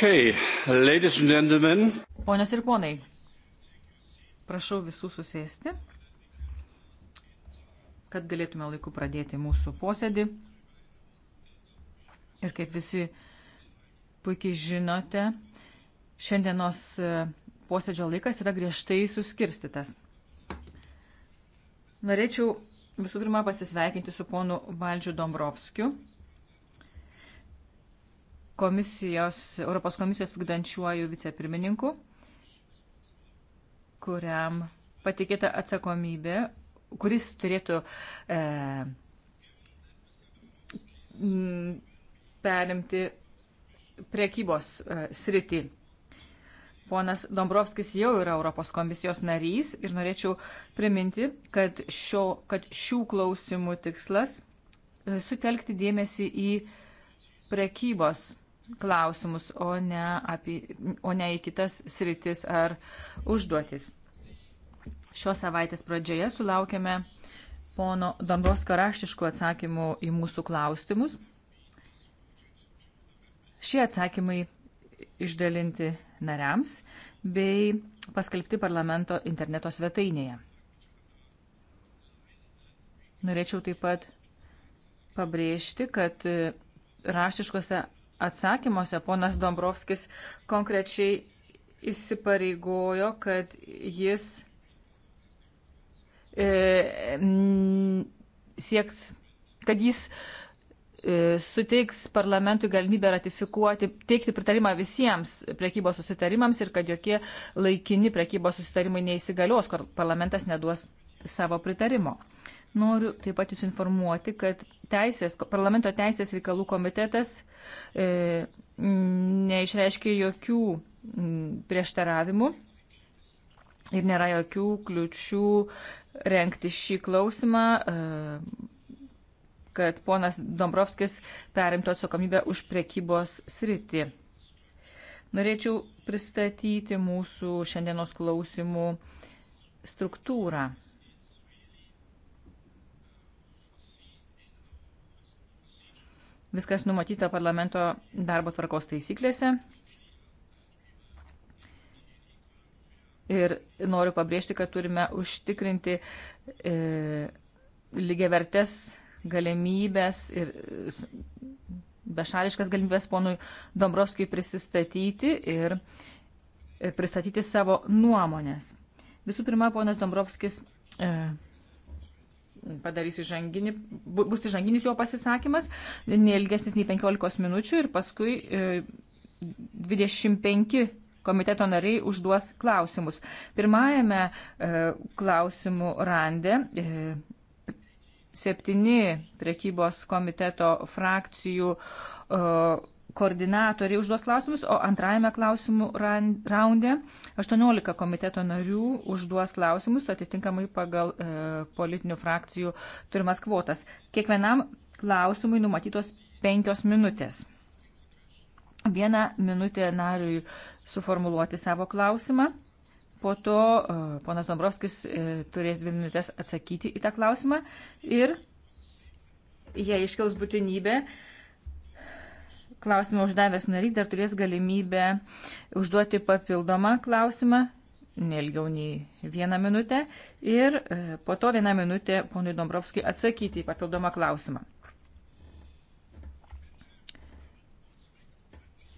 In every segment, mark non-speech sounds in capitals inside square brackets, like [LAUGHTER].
Okay, ladies and gentlemen. Ponios ir ponai, prašau visų susėsti, kad galėtume laiku pradėti mūsų posėdį. Ir kaip visi puikiai žinote, šiandienos e, posėdžio laikas yra griežtai suskirstytas. Norėčiau visų pirma pasisveikinti su ponu Valdžiu Dombrovskiu, komisijos, Europos komisijos vykdančiuoju vicepirmininku, kuriam patikėta atsakomybė, kuris turėtų e, perimti priekybos e, sritį. Ponas Dombrovskis jau yra Europos komisijos narys ir norėčiau priminti, kad, šio, kad šių klausimų tikslas e, sutelkti dėmesį į prekybos klausimus, o ne, apie, o ne į kitas sritis ar užduotis. Šios savaitės pradžioje sulaukėme pono Dombos karaštiškų atsakymų į mūsų klausimus. Šie atsakymai išdalinti nariams bei paskelbti parlamento interneto svetainėje. Norėčiau taip pat pabrėžti, kad raštiškose atsakymuose ponas Dombrovskis konkrečiai įsipareigojo, kad jis e, m, sieks, kad jis e, suteiks parlamentui galimybę ratifikuoti, teikti pritarimą visiems prekybos susitarimams ir kad jokie laikini prekybos susitarimai neįsigalios, kur parlamentas neduos savo pritarimo. Noriu taip pat jūs informuoti, kad teisės, parlamento teisės reikalų komitetas e, neišreiškė jokių prieštaravimų ir nėra jokių kliučių renkti šį klausimą, e, kad ponas Dombrovskis perimtų atsakomybę už prekybos sritį. Norėčiau pristatyti mūsų šiandienos klausimų struktūrą. Viskas numatyta parlamento darbo tvarkos taisyklėse. Ir noriu pabrėžti, kad turime užtikrinti e, lygiavertes galimybės ir bešališkas galimybės ponui Dombrovskijui prisistatyti ir e, pristatyti savo nuomonės. Visų pirma, ponas Dombrovskis e, padarys įžanginį, bus įžanginis jo pasisakymas, neilgesnis nei 15 minučių ir paskui 25 e, komiteto nariai užduos klausimus. Pirmajame e, klausimų rande e, septyni prekybos komiteto frakcijų koordinatoriai užduos klausimus, o antrajame klausimų raunde 18 komiteto narių užduos klausimus atitinkamai pagal e, politinių frakcijų turimas kvotas. Kiekvienam klausimui numatytos penkios minutės. Vieną minutę nariui suformuluoti savo klausimą. Po to e, ponas Dombrovskis e, turės dvi minutės atsakyti į tą klausimą ir jei iškils būtinybė, e, klausimą uždavęs narys dar turės galimybę užduoti papildomą klausimą, nelgiau nei vieną minutę, ir e, po to vieną minutę ponui Dombrovskijui atsakyti į papildomą klausimą.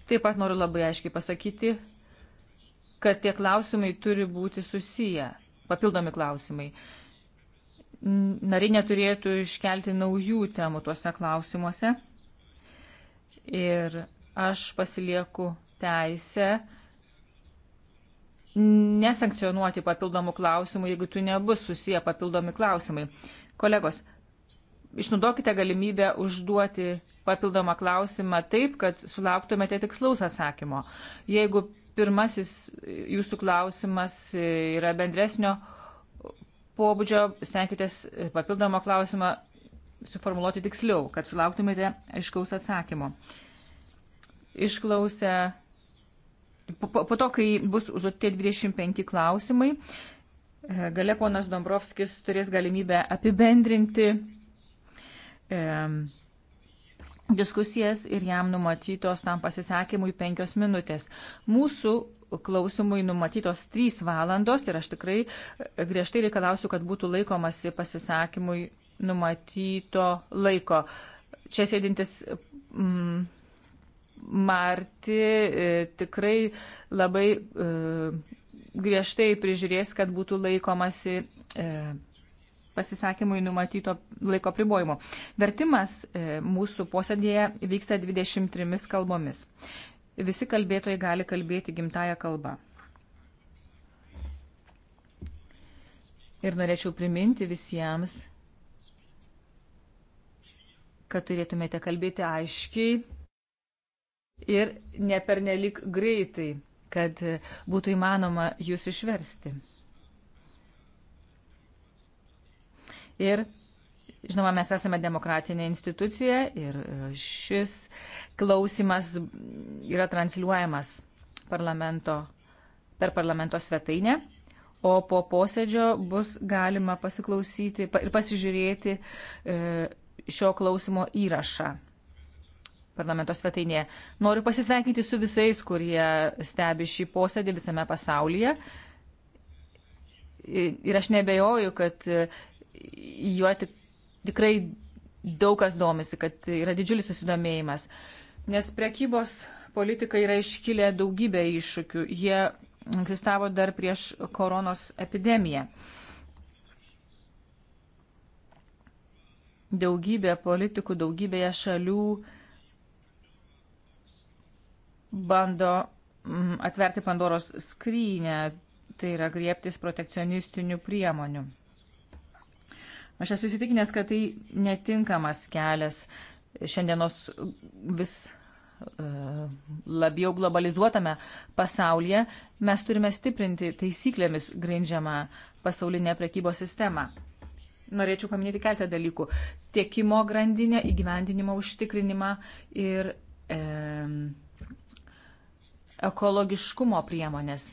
Taip pat noriu labai aiškiai pasakyti, kad tie klausimai turi būti susiję, papildomi klausimai. Nariai neturėtų iškelti naujų temų tuose klausimuose. Ir aš pasilieku teisę nesankcionuoti papildomų klausimų, jeigu tu nebus susiję papildomi klausimai. Kolegos, išnaudokite galimybę užduoti papildomą klausimą taip, kad sulauktumėte tikslaus atsakymo. Jeigu pirmasis jūsų klausimas yra bendresnio pobūdžio, stenkitės papildomą klausimą suformuoluoti tiksliau, kad sulauktumėte aiškaus atsakymo. Išklausę, po, po to, kai bus užduoti 25 klausimai, e, gale ponas Dombrovskis turės galimybę apibendrinti e, diskusijas ir jam numatytos tam pasisakymui penkios minutės. Mūsų klausimui numatytos 3 valandos ir aš tikrai e, griežtai reikalausiu, kad būtų laikomasi pasisakymui numatyto laiko. Čia sėdintis mm, Marti e, tikrai labai e, griežtai prižiūrės, kad būtų laikomasi e, pasisakymui numatyto laiko pribojimo. Vertimas e, mūsų posėdėje vyksta 23 kalbomis. Visi kalbėtojai gali kalbėti gimtają kalbą. Ir norėčiau priminti visiems, kad turėtumėte kalbėti aiškiai ir nepernelik greitai, kad būtų įmanoma jūs išversti. Ir, žinoma, mes esame demokratinė institucija ir e, šis klausimas yra transliuojamas parlamento, per parlamento svetainę. O po posėdžio bus galima pasiklausyti ir pasižiūrėti e, šio klausimo įrašą parlamento svetainėje. Noriu pasisveikinti su visais, kurie stebi šį posėdį visame pasaulyje. Ir aš nebejoju, kad juo tik, tikrai daug kas domisi, kad yra didžiulis susidomėjimas. Nes prekybos politika yra iškilę daugybę iššūkių. Jie egzistavo dar prieš koronos epidemiją. Uh, daugybė politikų daugybėje šalių bando mm, atverti Pandoros skrynę, tai yra griebtis protekcionistinių priemonių. Aš esu įsitikinęs, kad tai netinkamas kelias šiandienos vis e, labiau globalizuotame pasaulyje mes turime stiprinti taisyklėmis grindžiamą pasaulinę prekybos sistemą norėčiau paminėti keletą dalykų. Tiekimo grandinę, įgyvendinimo užtikrinimą ir e, ekologiškumo priemonės.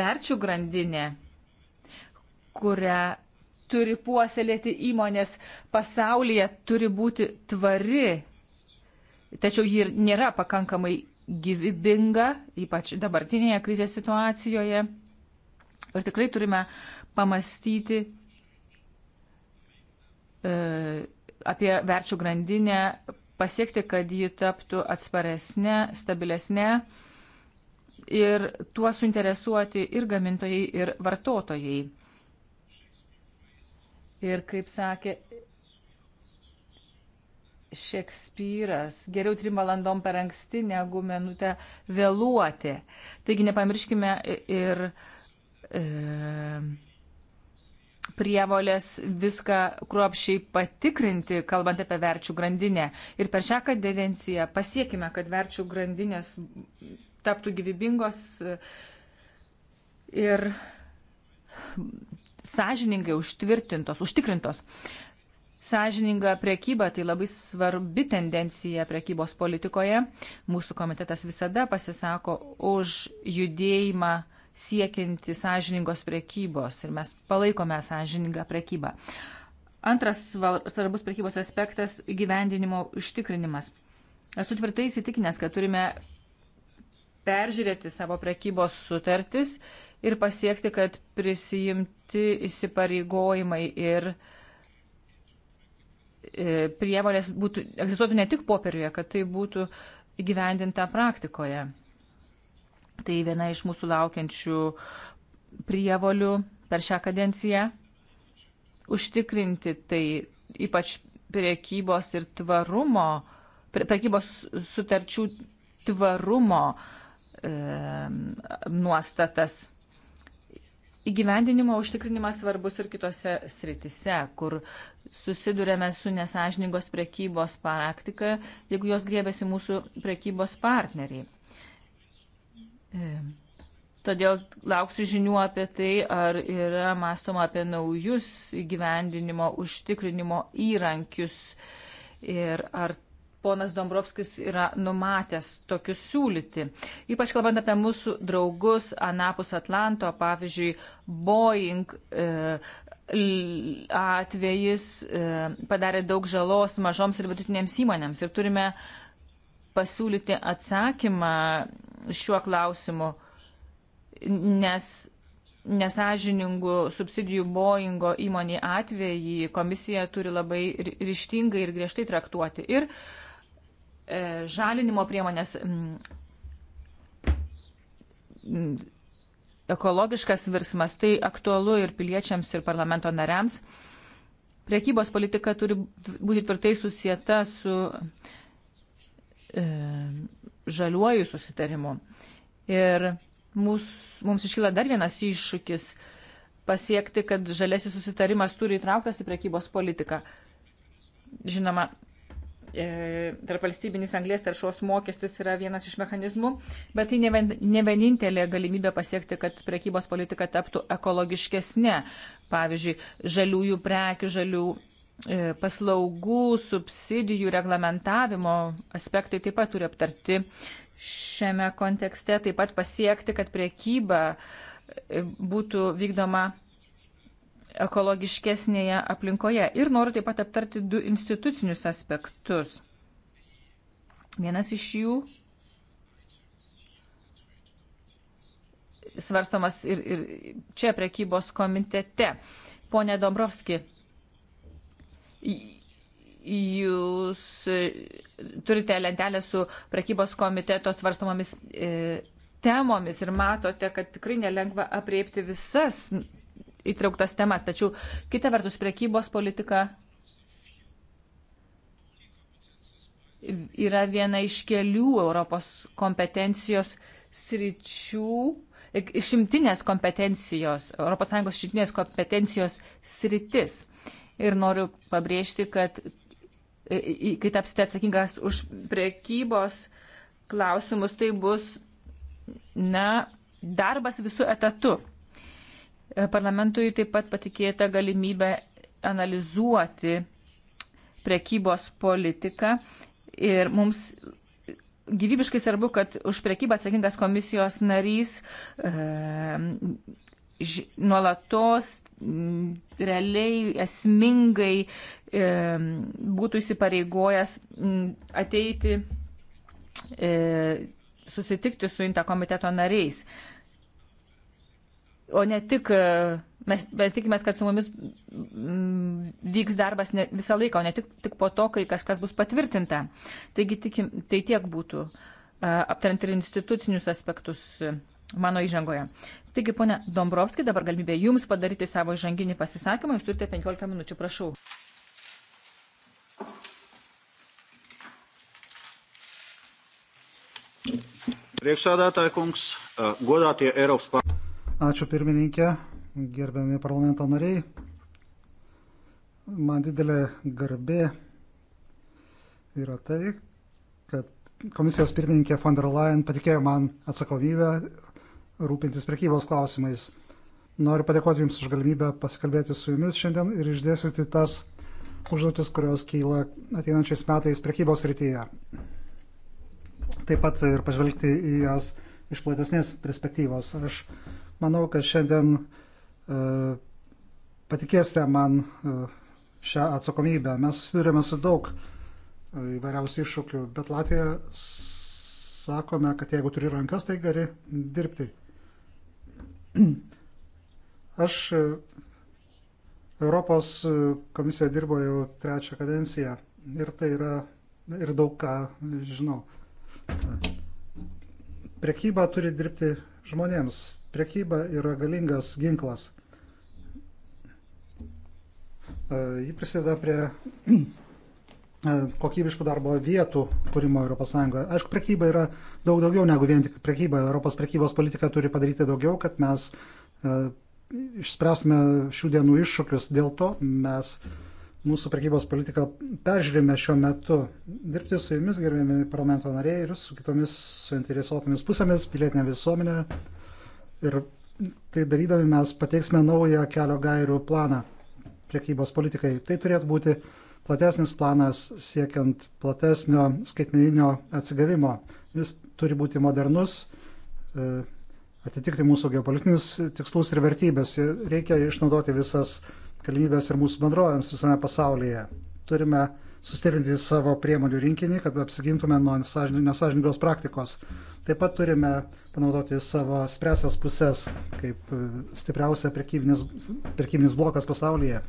Verčių grandinė, kurią turi puoselėti įmonės pasaulyje, turi būti tvari, tačiau ji nėra pakankamai gyvybinga, ypač dabartinėje krizės situacijoje. Ir tikrai turime pamastyti e, apie verčių grandinę, pasiekti, kad ji taptų atsparesnė, stabilesnė ir tuo suinteresuoti ir gamintojai, ir vartotojai. Ir kaip sakė Šekspyras, geriau trim valandom per anksti negu minutę vėluoti. Taigi nepamirškime ir, ir E, prievolės viską kruopšiai patikrinti, kalbant apie verčių grandinę. Ir per šią kadenciją pasiekime, kad verčių grandinės taptų gyvybingos e, ir sąžiningai užtvirtintos, užtikrintos. Sąžininga priekyba tai labai svarbi tendencija priekybos politikoje. Mūsų komitetas visada pasisako už judėjimą uh, siekinti sąžiningos prekybos ir mes palaikome sąžiningą prekybą. Antras svarbus prekybos aspektas - gyvendinimo užtikrinimas. Esu tvirtai įsitikinęs, kad turime peržiūrėti savo prekybos sutartis ir pasiekti, kad prisijimti įsipareigojimai ir e, prievalės būtų, egzistuotų ne tik popieriuje, kad tai būtų įgyvendinta praktikoje. Tai viena iš mūsų laukiančių prievolių per šią kadenciją užtikrinti tai ypač priekybos ir tvarumo, priekybos sutarčių tvarumo e, nuostatas. Įgyvendinimo užtikrinimas svarbus ir kitose sritise, kur susidurėme su nesažningos priekybos praktika, jeigu jos griebėsi mūsų priekybos partneriai. E, todėl lauksiu žinių apie tai, ar yra mąstoma apie naujus įgyvendinimo, užtikrinimo įrankius ir ar ponas Dombrovskis yra numatęs tokius siūlyti. Ypač kalbant apie mūsų draugus Anapus Atlanto, pavyzdžiui, Boeing e, atvejis e, padarė daug žalos mažoms ir vidutinėms įmonėms ir turime e, pasiūlyti atsakymą šiuo klausimu, nes nesažiningų subsidijų Boeingo įmonė atvejį komisija turi labai ryštingai ir griežtai traktuoti. Ir e, žalinimo priemonės m, ekologiškas virsmas, tai aktualu ir piliečiams, ir parlamento nariams. Priekybos politika turi būti tvirtai susijęta su e, žaliuoju susitarimu. Ir mūs, mums iškyla dar vienas iššūkis pasiekti, kad žalėsis susitarimas turi įtrauktas į prekybos politiką. Žinoma, e, tarp valstybinis anglės taršos mokestis yra vienas iš mechanizmų, bet tai ne, ne vienintelė galimybė pasiekti, kad prekybos politika taptų ekologiškesnė. Pavyzdžiui, žaliųjų prekių, žalių E, paslaugų subsidijų reglamentavimo aspektai taip pat turi aptarti šiame kontekste, taip pat pasiekti, kad priekyba e, būtų vykdoma ekologiškesnėje aplinkoje. Ir noriu taip pat aptarti du institucinius aspektus. Vienas iš jų svarstomas ir, ir čia prekybos komitete. Pone Dombrovski, Jūs e, turite lentelę su prekybos komiteto svarstamomis e, temomis ir matote, kad tikrai nelengva apriepti visas įtrauktas temas. Tačiau kita vertus, prekybos politika yra viena iš kelių Europos kompetencijos sričių, e, išimtinės kompetencijos, ES išimtinės kompetencijos sritis ir noriu pabrėžti, kad e, kai tapsite atsakingas už prekybos klausimus, tai bus, na, darbas visų etatų. E, parlamentui taip pat patikėta galimybė analizuoti prekybos politiką ir mums gyvybiškai svarbu, kad už prekybą atsakingas komisijos narys e, ž, nuolatos m, realiai esmingai e, būtų įsipareigojęs m, ateiti, e, susitikti su Inta komiteto nariais. O ne tik, e, mes, mes tikimės, kad su mumis m, vyks darbas ne, visą laiką, o ne tik, tik po to, kai kažkas bus patvirtinta. Taigi tikim, tai tiek būtų e, aptariant ir institucinius aspektus mano įžangoje. Taigi, ponia Dombrovski, dabar galimybė Jums padaryti savo žanginį pasisakymą. Jūs turite 15 minučių, prašau. Priekšsēdētāja kungs, godātie Eiropas parlamenta. Ačiū pirmininkė, gerbiami parlamento nariai. Man didelė garbė yra tai, kad komisijos pirmininkė von der Leyen patikėjo man atsakomybę rūpintis prekybos klausimais. Noriu padėkoti Jums už galimybę pasikalbėti su Jumis šiandien ir išdėstyti tas užduotis, kurios kyla ateinančiais metais prekybos rytyje. Taip pat ir pažvelgti į jas iš platesnės perspektyvos. Aš manau, kad šiandien e, patikėsite man e, šią atsakomybę. Mes susidurėme su daug e, įvairiausių iššūkių, bet Latvija sakome, kad jeigu turi rankas, tai gali dirbti. [CLEARS THROAT] Aš e, Europos e, komisijoje dirbo jau trečią kadenciją ir tai yra ir daug ką žinau. Prekyba turi dirbti žmonėms. Prekyba yra galingas ginklas. E, ji prisideda prie [CLEARS THROAT] E, kokybiškų darbo vietų kūrimo ES. Aišku, prekyba yra daug daugiau negu vien tik prekyba. Europos prekybos politika turi padaryti daugiau, kad mes e, išspręstume šių dienų iššūkius. Dėl to mes mūsų prekybos politiką peržiūrime šiuo metu. Dirbti su jumis, gerbėmi parlamento nariai ir su kitomis suinteresuotomis pusėmis, pilietinė visuomenė. Ir tai darydami mes pateiksime naują kelio gairių planą prekybos politikai. Tai turėtų būti uh, platesnis planas siekiant platesnio skaitmeninio atsigavimo. Jis turi būti modernus, e, atitikti mūsų geopolitinius tikslus ir vertybės. Reikia išnaudoti visas galimybės ir mūsų bendrovėms visame pasaulyje. Turime sustiprinti savo priemonių rinkinį, kad apsigintume nuo nesažiningos praktikos. Taip pat turime panaudoti savo spresias pusės kaip e, stipriausia prekybinis, prekybinis blokas pasaulyje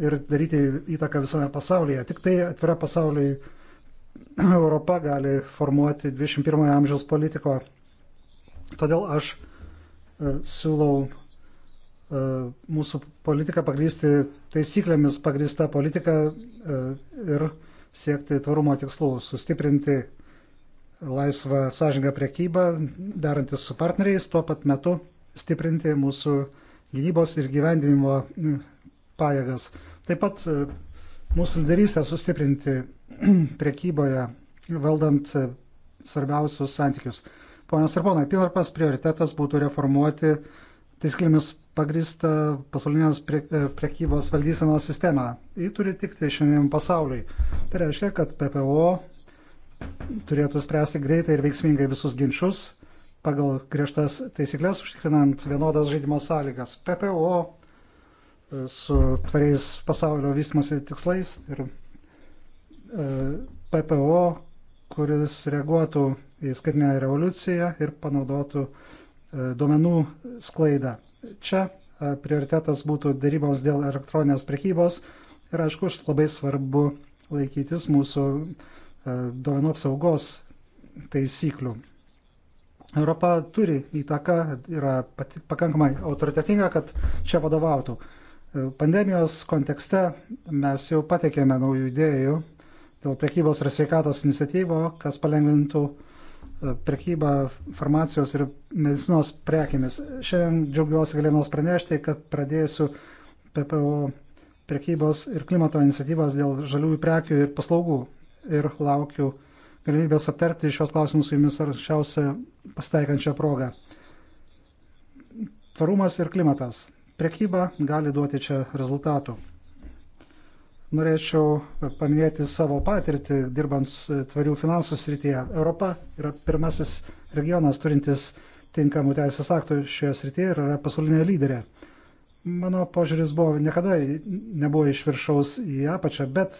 ir daryti įtaką visame pasaulyje. Tik tai atvira pasauliui [CLEARS THROAT] Europa gali formuoti 21 amžiaus politiko. Todėl aš e, siūlau e, mūsų politiką pagrysti taisyklėmis pagrįsta politika e, ir siekti tvarumo tikslų, sustiprinti laisvą sąžingą priekybą, darantis su partneriais, tuo pat metu stiprinti mūsų gynybos ir gyvendinimo pajėgas. Taip pat e, mūsų lyderystę sustiprinti [CLEARS THROAT] priekyboje, valdant e, svarbiausius santykius. Ponas ir ponai, pirmas prioritetas būtų reformuoti taisyklėmis pagrįstą pasaulinės prie, priekybos valdysenos sistemą. Ji turi tikti šiandien pasauliui. Tai reiškia, kad PPO turėtų spręsti greitai ir veiksmingai visus ginčius pagal griežtas taisyklės, užtikrinant vienodas žaidimo sąlygas. PPO su tvariais pasaulio vystimosi tikslais ir e, PPO, kuris reaguotų į skaitinę revoliuciją ir panaudotų e, duomenų sklaidą. Čia e, prioritetas būtų darybos dėl elektroninės prekybos ir aišku, labai svarbu laikytis mūsų duomenų apsaugos taisyklių. Europa turi įtaką, yra pakankamai autoritetinga, kad čia vadovautų. Pandemijos kontekste mes jau patekėme naujų idėjų dėl prekybos ir sveikatos iniciatyvo, kas palengvintų e, prekybą farmacijos ir medicinos prekėmis. Šiandien džiaugiuosi galėdamas pranešti, kad pradėsiu PPO prekybos ir klimato iniciatyvas dėl žaliųjų prekių ir paslaugų ir laukiu galimybės aptarti šios klausimus su jumis arčiausia pasitaikančią progą. Tvarumas ir klimatas. Prekyba gali duoti čia rezultatų. Norėčiau paminėti savo patirtį dirbant tvarių finansų srityje. Europa yra pirmasis regionas turintis tinkamų teisės aktų šioje srityje ir yra pasaulinė lyderė. Mano požiūris buvo niekada nebuvo iš viršaus į apačią, bet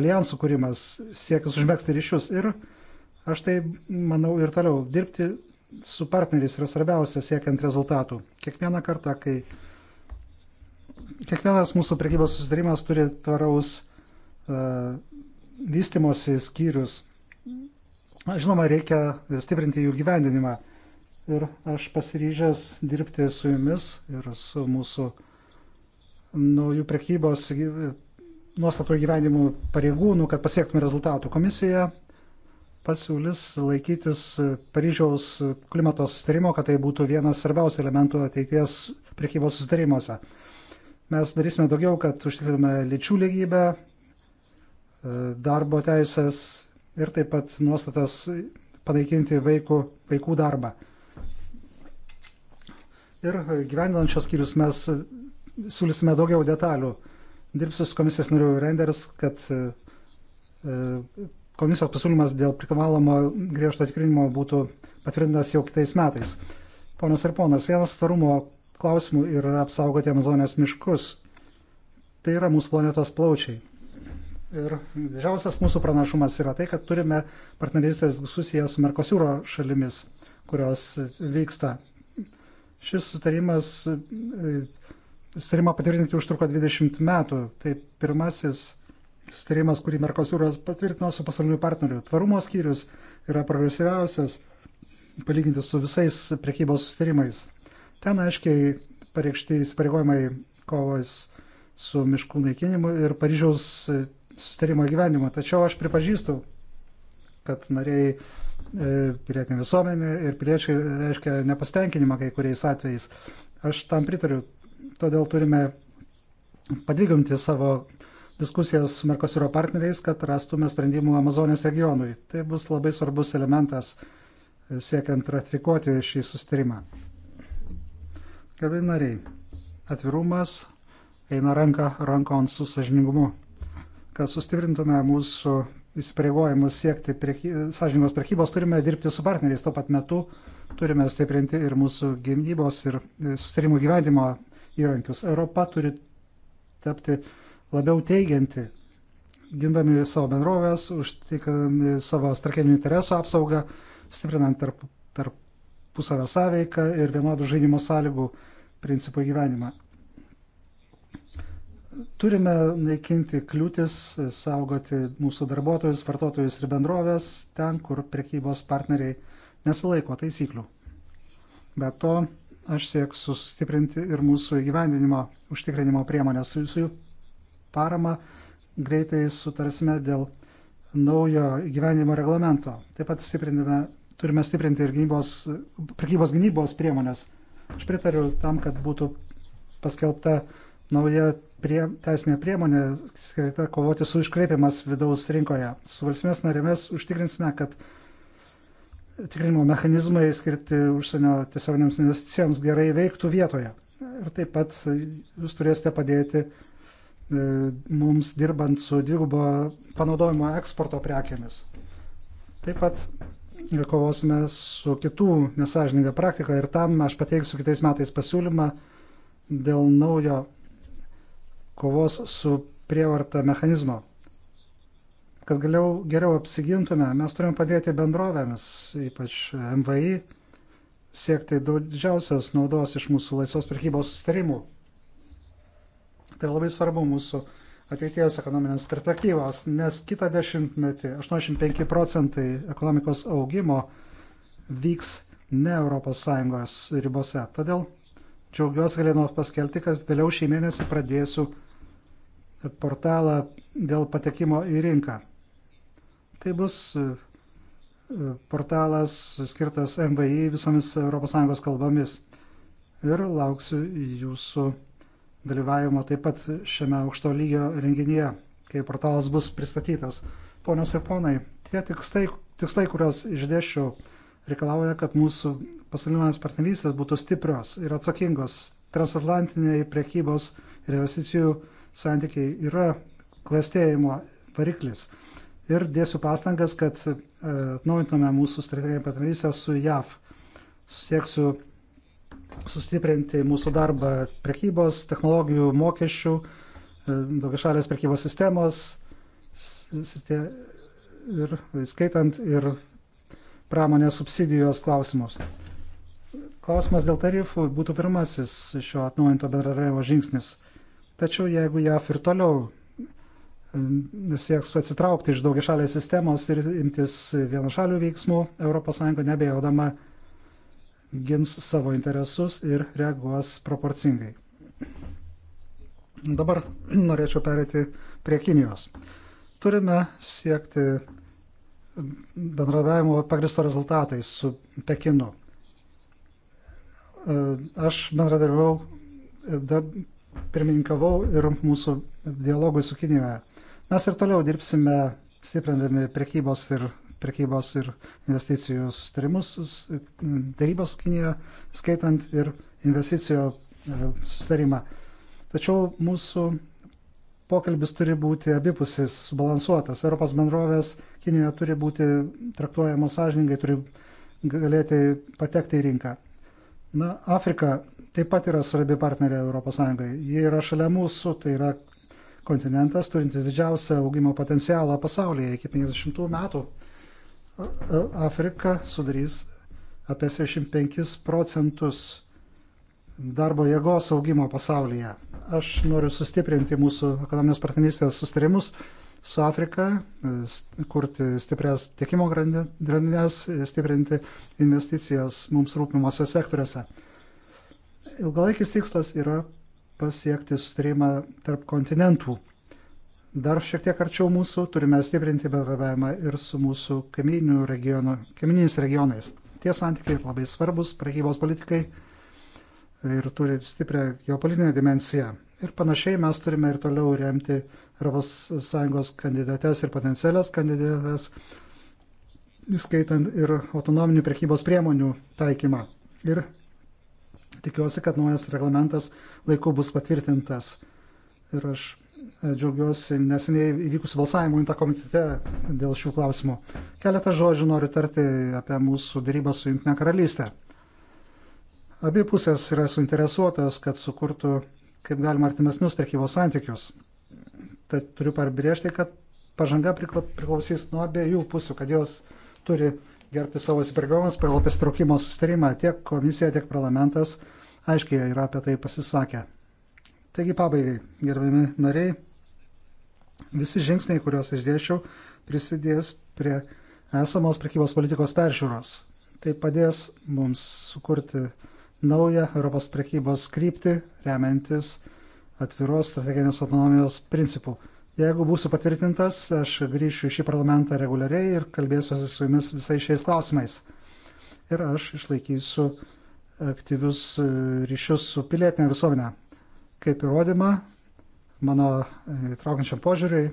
alijansų kūrimas, siekis užmėgsti ryšius ir aš tai manau ir toliau dirbti su partneriais yra svarbiausia siekiant rezultatų. Kiekvieną kartą, kai kiekvienas mūsų prekybos susidarimas turi tvaraus uh, vystimosi skyrius. Žinoma, reikia stiprinti jų gyvendinimą. Ir aš pasiryžęs dirbti su jumis ir su mūsų naujų prekybos nuostatų įgyvendimų pareigūnų, kad pasiektume rezultatų. Komisija pasiūlys laikytis Paryžiaus klimato sustarimo, kad tai būtų vienas svarbiausių elementų ateities priekybos sustarimuose. Mes darysime daugiau, kad užtikrintume lyčių lygybę, e, darbo teisės ir taip pat nuostatas panaikinti vaikų, vaikų darbą. Ir gyvendinančios skyrius mes siūlysime daugiau detalių. Dirbsiu su komisijos nariu Renders, kad e, e, komisijos pasiūlymas dėl privalomo griežto tikrinimo būtų patvirtintas jau kitais metais. Ponas ir ponas, vienas tvarumo klausimų yra apsaugoti Amazonės miškus. Tai yra mūsų planetos plaučiai. Ir didžiausias mūsų pranašumas yra tai, kad turime partnerystės susiję su Merkosiūro šalimis, kurios vyksta. Šis sutarimas, e, sutarimą patvirtinti užtruko 20 metų. Tai pirmasis sustarimas, kurį Merkosiūras patvirtino su pasauliniu partneriu. Tvarumo skyrius yra progresyviausias palyginti su visais prekybos sustarimais. Ten aiškiai pareikšti įsipareigojimai kovos su miškų naikinimu ir Paryžiaus sustarimo gyvenimu. Tačiau aš pripažįstu, kad nariai e, pilietinė visuomenė ir piliečiai reiškia nepastenkinimą kai kuriais atvejais. Aš tam pritariu. Todėl turime padvigumti savo diskusijas su Merkosūro partneriais, kad rastume sprendimų Amazonės regionui. Tai bus labai svarbus elementas e, siekiant ratifikuoti šį sustarimą. Gerbėjai nariai, atvirumas eina ranka rankon su sažiningumu. Kad sustiprintume mūsų įsipareigojimus siekti prieky, sąžiningos prekybos, turime dirbti su partneriais. Tuo pat metu turime stiprinti ir mūsų gynybos ir e, sustarimų gyvenimo įrankius. Europa turi tapti labiau teigianti, gindami savo bendrovės, užtikrindami savo strateginį interesų apsaugą, stiprinant tarp, tarp pusavę sąveiką ir vienodų žaidimo sąlygų principų gyvenimą. Turime naikinti kliūtis, saugoti mūsų darbuotojus, vartotojus ir bendrovės ten, kur prekybos partneriai nesilaiko taisyklių. Be to, aš sieksiu sustiprinti ir mūsų įgyvendinimo, užtikrinimo priemonės su jų paramą, greitai sutarsime dėl naujo gyvenimo reglamento. Taip pat turime stiprinti ir gynybos, prekybos gynybos priemonės. Aš pritariu tam, kad būtų paskelbta nauja prie, teisinė priemonė skirta kovoti su iškreipimas vidaus rinkoje. Su valstybės narėmis užtikrinsime, kad tikrinimo mechanizmai skirti užsienio tiesioginiams investicijoms gerai veiktų vietoje. Ir taip pat jūs turėsite padėti E, mums dirbant su dvigubo panaudojimo eksporto prekėmis. Taip pat kovosime su kitų nesažininga praktika ir tam aš pateiksiu kitais metais pasiūlymą dėl naujo kovos su prievarta mechanizmo. Kad galiau, geriau apsigintume, mes turim padėti bendrovėmis, ypač MVI, siekti didžiausios naudos iš mūsų laisvos prekybos sustarimų. Tai labai svarbu mūsų ateities ekonominės perspektyvos, nes kitą dešimtmetį 85 procentai ekonomikos augimo vyks ne ES ribose. Todėl džiaugiuosi galėdamas paskelbti, kad vėliau šį mėnesį pradėsiu portalą dėl patekimo į rinką. Tai bus e, e, portalas skirtas MVI visomis ES kalbomis. Ir lauksiu jūsų dalyvavimo taip pat šiame aukšto lygio renginyje, kai portalas bus pristatytas. Ponios ir ponai, tie tikslai, tikslai kuriuos išdėšiau, reikalauja, kad mūsų pasaulinės partnerystės būtų stiprios ir atsakingos. Transatlantiniai priekybos ir investicijų santykiai yra klestėjimo variklis. Ir dėsiu pastangas, kad e, atnaujintume mūsų strateginę partnerystę su JAV. Sieksiu sustiprinti mūsų darbą prekybos, technologijų, mokesčių, e, daugiašalės prekybos sistemos ir skaitant ir pramonės subsidijos klausimus. Klausimas dėl tarifų būtų pirmasis šio atnaujinto bendradarbiavimo žingsnis. Tačiau jeigu JAF ir toliau e, sieks atsitraukti iš daugiašalės sistemos ir imtis vienašalių veiksmų, ES nebejaudama gins savo interesus ir reaguos proporcingai. Dabar norėčiau perėti prie Kinijos. Turime siekti bendradavimo pagristo rezultatais su Pekinu. Aš bendradarbiavau, pirmininkavau ir mūsų dialogui su Kinijoje. Mes ir toliau dirbsime stiprindami prekybos ir prekybos ir investicijų sustarimus, darybos su Kinija, skaitant ir investicijų e, sustarimą. Tačiau mūsų pokalbis turi būti abipusis, subalansuotas. Europos bendrovės Kinijoje turi būti traktuojamos sąžiningai, turi galėti patekti į rinką. Na, Afrika taip pat yra svarbi partnerė ES. Ji yra šalia mūsų, tai yra kontinentas turintis didžiausią augimo potencialą pasaulyje iki 50 metų. Afrika sudarys apie 65 procentus darbo jėgos augimo pasaulyje. Aš noriu sustiprinti mūsų ekonominės partnerystės sustarimus su Afrika, kurti stiprias tiekimo grandinės, stiprinti investicijas mums rūpimuose sektoriuose. Ilgalaikis tikslas yra pasiekti sustarimą tarp kontinentų dar šiek tiek arčiau mūsų, turime stiprinti bendradarbiavimą ir su mūsų regionu, kaiminiais regionais. Tie santykiai labai svarbus prekybos politikai ir turi stiprią geopolitinę dimensiją. Ir panašiai mes turime ir toliau remti ES kandidates ir potencialias kandidates, įskaitant ir autonominių prekybos priemonių taikymą. Ir tikiuosi, kad naujas reglamentas laiku bus patvirtintas. Ir aš E, džiaugiuosi neseniai įvykusių balsavimų INTA komitete dėl šių klausimų. Keletą žodžių noriu tarti apie mūsų dėrybą su Junktinė karalystė. Abi pusės yra suinteresuotos, kad sukurtų kaip galima artimesnius prekybos santykius. Tad turiu parbrėžti, kad pažanga priklausys nuo abiejų pusių, kad jos turi gerbti savo įsipareigojimus pagal pasitraukimo sustarimą. Tiek komisija, tiek parlamentas aiškiai yra apie tai pasisakę. Taigi pabaigai, gerbiami nariai, visi žingsniai, kuriuos išdėšiau, prisidės prie esamos prekybos politikos peržiūros. Tai padės mums sukurti naują Europos prekybos kryptį, remiantis atviros strateginės autonomijos principų. Jeigu būsiu patvirtintas, aš grįšiu į šį parlamentą reguliariai ir kalbėsiuosi su jumis visais šiais klausimais. Ir aš išlaikysiu aktyvius ryšius su pilietinė visuomenė. Kaip įrodymą mano įtraukiančiam e, požiūriui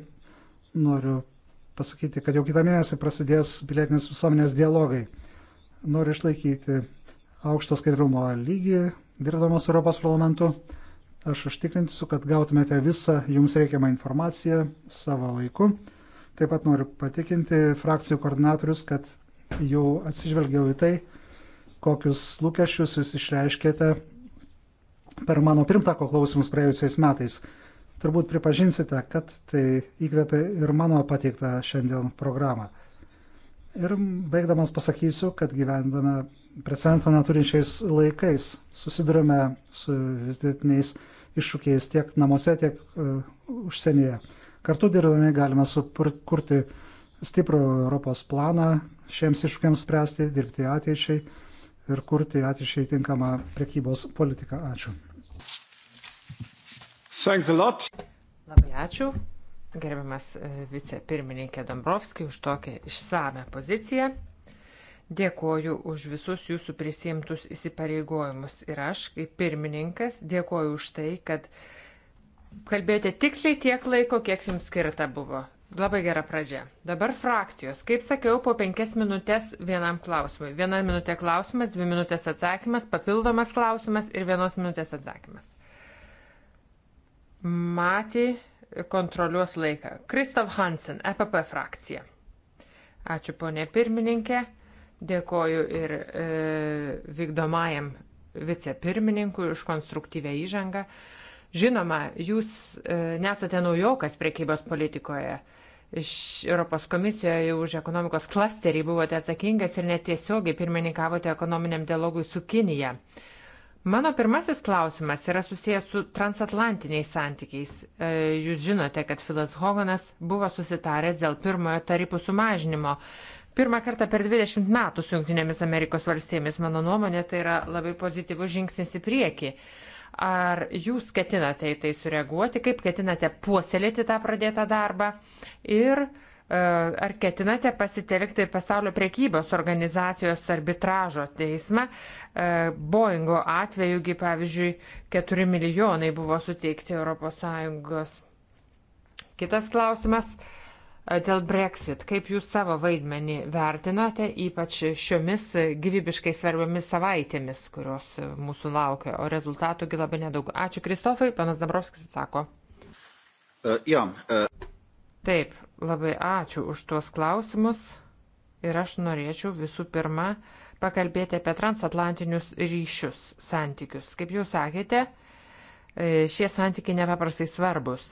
noriu pasakyti, kad jau kitą mėnesį prasidės pilietinės visuomenės dialogai. Noriu išlaikyti aukštą skaidrumo lygį, dirbdamas Europos parlamentu. Aš užtikrinsiu, kad gautumėte visą jums reikiamą informaciją savo laiku. Taip pat noriu patikinti frakcijų koordinatorius, kad jau atsižvelgiau į tai, kokius lūkesčius jūs išreiškėte per mano pirmtako klausimus praėjusiais metais. Turbūt pripažinsite, kad tai įkvėpė ir mano pateiktą šiandien programą. Ir baigdamas pasakysiu, kad gyvendame precedento neturinčiais laikais, susidurime su vis didesniais iššūkiais tiek namuose, tiek uh, užsienyje. Kartu dirbdami galime sukurti stiprų Europos planą šiems iššūkiams spręsti, dirbti ateičiai ir kurti atišiai tinkamą prekybos politiką. Ačiū. Labai ačiū, gerbiamas e, vicepirmininkė Dombrovskis, už tokią išsame poziciją. Dėkoju už visus jūsų prisimtus įsipareigojimus ir aš, kaip pirmininkas, dėkoju už tai, kad kalbėjote tiksliai tiek laiko, kiek jums skirta buvo. Labai gera pradžia. Dabar frakcijos. Kaip sakiau, po penkias minutės vienam klausimui. Viena minutė klausimas, dvi minutės atsakymas, papildomas klausimas ir vienos minutės atsakymas. Mati kontroliuos laiką. Kristof Hansen, EPP frakcija. Ačiū ponė pirmininkė. Dėkoju ir e, vykdomajam vicepirmininkui už konstruktyvę įžangą. Žinoma, jūs e, nesate naujokas priekybos politikoje. E, Europos komisijoje už ekonomikos klasterį buvote atsakingas ir netiesiogiai pirmininkavote ekonominiam dialogui su Kinija. Mano pirmasis klausimas yra susijęs su transatlantiniais santykiais. E, jūs žinote, kad Filas Hoganas buvo susitaręs dėl pirmojo tarifų sumažinimo. Pirmą kartą per 20 metų su Junktinėmis Amerikos valstybėmis, mano nuomonė, tai yra labai pozityvus žingsnis į priekį. Ar jūs ketinate į tai sureaguoti, kaip ketinate puoselėti tą pradėtą darbą ir e, ar ketinate pasitelkti pasaulio priekybos organizacijos arbitražo teismą? E, Boeingo atvejugi, pavyzdžiui, 4 milijonai buvo suteikti ES. Kitas klausimas E, dėl Brexit. Kaip jūs savo vaidmenį vertinate, ypač šiomis gyvybiškai svarbiomis savaitėmis, kurios mūsų laukia, o rezultatųgi labai nedaug. Ačiū Kristofai, panas Dabrovskis atsako. Uh, ja, uh... Taip, labai ačiū už tuos klausimus ir aš norėčiau visų pirma pakalbėti apie transatlantinius ryšius, santykius. Kaip jūs sakėte, šie santykiai nepaprastai svarbus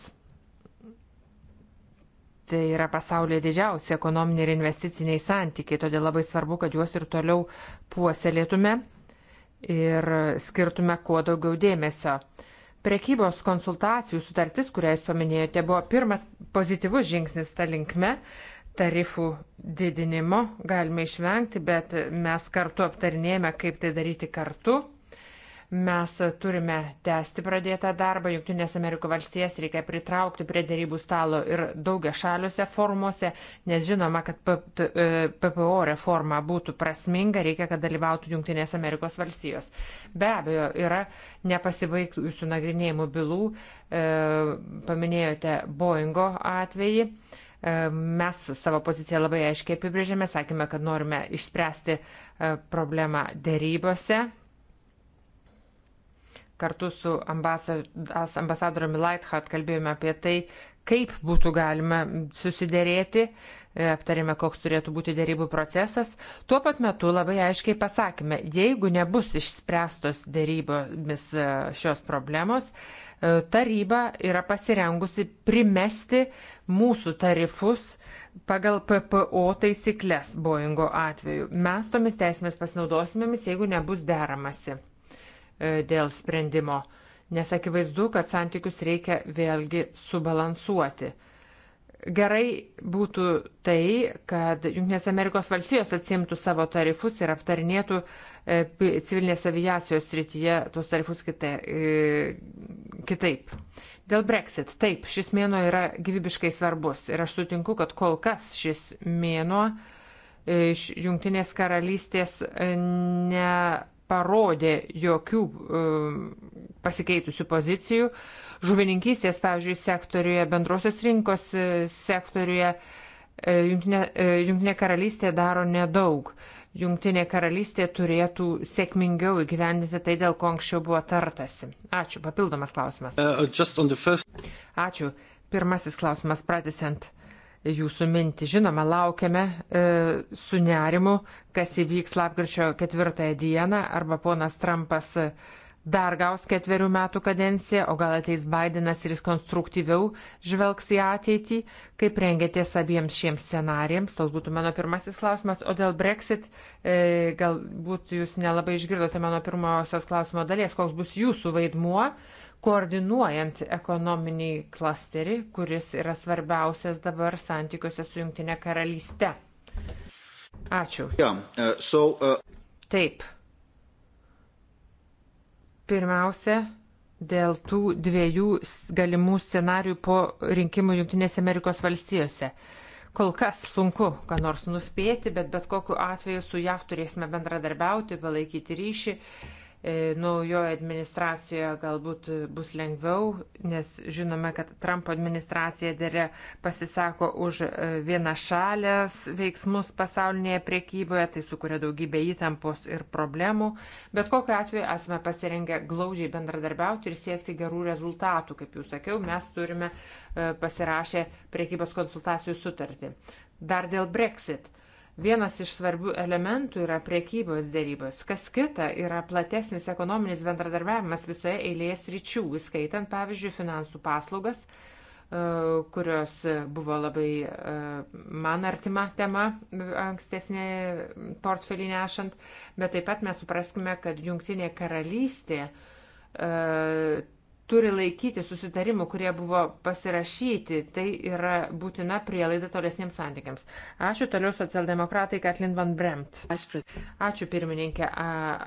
tai yra pasaulyje didžiausi ekonominiai ir investiciniai santykiai, todėl labai svarbu, kad juos ir toliau puoselėtume ir skirtume kuo daugiau dėmesio. Prekybos konsultacijų sutartis, kurią jūs paminėjote, buvo pirmas pozityvus žingsnis tą linkme. Tarifų didinimo galime išvengti, bet mes kartu aptarinėjame, kaip tai daryti kartu Mes turime tęsti pradėtą darbą. Junktinės Amerikos valstijas reikia pritraukti prie dėrybų stalo ir daugia šaliuose formuose, nes žinoma, kad PPO e, reforma būtų prasminga, reikia, kad dalyvautų Junktinės Amerikos valstijos. Be abejo, yra nepasibaigtų jūsų nagrinėjimų bylų. E, paminėjote Boeingo atvejį e, mes savo poziciją labai aiškiai apibrėžėme, sakėme, kad norime išspręsti problemą dėrybose Kartu su ambasadoriumi Lighthat kalbėjome apie tai, kaip būtų galima susiderėti, e, aptarėme, koks turėtų būti dėrybų procesas. Tuo pat metu labai aiškiai pasakėme, jeigu nebus išspręstos dėrybomis e, šios problemos, e, taryba yra pasirengusi primesti mūsų tarifus pagal PPO taisyklės Boeingo atveju. Mes tomis teisėmis pasinaudosime, jeigu nebus deramasi. E, dėl sprendimo, nes akivaizdu, kad santykius reikia vėlgi subalansuoti. Gerai būtų tai, kad Junktinės Amerikos valstijos atsimtų savo tarifus ir aptarinėtų e, civilinės aviacijos srityje tuos tarifus e, kitaip. Dėl Brexit. Taip, šis mėno yra gyvybiškai svarbus ir aš sutinku, kad kol kas šis mėno iš Junktinės karalystės ne neparodė jokių e, pasikeitusių pozicijų. Žuvininkystės, pavyzdžiui, sektoriuje, bendrosios rinkos e, sektoriuje, e, Junktinė, e, Junktinė karalystė daro nedaug. Junktinė karalystė turėtų sėkmingiau įgyvendinti tai, dėl ko anksčiau buvo tartasi. Ačiū. Papildomas klausimas. Uh, first... Ačiū. Pirmasis klausimas pratesiant. Uh, jūsų mintį. Žinoma, laukiame e, su nerimu, kas įvyks lapkričio ketvirtąją dieną, arba ponas Trumpas dar gaus ketverių metų kadenciją, o gal ateis Bidenas ir jis konstruktyviau žvelgs į ateitį, kaip rengėtės abiems šiems scenarijams. Toks būtų mano pirmasis klausimas. O dėl Brexit, e, galbūt jūs nelabai išgirdote mano pirmosios klausimo dalies, koks bus jūsų vaidmuo koordinuojant ekonominį klasterį, kuris yra svarbiausias dabar santykiuose su Junktinė karalystė. Ačiū. Yeah, uh, so, uh... Taip. Pirmiausia, dėl tų dviejų galimų scenarių po rinkimų Junktinėse Amerikos valstijose. Kol kas sunku, ką nors nuspėti, bet bet kokiu atveju su JAV turėsime bendradarbiauti, palaikyti ryšį. Uh, E, naujoje administracijoje galbūt bus lengviau, nes žinome, kad Trumpo administracija dėlė pasisako už e, vienašalės veiksmus pasaulinėje priekyboje, tai sukuria daugybę įtampos ir problemų, bet kokiu atveju esame pasirengę glaužiai bendradarbiauti ir siekti gerų rezultatų. Kaip jau sakiau, mes turime e, pasirašę priekybos konsultacijų sutartį. Dar dėl Brexit. Vienas iš svarbių elementų yra priekybos dėrybos. Kas kita yra platesnis ekonominis bendradarbiavimas visoje eilėje sričių, įskaitant, pavyzdžiui, finansų paslaugas, e, kurios buvo labai e, man artima tema ankstesnė portfelį nešant, bet taip pat mes supraskime, kad Junktinė karalystė e, turi laikyti susitarimų, kurie buvo pasirašyti. Tai yra būtina prielaida tolesniems santykiams. Ačiū toliau socialdemokratai Katlin Van Bremt. Ačiū pirmininkė,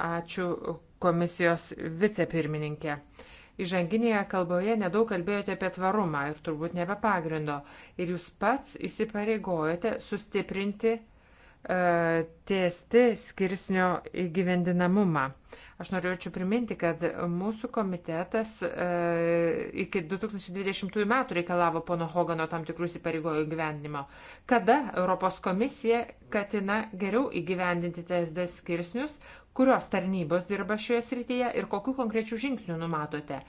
ačiū komisijos vicepirmininkė. Įžanginėje kalboje nedaug kalbėjote apie tvarumą ir turbūt ne be pagrindo. Ir jūs pats įsipareigojote sustiprinti uh, e, tėsti skirsnio įgyvendinamumą. Uh, Aš norėčiau priminti, kad mūsų komitetas e, iki 2020 metų reikalavo pono Hogano tam tikrus įpareigojų gyvendimo. Kada Europos komisija katina geriau įgyvendinti TSD skirsnius, kurios tarnybos dirba šioje srityje ir kokiu konkrečiu žingsniu numatote?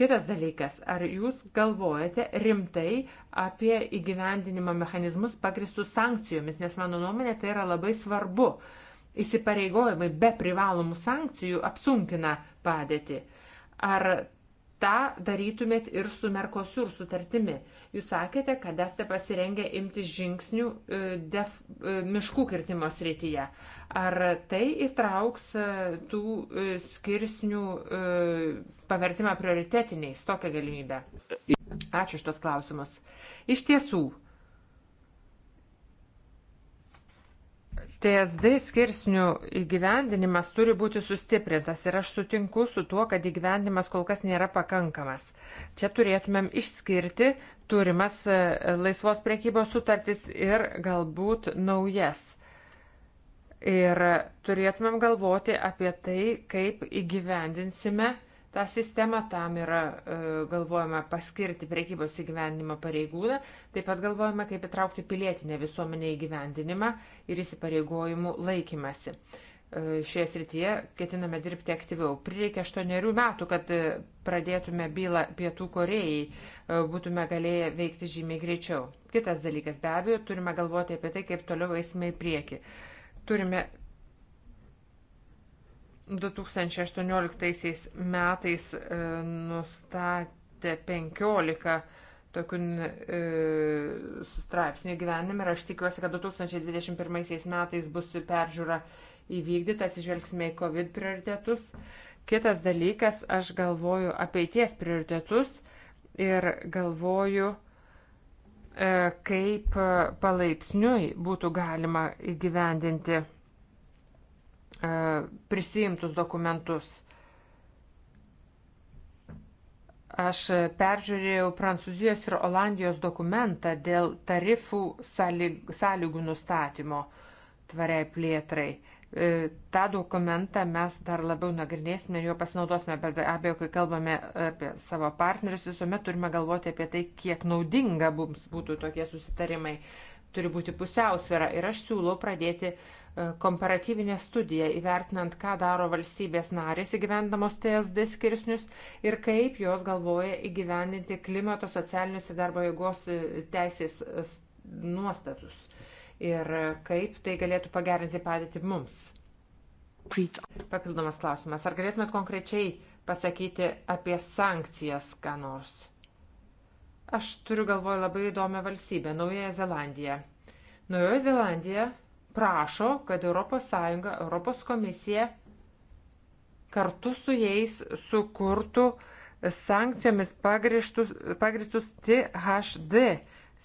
Kitas dalykas, ar jūs galvojate rimtai apie įgyvendinimo mechanizmus pagristus sankcijomis, nes mano nuomonė tai yra labai svarbu. Uh, įsipareigojimai be privalomų sankcijų apsunkina padėtį. Ar tą darytumėt ir su Merkosur sutartimi? Jūs sakėte, kad esate pasirengę imti žingsnių e, def, e, miškų kirtimo srityje. Ar tai įtrauks e, tų skirsnių pavertimą prioritetiniais tokią galimybę? Ačiū šitos klausimus. Iš tiesų, TSD skirsnių įgyvendinimas turi būti sustiprintas ir aš sutinku su tuo, kad įgyvendinimas kol kas nėra pakankamas. Čia turėtumėm išskirti turimas e, laisvos priekybos sutartis ir galbūt naujas. Ir turėtumėm galvoti apie tai, kaip įgyvendinsime uh, tą sistemą, tam yra e, galvojama paskirti priekybos įgyvendinimo pareigūną, taip pat galvojama, kaip įtraukti pilietinę visuomenę įgyvendinimą ir įsipareigojimų laikymasi. E, šioje srityje ketiname dirbti aktyviau. Prireikė aštuonerių metų, kad e, pradėtume bylą Pietų Korejai, būtume galėję veikti žymiai greičiau. Kitas dalykas, be abejo, turime galvoti apie tai, kaip toliau eisime į priekį turime 2018 metais e, nustatė 15 tokių e, straipsnių gyvenime ir aš tikiuosi, kad 2021 metais bus peržiūra įvykdyta, atsižvelgsime į COVID prioritetus. Kitas dalykas, aš galvoju apie ties prioritetus ir galvoju, e, kaip palaipsniui būtų galima įgyvendinti E, prisijimtus dokumentus. Aš peržiūrėjau Prancūzijos ir Olandijos dokumentą dėl tarifų sąlygų nustatymo tvariai plėtrai. E, Ta dokumentą mes dar labiau nagrinėsime ir jo pasinaudosime, bet be abejo, kai kalbame apie savo partnerius, visuomet turime galvoti apie tai, kiek naudinga mums būtų tokie susitarimai. Turi būti pusiausvėra ir aš siūlau pradėti uh, komparatyvinė studija įvertinant, ką daro valstybės narės įgyvendamos TSD skirsnius ir kaip jos galvoja įgyvendinti klimato, socialinius ir darbo jėgos e, teisės e, nuostatus ir kaip tai galėtų pagerinti padėtį mums. Papildomas klausimas. Ar galėtumėt konkrečiai pasakyti apie sankcijas, ką nors? Aš turiu galvoje labai įdomią valstybę - Naująją Zelandiją. Naujoji Zelandija prašo, kad ES, ES komisija kartu su jais sukurtų sankcijomis pagristus THD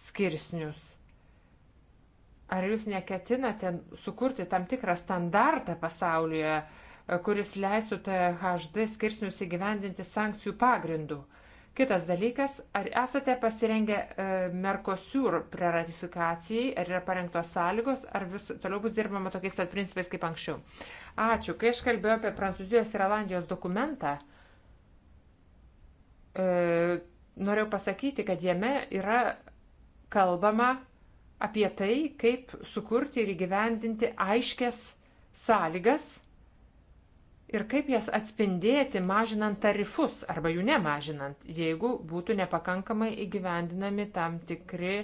skirsnius. Ar jūs neketinate sukurti tam tikrą standartą pasaulyje, kuris leistų THD skirsnius įgyvendinti sankcijų pagrindų? Kitas dalykas, ar esate pasirengę e, Mercosur preratifikacijai, ar yra parengtos sąlygos, ar vis toliau bus dirbama tokiais pat principais kaip anksčiau. Ačiū. Kai aš kalbėjau apie Prancūzijos ir Alandijos dokumentą, e, norėjau pasakyti, kad jame yra kalbama apie tai, kaip sukurti ir įgyvendinti aiškės sąlygas ir kaip jas atspindėti, mažinant tarifus arba jų nemažinant, jeigu būtų nepakankamai įgyvendinami tam tikri e,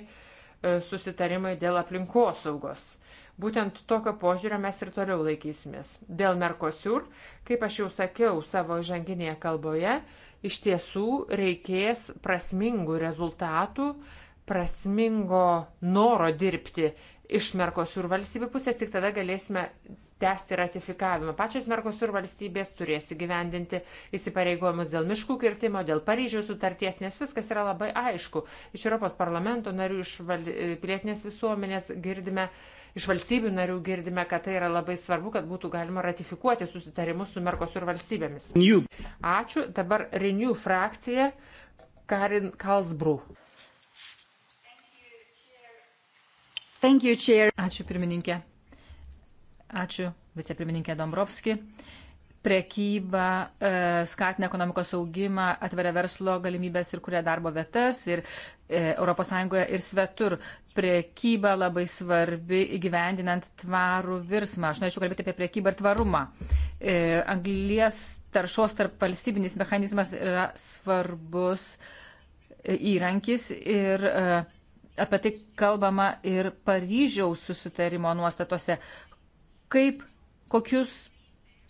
susitarimai dėl aplinkosaugos. Būtent tokio požiūrio mes ir toliau laikysimės. Dėl Merkosiur, kaip aš jau sakiau savo žanginėje kalboje, iš tiesų reikės prasmingų rezultatų, prasmingo noro dirbti iš Merkosiur valstybių pusės, tik tada galėsime tęsti ratifikavimą. Pačios Merkosur valstybės turės įgyvendinti įsipareigojimus dėl miškų kirtimo, dėl Paryžiaus sutarties, nes viskas yra labai aišku. Iš Europos parlamento narių, iš val... pilietinės visuomenės girdime, iš valstybių narių girdime, kad tai yra labai svarbu, kad būtų galima ratifikuoti susitarimus su Merkosur valstybėmis. New. Ačiū. Dabar Renew frakcija Karin Kalsbrų. Ačiū pirmininkė. Ačiū, vicepirmininkė Dombrovski. Prekyba e, skatina ekonomikos augimą, atveria verslo galimybės ir kuria darbo vietas ir e, ES ir svetur. Prekyba labai svarbi įgyvendinant tvarų virsmą. Aš norėčiau kalbėti apie prekybą ir tvarumą. E, anglies taršos tarp valstybinis mechanizmas yra svarbus e, įrankis ir e, apie tai kalbama ir Paryžiaus susitarimo nuostatose. Kaip, kokius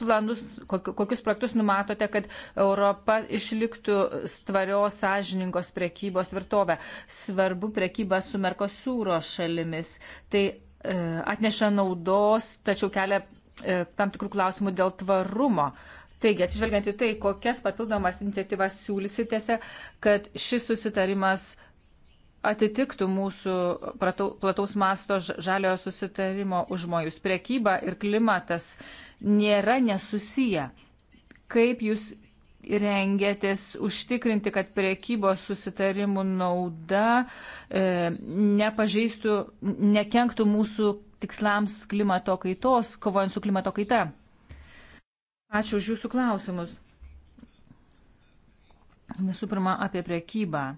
planus, kokius projektus numatote, kad Europa išliktų tvarios, sąžiningos prekybos tvirtovė? Svarbu prekyba su Merkosūro šalimis. Tai e, atneša naudos, tačiau kelia e, tam tikrų klausimų dėl tvarumo. Taigi, atsižvelgiant į tai, kokias papildomas iniciatyvas siūlysitėse, kad šis susitarimas e, atitiktų mūsų plataus masto žaliojo susitarimo užmojus. Prekyba ir klimatas nėra nesusiję. Kaip jūs rengiatės užtikrinti, kad priekybos susitarimų nauda e, nepažeistų, nekenktų mūsų tikslams klimato kaitos, kovojant su klimato kaita? Ačiū už Jūsų klausimus. Visų pirma, apie priekybą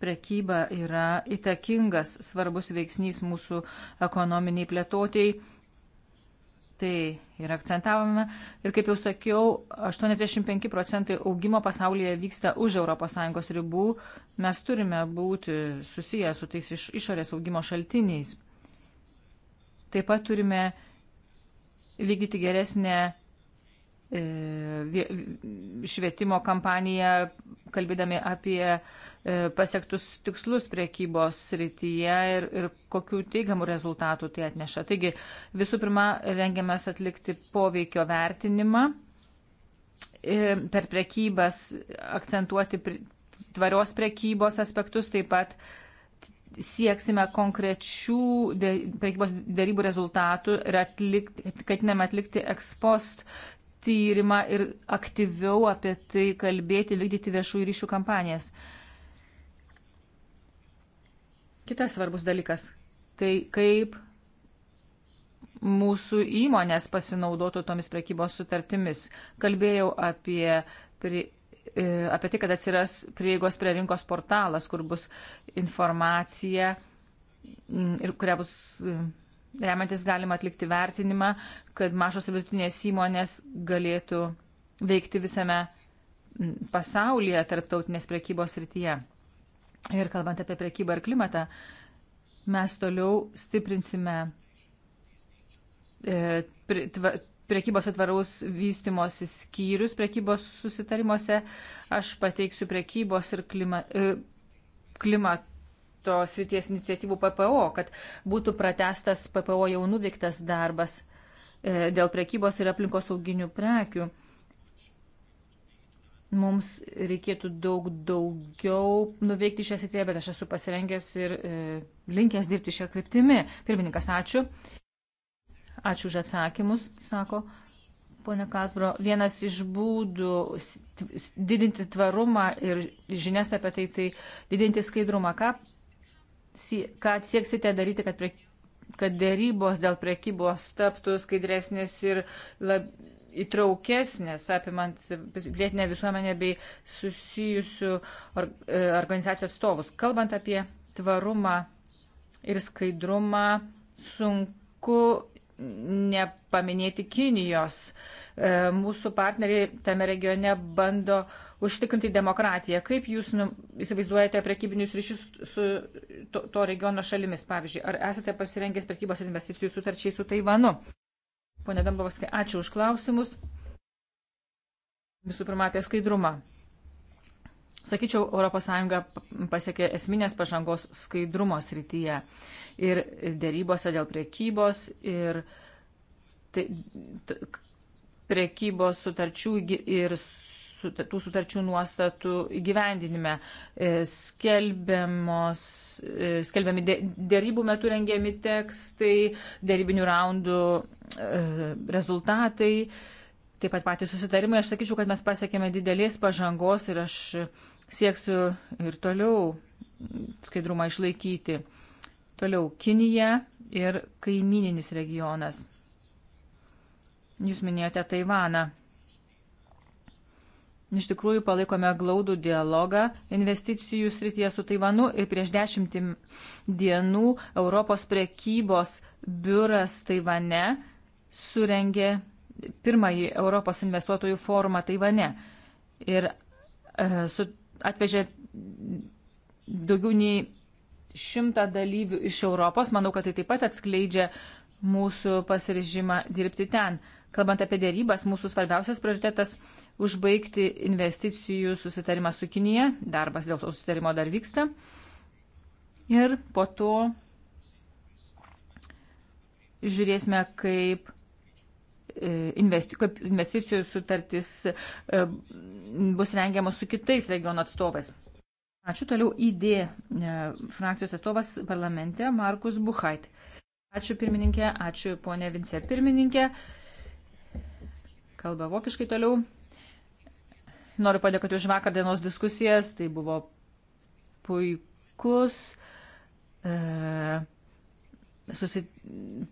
prekyba yra įtakingas svarbus veiksnys mūsų ekonominiai plėtotėjai. Tai ir akcentavome. Ir kaip jau sakiau, 85 procentai augimo pasaulyje vyksta už ES ribų. Mes turime būti susiję su tais iš, išorės augimo šaltiniais. Taip pat turime vykdyti geresnę E, švietimo kampaniją, kalbėdami apie e, pasiektus tikslus priekybos srityje ir, ir kokių teigiamų rezultatų tai atneša. Taigi, visų pirma, rengiamės atlikti poveikio vertinimą, e, per priekybas akcentuoti tvarios priekybos aspektus, taip pat sieksime konkrečių priekybos dėrybų rezultatų ir atlikti, ketiname atlikti ekspost tyrimą ir aktyviau apie tai kalbėti, vykdyti viešųjų ryšių kampanijas. Kitas svarbus dalykas - tai kaip mūsų įmonės pasinaudotų tomis prekybos sutartimis. Kalbėjau apie, pri, e, apie tai, kad atsiras prieigos prie rinkos portalas, kur bus informacija mm, ir kuria bus mm, remantis galima atlikti vertinimą, kad mažos ir vidutinės įmonės galėtų veikti visame pasaulyje tarptautinės prekybos rytyje. Ir kalbant apie prekybą ir klimatą, mes toliau stiprinsime e, prekybos atvaraus vystimosi skyrius prekybos susitarimuose. Aš pateiksiu prekybos ir klima, e, klimato tos ryties iniciatyvų PPO, kad būtų pratestas PPO jau nuveiktas darbas e, dėl prekybos ir aplinkosauginių prekių. Mums reikėtų daug daugiau nuveikti šią sritį, bet aš esu pasirengęs ir e, linkęs dirbti šią kryptimį. Pirmininkas, ačiū. Ačiū už atsakymus, sako Pone Kasbro, vienas iš būdų didinti tvarumą ir žinias apie tai, tai didinti skaidrumą. Ką ką sieksite daryti, kad, prie, kad dėrybos dėl prekybos taptų skaidresnės ir lab, įtraukesnės, apimant pilietinę visuomenę bei susijusių or, e, organizacijų atstovus. Kalbant apie tvarumą ir skaidrumą, sunku nepaminėti Kinijos. Uh, E, mūsų partneriai tame regione bando užtikrinti demokratiją. Kaip jūs nu, įsivaizduojate prekybinius ryšius su to, to regiono šalimis, pavyzdžiui, ar esate pasirengęs prekybos investicijų sutarčiai su Taivanu? Pone Dambavaskai, ačiū už klausimus. Visų pirma, apie skaidrumą. Sakyčiau, ES pasiekė esminės pažangos skaidrumo srityje ir dėrybose dėl priekybos ir tai, prekybos sutarčių ir tų sutarčių nuostatų įgyvendinime. E, skelbiamos, e, skelbiami dėrybų metu rengiami tekstai, dėrybinių raundų e, rezultatai, taip pat patys susitarimai. Aš sakyčiau, kad mes pasiekėme didelės pažangos ir aš sieksiu ir toliau skaidrumą išlaikyti. Toliau Kinija ir kaimininis regionas. Jūs minėjote Taivaną. Iš tikrųjų palaikome glaudų dialogą investicijų srityje su Taivanu ir prieš dešimtį dienų Europos prekybos biuras Taivane surengė pirmąjį Europos investuotojų forumą Taivane ir e, su, atvežė daugiau nei šimtą dalyvių iš Europos. Manau, kad tai taip pat atskleidžia mūsų pasirežimą dirbti ten. E, Kalbant apie dėrybas, mūsų svarbiausias prioritetas - užbaigti investicijų susitarimą su Kinija. Darbas dėl to susitarimo dar vyksta. Ir po to žiūrėsime, kaip, e, investi kaip investicijų sutartis e, bus rengiamas su kitais regiono atstovais. Ačiū toliau ID e, frakcijos atstovas parlamente Markus Buchait. Ačiū pirmininkė, ačiū ponė vicepirmininkė. pirmininkė kalba vokiškai toliau. Noriu padėkoti už vakar dienos diskusijas, tai buvo puikus, e, susi,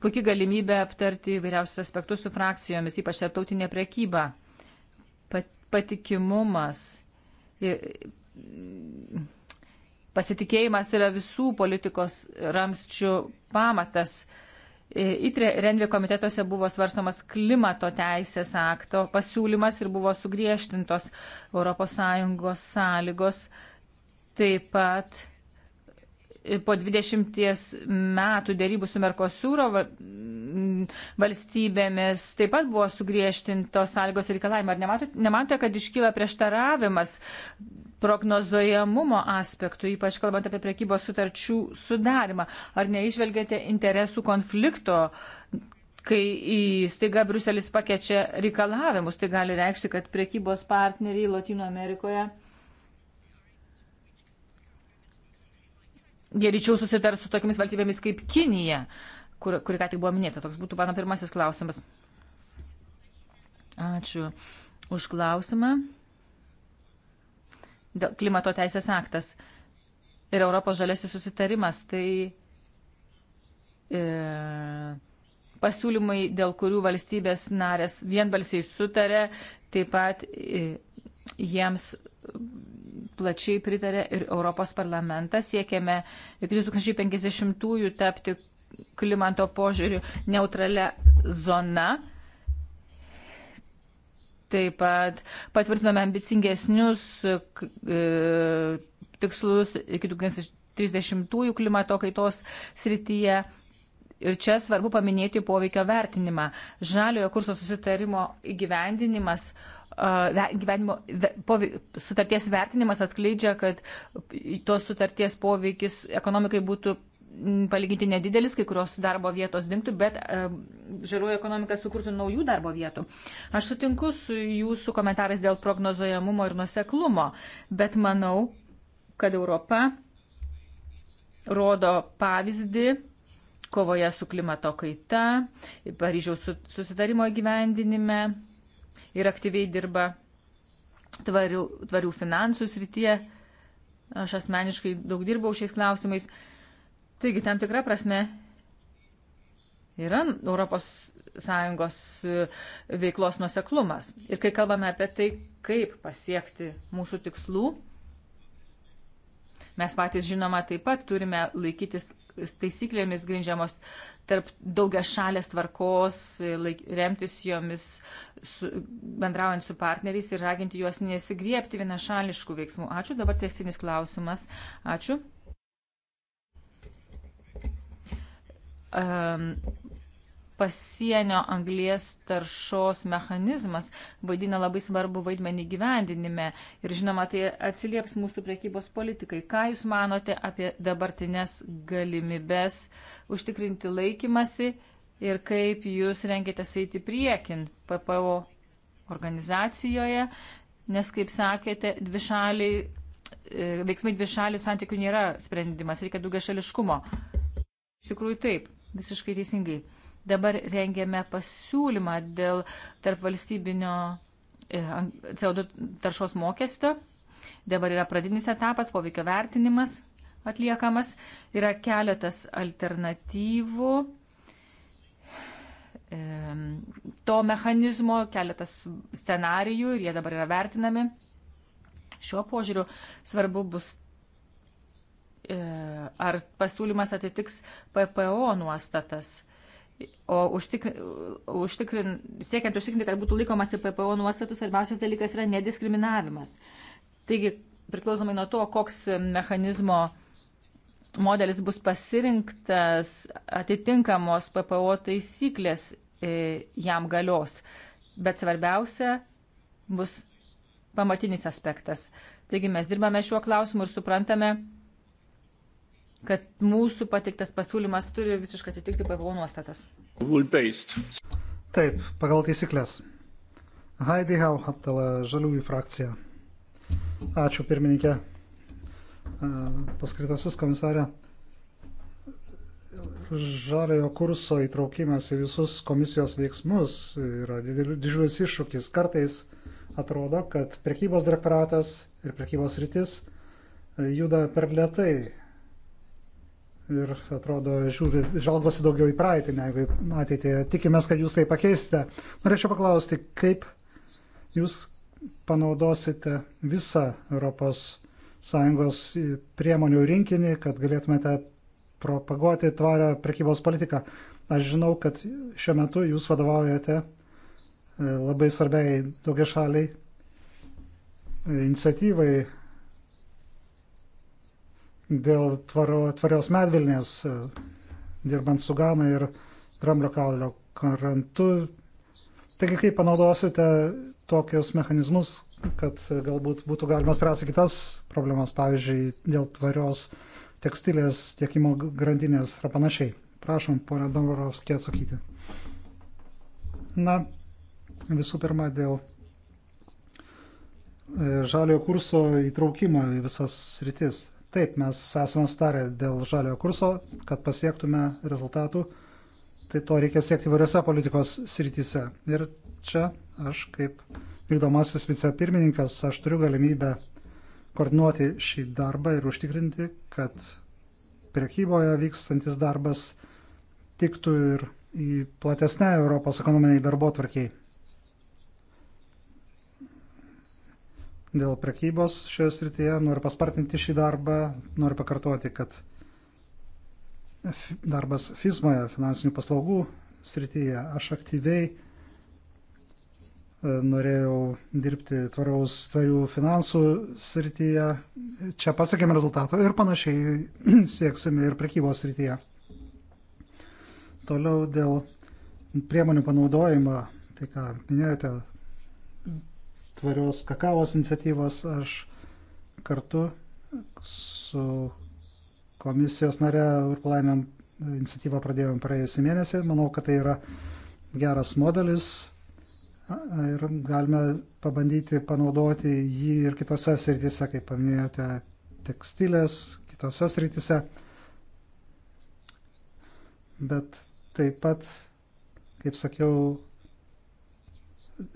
puikia galimybė aptarti vairiausius aspektus su frakcijomis, ypač tarptautinė prekyba, pat, patikimumas. E, Pasitikėjimas yra visų politikos ramščių pamatas. E, ITRE Renvi komitetuose buvo svarstomas klimato teisės akto pasiūlymas ir buvo sugriežtintos ES sąlygos. Taip pat po 20 metų dėrybų su Merkosūro valstybėmis taip pat buvo sugriežtintos sąlygos ir reikalavimai. Ar nematote, nematote, kad iškyla prieštaravimas prognozojamumo aspektų, ypač kalbant apie prekybos sutarčių sudarimą? Ar neižvelgiate interesų konflikto? Kai staiga Bruselis pakečia reikalavimus, tai gali reikšti, kad prekybos partneriai Latino Amerikoje uh, geričiau susitars su tokiamis valstybėmis kaip Kinija, kur, kuri ką tik buvo minėta. Toks būtų mano pirmasis klausimas. Ačiū už klausimą. Dėl klimato teisės aktas ir Europos žalėsis susitarimas, tai e, pasiūlymai, dėl kurių valstybės narės vienbalsiai sutarė, taip pat e, jiems plačiai pritarė ir Europos parlamentas. Siekėme iki 2050-ųjų tapti klimato požiūrių neutralia zona. Taip pat patvirtinome ambicingesnius e, tikslus iki 2030-ųjų klimato kaitos srityje. Ir čia svarbu paminėti poveikio vertinimą. Žaliojo kurso susitarimo įgyvendinimas uh, gyvenimo sutarties vertinimas atskleidžia, kad tos sutarties poveikis ekonomikai būtų palyginti nedidelis, kai kurios darbo vietos dinktų, bet žiūroji ekonomika sukurtų naujų darbo vietų. Aš sutinku su jūsų komentarais dėl prognozojamumo ir nuseklumo, bet manau, kad Europa rodo pavyzdį kovoje su klimato kaita, Paryžiaus susidarimo gyvendinime ir aktyviai dirba tvarių, tvarių finansų srityje. Aš asmeniškai daug dirbau šiais klausimais. Taigi, tam tikra prasme yra ES e, veiklos nuseklumas. Ir kai kalbame apie tai, kaip pasiekti mūsų tikslų, Mes patys žinoma taip pat turime laikytis taisyklėmis grindžiamos tarp daugia šalės tvarkos, laik, remtis jomis, su, bendraujant su partneriais ir raginti juos nesigriepti vienašališkų veiksmų. Ačiū, dabar testinis klausimas. Ačiū. Um, pasienio anglies taršos mechanizmas vaidina labai svarbu vaidmenį gyvendinime ir žinoma tai atsilieps mūsų priekybos politikai. Ką Jūs manote apie dabartinės galimybės užtikrinti laikymasi ir kaip Jūs renkite eiti priekin PPO organizacijoje, nes kaip sakėte, dvišaliai. E, veiksmai dvišalių santykių nėra sprendimas, reikia daugia šališkumo. Iš tikrųjų taip, visiškai teisingai. Dabar rengiame pasiūlymą dėl tarp valstybinio e, CO2 taršos mokestio. Dabar yra pradinis etapas, poveikio vertinimas atliekamas. Yra keletas alternatyvų e, to mechanizmo, keletas scenarijų ir jie dabar yra vertinami. Šiuo požiūriu svarbu bus, e, ar pasiūlymas atitiks PPO nuostatas O užtikrin, užtikrin, siekiant užtikrinti, kad būtų laikomasi PPO nuostatų, svarbiausias dalykas yra nediskriminavimas. Taigi, priklausomai nuo to, koks mechanizmo modelis bus pasirinktas, atitinkamos PPO taisyklės e, jam galios. Bet svarbiausia bus pamatinis aspektas. Taigi mes dirbame šiuo klausimu ir suprantame, kad mūsų pateiktas pasiūlymas turi visiškai atitikti PVO nuostatas. Taip, pagal taisyklės. Heidi Hau aptala žaliųjų frakciją. Ačiū pirmininkė, paskritasis komisarė. Žaliojo kurso įtraukimas į visus komisijos veiksmus yra didžiulis iššūkis. Kartais atrodo, kad prekybos direktoratas ir prekybos rytis e, juda per lietai ir atrodo žiūri, žvalgosi daugiau į praeitį negu į ateitį. Tikimės, kad jūs tai pakeisite. Norėčiau paklausti, kaip jūs panaudosite visą ES priemonių rinkinį, kad galėtumėte propaguoti tvarią prekybos politiką. Aš žinau, kad šiuo metu jūs vadovaujate e, labai svarbiai daugia šaliai iniciatyvai dėl tvaro, tvarios medvilnės, e, dirbant su Gana ir Ramblio kaulio karantu. Taigi, kaip panaudosite tokius mechanizmus, kad e, galbūt būtų galima spręsti kitas problemas, pavyzdžiui, dėl tvarios tekstilės tiekimo grandinės ir panašiai. Prašom, ponia Domorovskė, atsakyti. Na, visų pirma, dėl e, žaliojo kurso įtraukimo į visas sritis. Taip, mes esame sutarę dėl žaliojo kurso, kad pasiektume rezultatų, tai to reikia siekti įvairiose politikos srityse. Ir čia aš kaip vykdomasis vicepirmininkas, aš turiu galimybę koordinuoti šį darbą ir užtikrinti, kad prekyboje vykstantis darbas tiktų ir į platesnę Europos ekonominiai darbo tvarkiai. dėl prekybos šioje srityje. Noriu paspartinti šį darbą. Noriu pakartoti, kad darbas FISMOje, finansinių paslaugų srityje, aš aktyviai e, norėjau dirbti tvaraus, tvarių finansų srityje. Čia pasakėme rezultato ir panašiai [CLEARS THROAT] sieksime ir prekybos srityje. Toliau dėl priemonių panaudojimo, tai ką minėjote, tvarios kakavos iniciatyvos aš kartu su komisijos nare Urplainėm iniciatyvą pradėjome praėjusį mėnesį. Manau, kad tai yra geras modelis ir galime pabandyti panaudoti jį ir kitose srityse, kaip paminėjote, tekstilės, kitose srityse. Bet taip pat, kaip sakiau,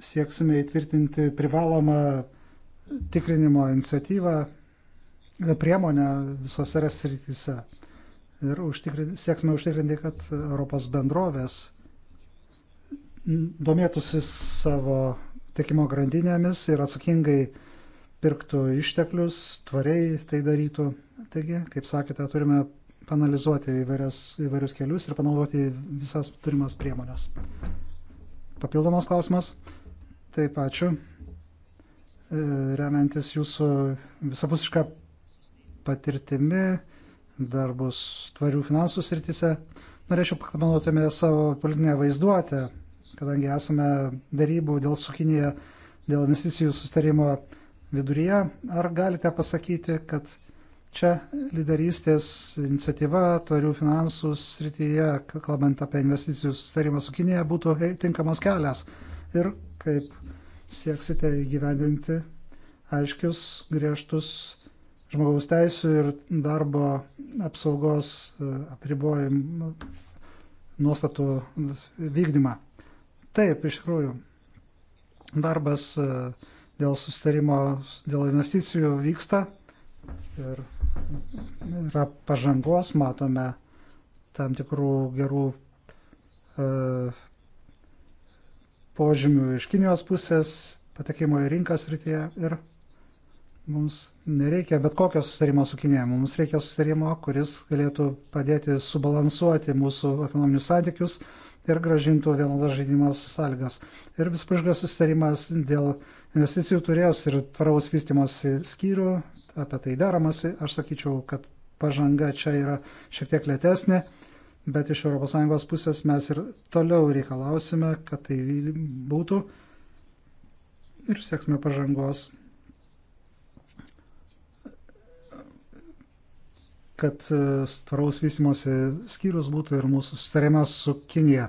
sieksime įtvirtinti privalomą tikrinimo iniciatyvą, priemonę visose srityse. Ir užtikrin, sieksime užtikrinti, kad Europos bendrovės domėtųsi savo tiekimo grandinėmis ir atsakingai pirktų išteklius, tvariai tai darytų. Taigi, kaip sakėte, turime panalizuoti įvairias, įvairius kelius ir panaudoti visas turimas priemonės. Papildomas klausimas. Taip, ačiū. E, remiantis jūsų visapusišką patirtimi, darbus tvarių finansų srityse, norėčiau pakalbėtumėte savo politinę vaizduotę, kadangi esame darybų dėl su Kinėje, dėl investicijų sustarimo viduryje. Ar galite pasakyti, kad Čia lyderystės iniciatyva tvarių finansų srityje, kalbant apie investicijų sustarimą su Kinėje, būtų tinkamas kelias ir kaip sieksite įgyvendinti aiškius, griežtus žmogaus teisų ir darbo apsaugos e, apribojimų nuostatų vykdymą. Taip, iš tikrųjų, darbas e, dėl sustarimo, dėl investicijų vyksta ir yra pažangos, matome tam tikrų gerų e, požymių iš Kinijos pusės, patekimo į rinkas rytyje ir mums nereikia bet kokio susitarimo su Kinėje, mums reikia susitarimo, kuris galėtų padėti subalansuoti mūsų ekonominius santykius ir gražintų vienodas žaidimo sąlygas. Ir vispražgas susitarimas dėl investicijų turės ir tvaraus vystimosi skyrių, apie tai deramasi. Aš sakyčiau, kad pažanga čia yra šiek tiek lėtesnė, bet iš ES pusės mes ir toliau reikalausime, kad tai būtų ir sieksime pažangos kad tvaraus vystimosi skyrius būtų ir mūsų susitarimas su Kinija.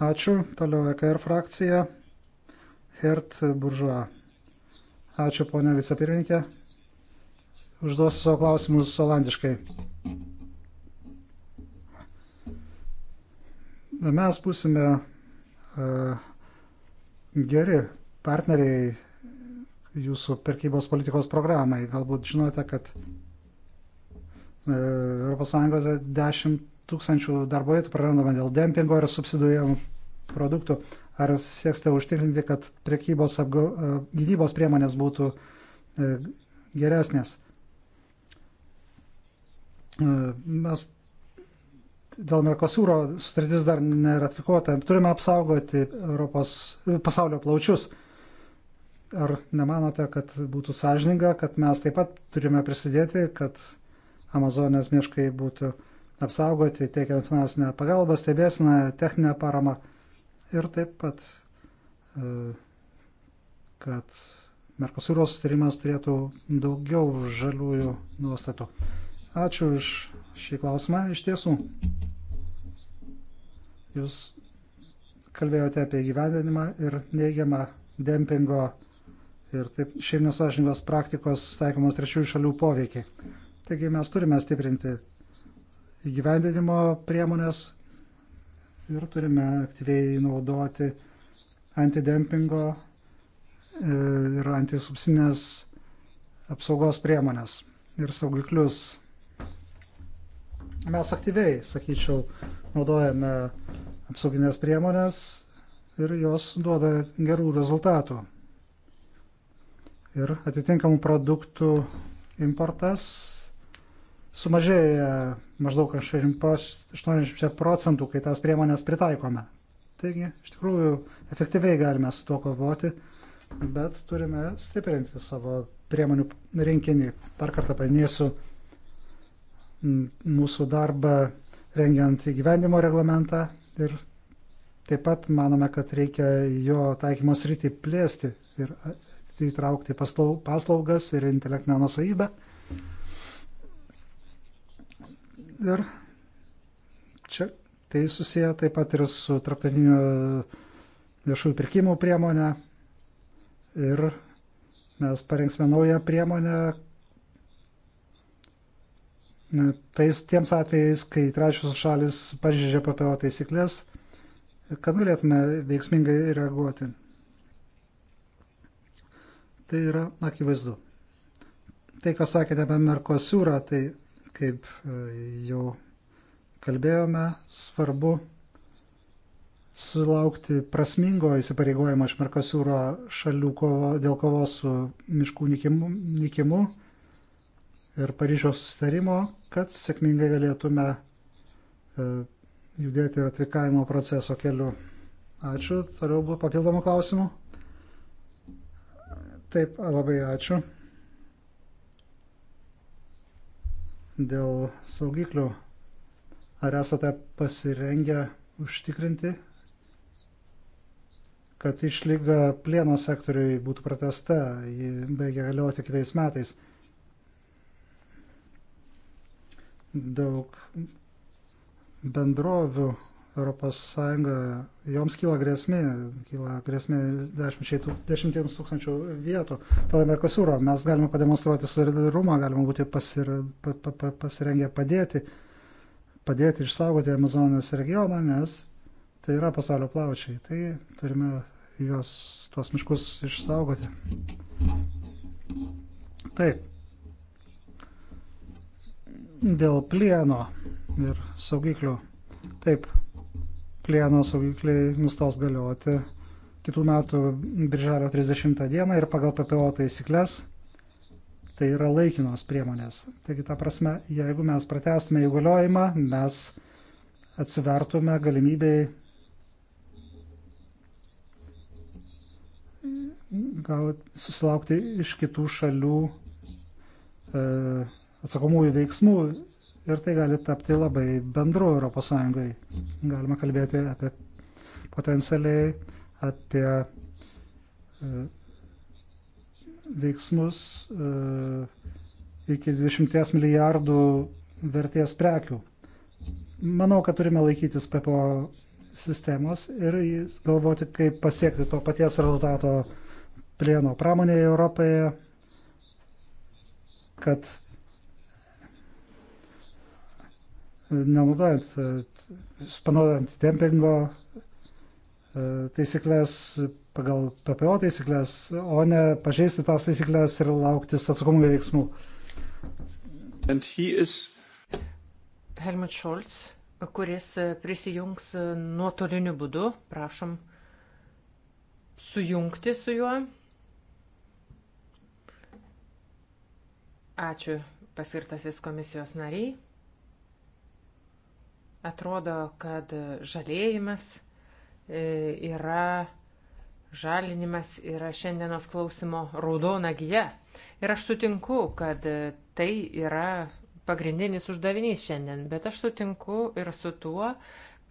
Ačiū. Toliau EKR frakcija. Hert Buržua. Ačiū, ponia vicepirmininkė. Užduosiu savo klausimus olandiškai. Mes būsime uh, geri partneriai jūsų perkybos politikos programai. Galbūt žinote, kad ES 10 tūkstančių darbo vietų prarandama dėl dempingo ir subsiduojamų produktų. Ar sieksite užtikrinti, kad prekybos apga, e, gynybos priemonės būtų e, geresnės? E, mes dėl Merkosūro sutartis dar neratifikuota. Turime apsaugoti Europos, pasaulio plaučius. Ar nemanote, kad būtų sąžininga, kad mes taip pat turime prisidėti, kad Amazonės miškai būtų uh, apsaugoti, teikiant finansinę pagalbą, stebėsiną, techninę paramą ir taip pat, e, kad Merkosūro sustarimas turėtų daugiau žaliųjų nuostatų. Ačiū už šį klausimą. Iš tiesų, jūs kalbėjote apie gyvendinimą ir neigiamą dempingo ir taip šiaip nesažiningos praktikos taikomos trečiųjų šalių poveikiai. Taigi mes turime stiprinti įgyvendinimo priemonės ir turime aktyviai naudoti antidempingo e, ir antisubsinės apsaugos priemonės ir saugiklius. Mes aktyviai, sakyčiau, naudojame apsauginės priemonės ir jos duoda gerų rezultatų. Ir atitinkamų produktų importas sumažėja maždaug 80 procentų, kai tas priemonės pritaikome. Taigi, iš tikrųjų, efektyviai galime su tuo kovoti, bet turime stiprinti savo priemonių rinkinį. Dar kartą paminėsiu mūsų darbą rengiant įgyvendimo reglamentą ir taip pat manome, kad reikia jo taikymo sritį plėsti ir įtraukti paslaugas ir intelektinę nusavybę. Ir čia tai susiję taip pat ir su traptaniniu e, viešųjų pirkimų priemonė. Ir mes parengsime naują priemonę, tais tiems atvejais, kai trečios šalis pažydžia PPO taisyklės, kad galėtume veiksmingai reaguoti. Tai yra akivaizdu. Tai, ką sakėte apie Merkosiūrą, tai Kaip e, jau kalbėjome, svarbu sulaukti prasmingo įsipareigojimo iš Merkosūro šalių kovo, dėl kovos su miškų nikimu, nikimu ir Paryžiaus sustarimo, kad sėkmingai galėtume e, judėti ratifikavimo proceso keliu. Ačiū. Toliau buvo papildomų klausimų. Taip, labai ačiū. dėl saugiklių. Ar esate pasirengę užtikrinti, kad išlyga plieno sektoriui būtų pratesta, ji baigia galioti kitais metais. Daug bendrovių ES, joms kyla grėsmė, kyla grėsmė dešimtiems tūkstančių vietų. Dėl Merkosūro mes galime pademonstruoti solidarumą, galime būti pasir, pa, pa, pa, pasirengę padėti, padėti išsaugoti Amazonės regioną, nes tai yra pasaulio plaučiai. Tai turime juos, tuos miškus išsaugoti. Taip. Dėl plieno ir saugiklių. Taip, plieno saugikliai nustos galioti kitų metų birželio 30 dieną ir pagal PPO taisyklės tai yra laikinos priemonės. Taigi, ta prasme, jeigu mes pratestume įgaliojimą, mes atsivertume galimybėj gaut, susilaukti iš kitų šalių e, atsakomųjų veiksmų ir tai gali tapti labai bendru ES. Galima kalbėti apie potencialiai apie e, veiksmus e, iki 20 milijardų vertės prekių. Manau, kad turime laikytis PPO sistemos ir galvoti, kaip pasiekti to paties rezultato plieno pramonėje Europoje, kad nenaudojant, e, panaudojant dempingo e, taisyklės pagal PPO taisyklės, o ne pažeisti tas taisyklės ir lauktis atsakomųjų veiksmų. Is... Helmut Scholz, kuris prisijungs nuotoliniu būdu, prašom sujungti su juo. Ačiū paskirtasis komisijos nariai. Atrodo, kad žalėjimas e, yra, žalinimas yra šiandienos klausimo raudona gija. Ir aš sutinku, kad tai yra pagrindinis uždavinys šiandien, bet aš sutinku ir su tuo,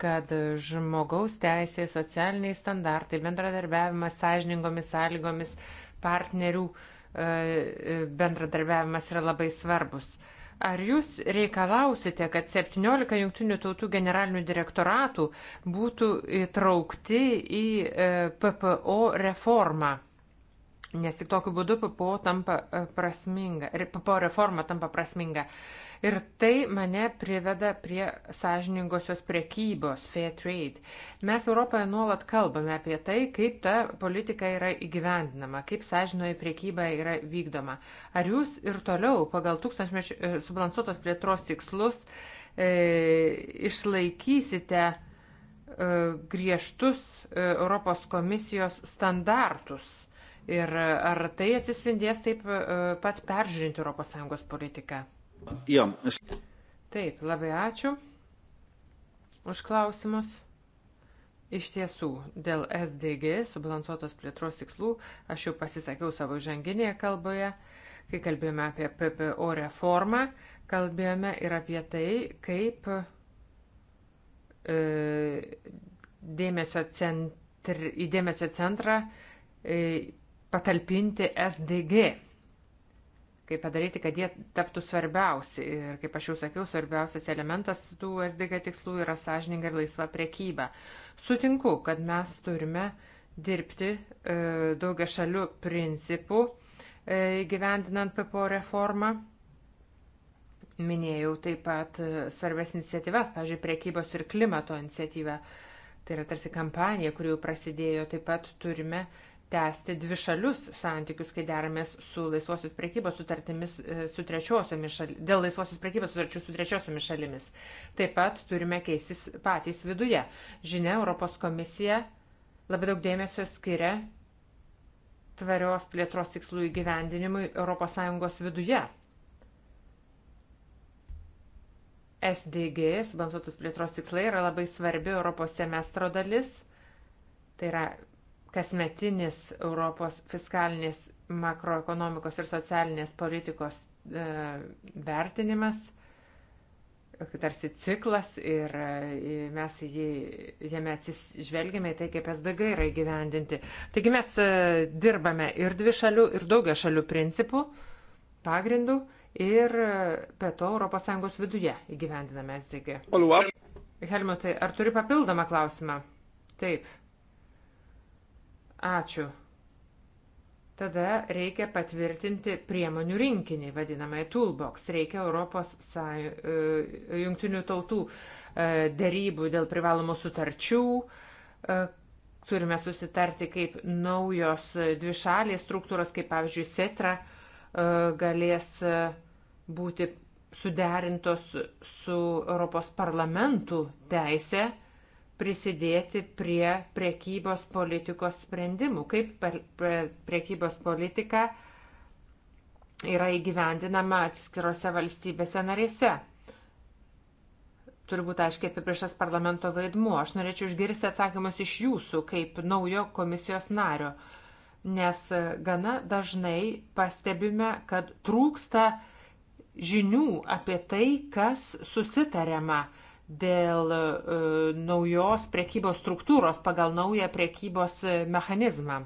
kad žmogaus teisės, socialiniai standartai, bendradarbiavimas sąžiningomis sąlygomis, partnerių e, e, bendradarbiavimas yra labai svarbus. Ar jūs reikalausite, kad 17 jungtinių tautų generalinių direktoratų būtų įtraukti į e, PPO reformą? Nes tik tokiu būdu PPO, tampa e, prasminga, PPO reforma tampa prasminga. Ir tai mane priveda prie sąžiningosios priekybos, fair trade. Mes Europoje nuolat kalbame apie tai, kaip ta politika yra įgyvendinama, kaip sąžinoji priekyba yra vykdoma. Ar jūs ir toliau pagal tūkstančio e, subalansuotos plėtros tikslus e, išlaikysite e, griežtus e, Europos komisijos standartus? Ir ar tai atsispindės taip e, pat peržiūrint ES politiką? Jo. Taip, labai ačiū už klausimus. Iš tiesų, dėl SDG, subalansuotos plėtros tikslų, aš jau pasisakiau savo žanginėje kalboje, kai kalbėjome apie PPO reformą, kalbėjome ir apie tai, kaip e, dėmesio centri, į dėmesio centrą e, patalpinti SDG kaip padaryti, kad jie taptų svarbiausi. Ir kaip aš jau sakiau, svarbiausias elementas tų SDG tikslų yra sąžininga ir laisva priekyba. Sutinku, kad mes turime dirbti e, daugia šalių principų įgyvendinant e, PPO reformą. Minėjau taip pat e, svarbės iniciatyvas, pažiūrėjau, priekybos ir klimato iniciatyvą. Tai yra tarsi kampanija, kuri jau prasidėjo. Taip pat turime uh, tęsti dvi šalius santykius, kai deramės su laisvosios prekybos sutartimis e, su trečiosiomis šalimis, dėl laisvosios prekybos sutarčių su trečiosiomis šalimis. Taip pat turime keistis patys viduje. Žinia, Europos komisija labai daug dėmesio skiria tvarios plėtros tikslų įgyvendinimui ES viduje. SDG, subansuotus plėtros tikslai, yra labai svarbi Europos semestro dalis. Tai yra kasmetinis Europos fiskalinės makroekonomikos ir socialinės politikos e, vertinimas, tarsi ciklas ir e, mes jį, jame atsižvelgime į tai, kaip SDG yra įgyvendinti. Taigi mes e, dirbame ir dvi šalių, ir daugia šalių principų, pagrindų ir e, be to ES viduje įgyvendiname SDG. Helmutai, ar turi papildomą klausimą? Taip. Ačiū. Tada reikia patvirtinti priemonių rinkinį, vadinamąją toolbox. Reikia Europos sąj... E, jungtinių tautų e, dėrybų dėl privalomų sutarčių. E, turime susitarti, kaip naujos dvišalės struktūros, kaip pavyzdžiui SETRA, galės būti suderintos su Europos parlamentų teisė prisidėti prie prekybos politikos sprendimų, kaip per, per prekybos politika yra įgyvendinama atskirose valstybėse narėse. Turbūt aiškiai apibriešas parlamento vaidmuo. Aš norėčiau išgirsti atsakymus iš jūsų kaip naujo komisijos nario, nes gana dažnai pastebime, kad trūksta žinių apie tai, kas susitariama dėl e, naujos prekybos struktūros pagal naują prekybos mechanizmą.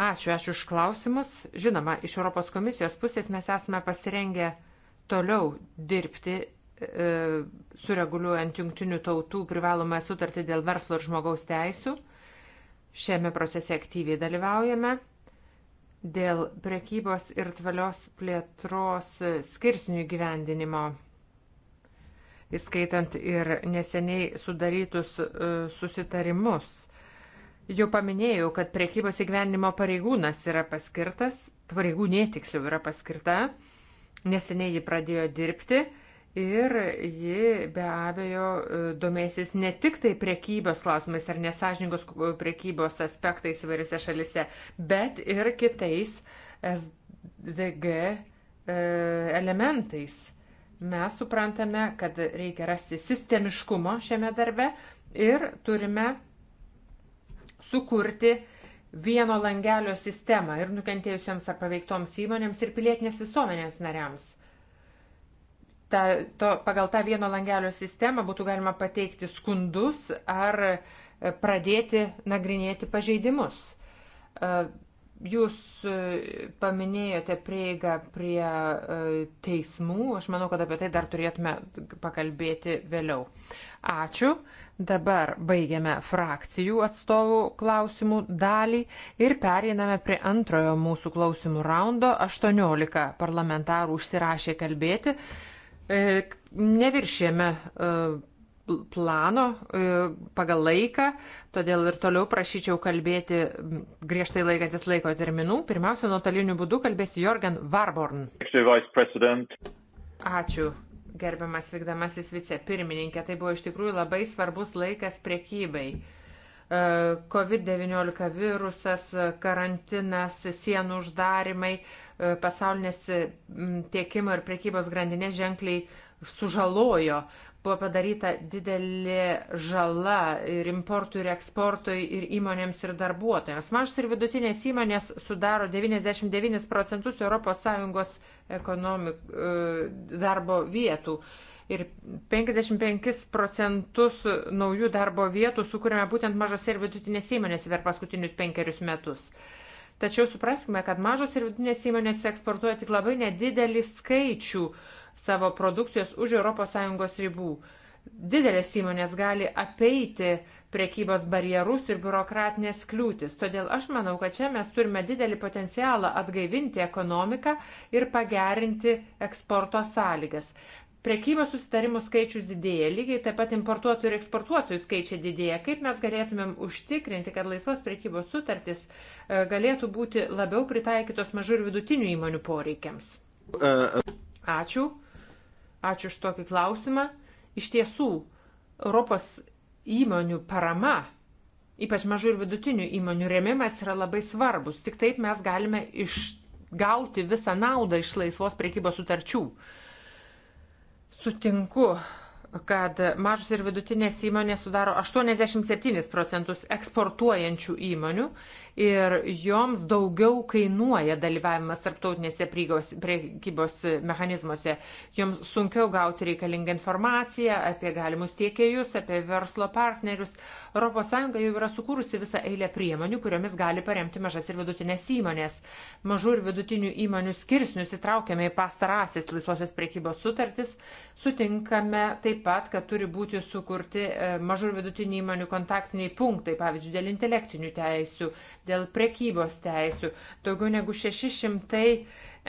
Ačiū, ačiū už klausimus. Žinoma, iš Europos komisijos pusės mes esame pasirengę toliau dirbti e, sureguliuojant jungtinių tautų privalomą sutartį dėl verslo ir žmogaus teisų. Šiame procese aktyviai dalyvaujame. Dėl prekybos ir tvalios plėtros e, skirsnių gyvendinimo įskaitant ir neseniai sudarytus e, susitarimus. Jau paminėjau, kad priekybos įgyvenimo pareigūnas yra paskirtas, pareigūnė tiksliau yra paskirta, neseniai ji pradėjo dirbti ir ji be abejo e, domėsis ne tik tai priekybos klausimais ar nesažingos priekybos aspektais įvairiose šalise, bet ir kitais SDG e, elementais. Mes suprantame, kad reikia rasti sistemiškumo šiame darbe ir turime sukurti vieno langelio sistemą ir nukentėjusiems ar paveiktoms įmonėms ir pilietinės visuomenės nariams. Ta, to, pagal tą vieno langelio sistemą būtų galima pateikti skundus ar e, pradėti nagrinėti pažeidimus. E, Jūs e, paminėjote prieigą prie e, teismų, aš manau, kad apie tai dar turėtume pakalbėti vėliau. Ačiū. Dabar baigiame frakcijų atstovų klausimų dalį ir pereiname prie antrojo mūsų klausimų raundo. 18 parlamentarų užsirašė kalbėti. E, Neviršėme plano e, pagal laiką, todėl ir toliau prašyčiau kalbėti griežtai laikantis laiko terminų. Pirmiausia, nuotoliniu būdu kalbės Jorgen Warborn. Ačiū. Gerbiamas vykdamasis vicepirmininkė, tai buvo iš tikrųjų labai svarbus laikas priekybai. E, COVID-19 virusas, karantinas, sienų uždarimai, e, pasaulinės tiekimo ir prekybos grandinės ženkliai sužalojo buvo padaryta didelė žala ir importui, ir eksportui, ir įmonėms, ir darbuotojams. Mažas ir vidutinės įmonės sudaro 99 procentus ES ekonomik, e, darbo vietų. Ir 55 procentus naujų darbo vietų sukūrėme būtent mažose ir vidutinės įmonėse per paskutinius penkerius metus. Tačiau supraskime, kad mažos ir vidutinės įmonės eksportuoja tik labai nedidelį skaičių uh, savo produkcijos už ES ribų. Didelės įmonės gali apeiti prekybos barjerus ir biurokratinės kliūtis. Todėl aš manau, kad čia mes turime didelį potencialą atgaivinti ekonomiką ir pagerinti eksporto sąlygas. Prekybos susitarimų skaičius didėja, lygiai taip pat importuotojų ir eksportuotojų skaičiai didėja. Kaip mes galėtumėm užtikrinti, kad laisvos prekybos sutartys e, galėtų būti labiau pritaikytos mažų ir vidutinių įmonių poreikiams? E, e. Ačiū. Ačiū iš tokį klausimą. Iš tiesų, Europos įmonių parama, ypač mažų ir vidutinių įmonių remimas yra labai svarbus. Tik taip mes galime išgauti visą naudą iš laisvos priekybos sutarčių. Sutinku kad mažos ir vidutinės įmonės sudaro 87 procentus eksportuojančių įmonių ir joms daugiau kainuoja dalyvavimas tarptautinėse priekybos mechanizmuose. Joms sunkiau gauti reikalingą informaciją apie galimus tiekėjus, apie verslo partnerius. ES jau yra sukūrusi visą eilę priemonių, kuriomis gali paremti mažas ir vidutinės įmonės. Mažų ir vidutinių įmonių skirsnius įtraukiame į pastarasis laisvosios priekybos sutartis, sutinkame taip taip pat, kad turi būti sukurti e, mažų ir vidutinių įmonių kontaktiniai punktai, pavyzdžiui, dėl intelektinių teisių, dėl prekybos teisių. Daugiau negu 600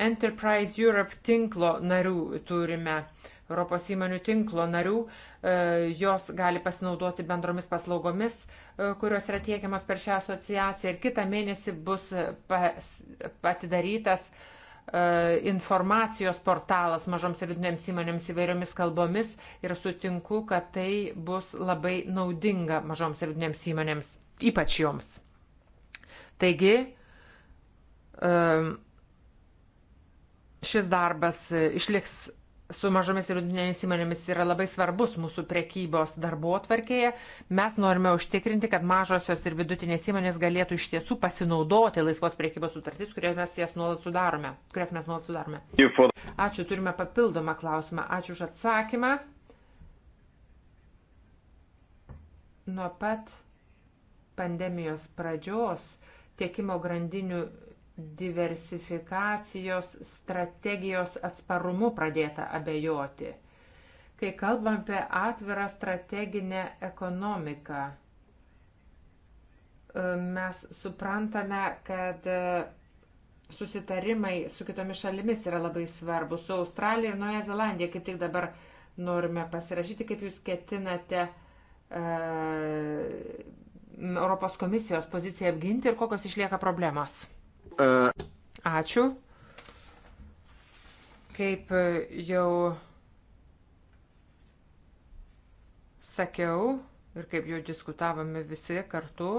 Enterprise Europe tinklo narių turime. Europos įmonių tinklo narių, e, jos gali pasinaudoti bendromis paslaugomis, e, kurios yra tiekiamas per šią asociaciją ir kitą mėnesį bus atidarytas pas, E, informacijos portalas mažoms ir vidutinėms įmonėms įvairiomis kalbomis ir sutinku, kad tai bus labai naudinga mažoms ir vidutinėms įmonėms, ypač joms. Taigi, e, šis darbas išliks su mažomis ir vidutinėmis įmonėmis yra labai svarbus mūsų prekybos darbo atvarkėje. Mes norime užtikrinti, kad mažosios ir vidutinės įmonės galėtų iš tiesų pasinaudoti laisvos prekybos sutartys, kurias mes jas nuolat sudarome. Kurias mes nuolat sudarome. Ačiū, turime papildomą klausimą. Ačiū už atsakymą. Nuo pat pandemijos pradžios tiekimo grandinių diversifikacijos strategijos atsparumu pradėta abejoti. Kai kalbam apie atvirą strateginę ekonomiką, e, mes suprantame, kad e, susitarimai su kitomis šalimis yra labai svarbus. Su Australija ir Nuoja Zelandija kaip tik dabar norime pasirašyti, kaip jūs ketinate uh, Europos komisijos poziciją apginti ir kokios išlieka problemos. Ačiū. Kaip jau sakiau ir kaip jau diskutavome visi kartu,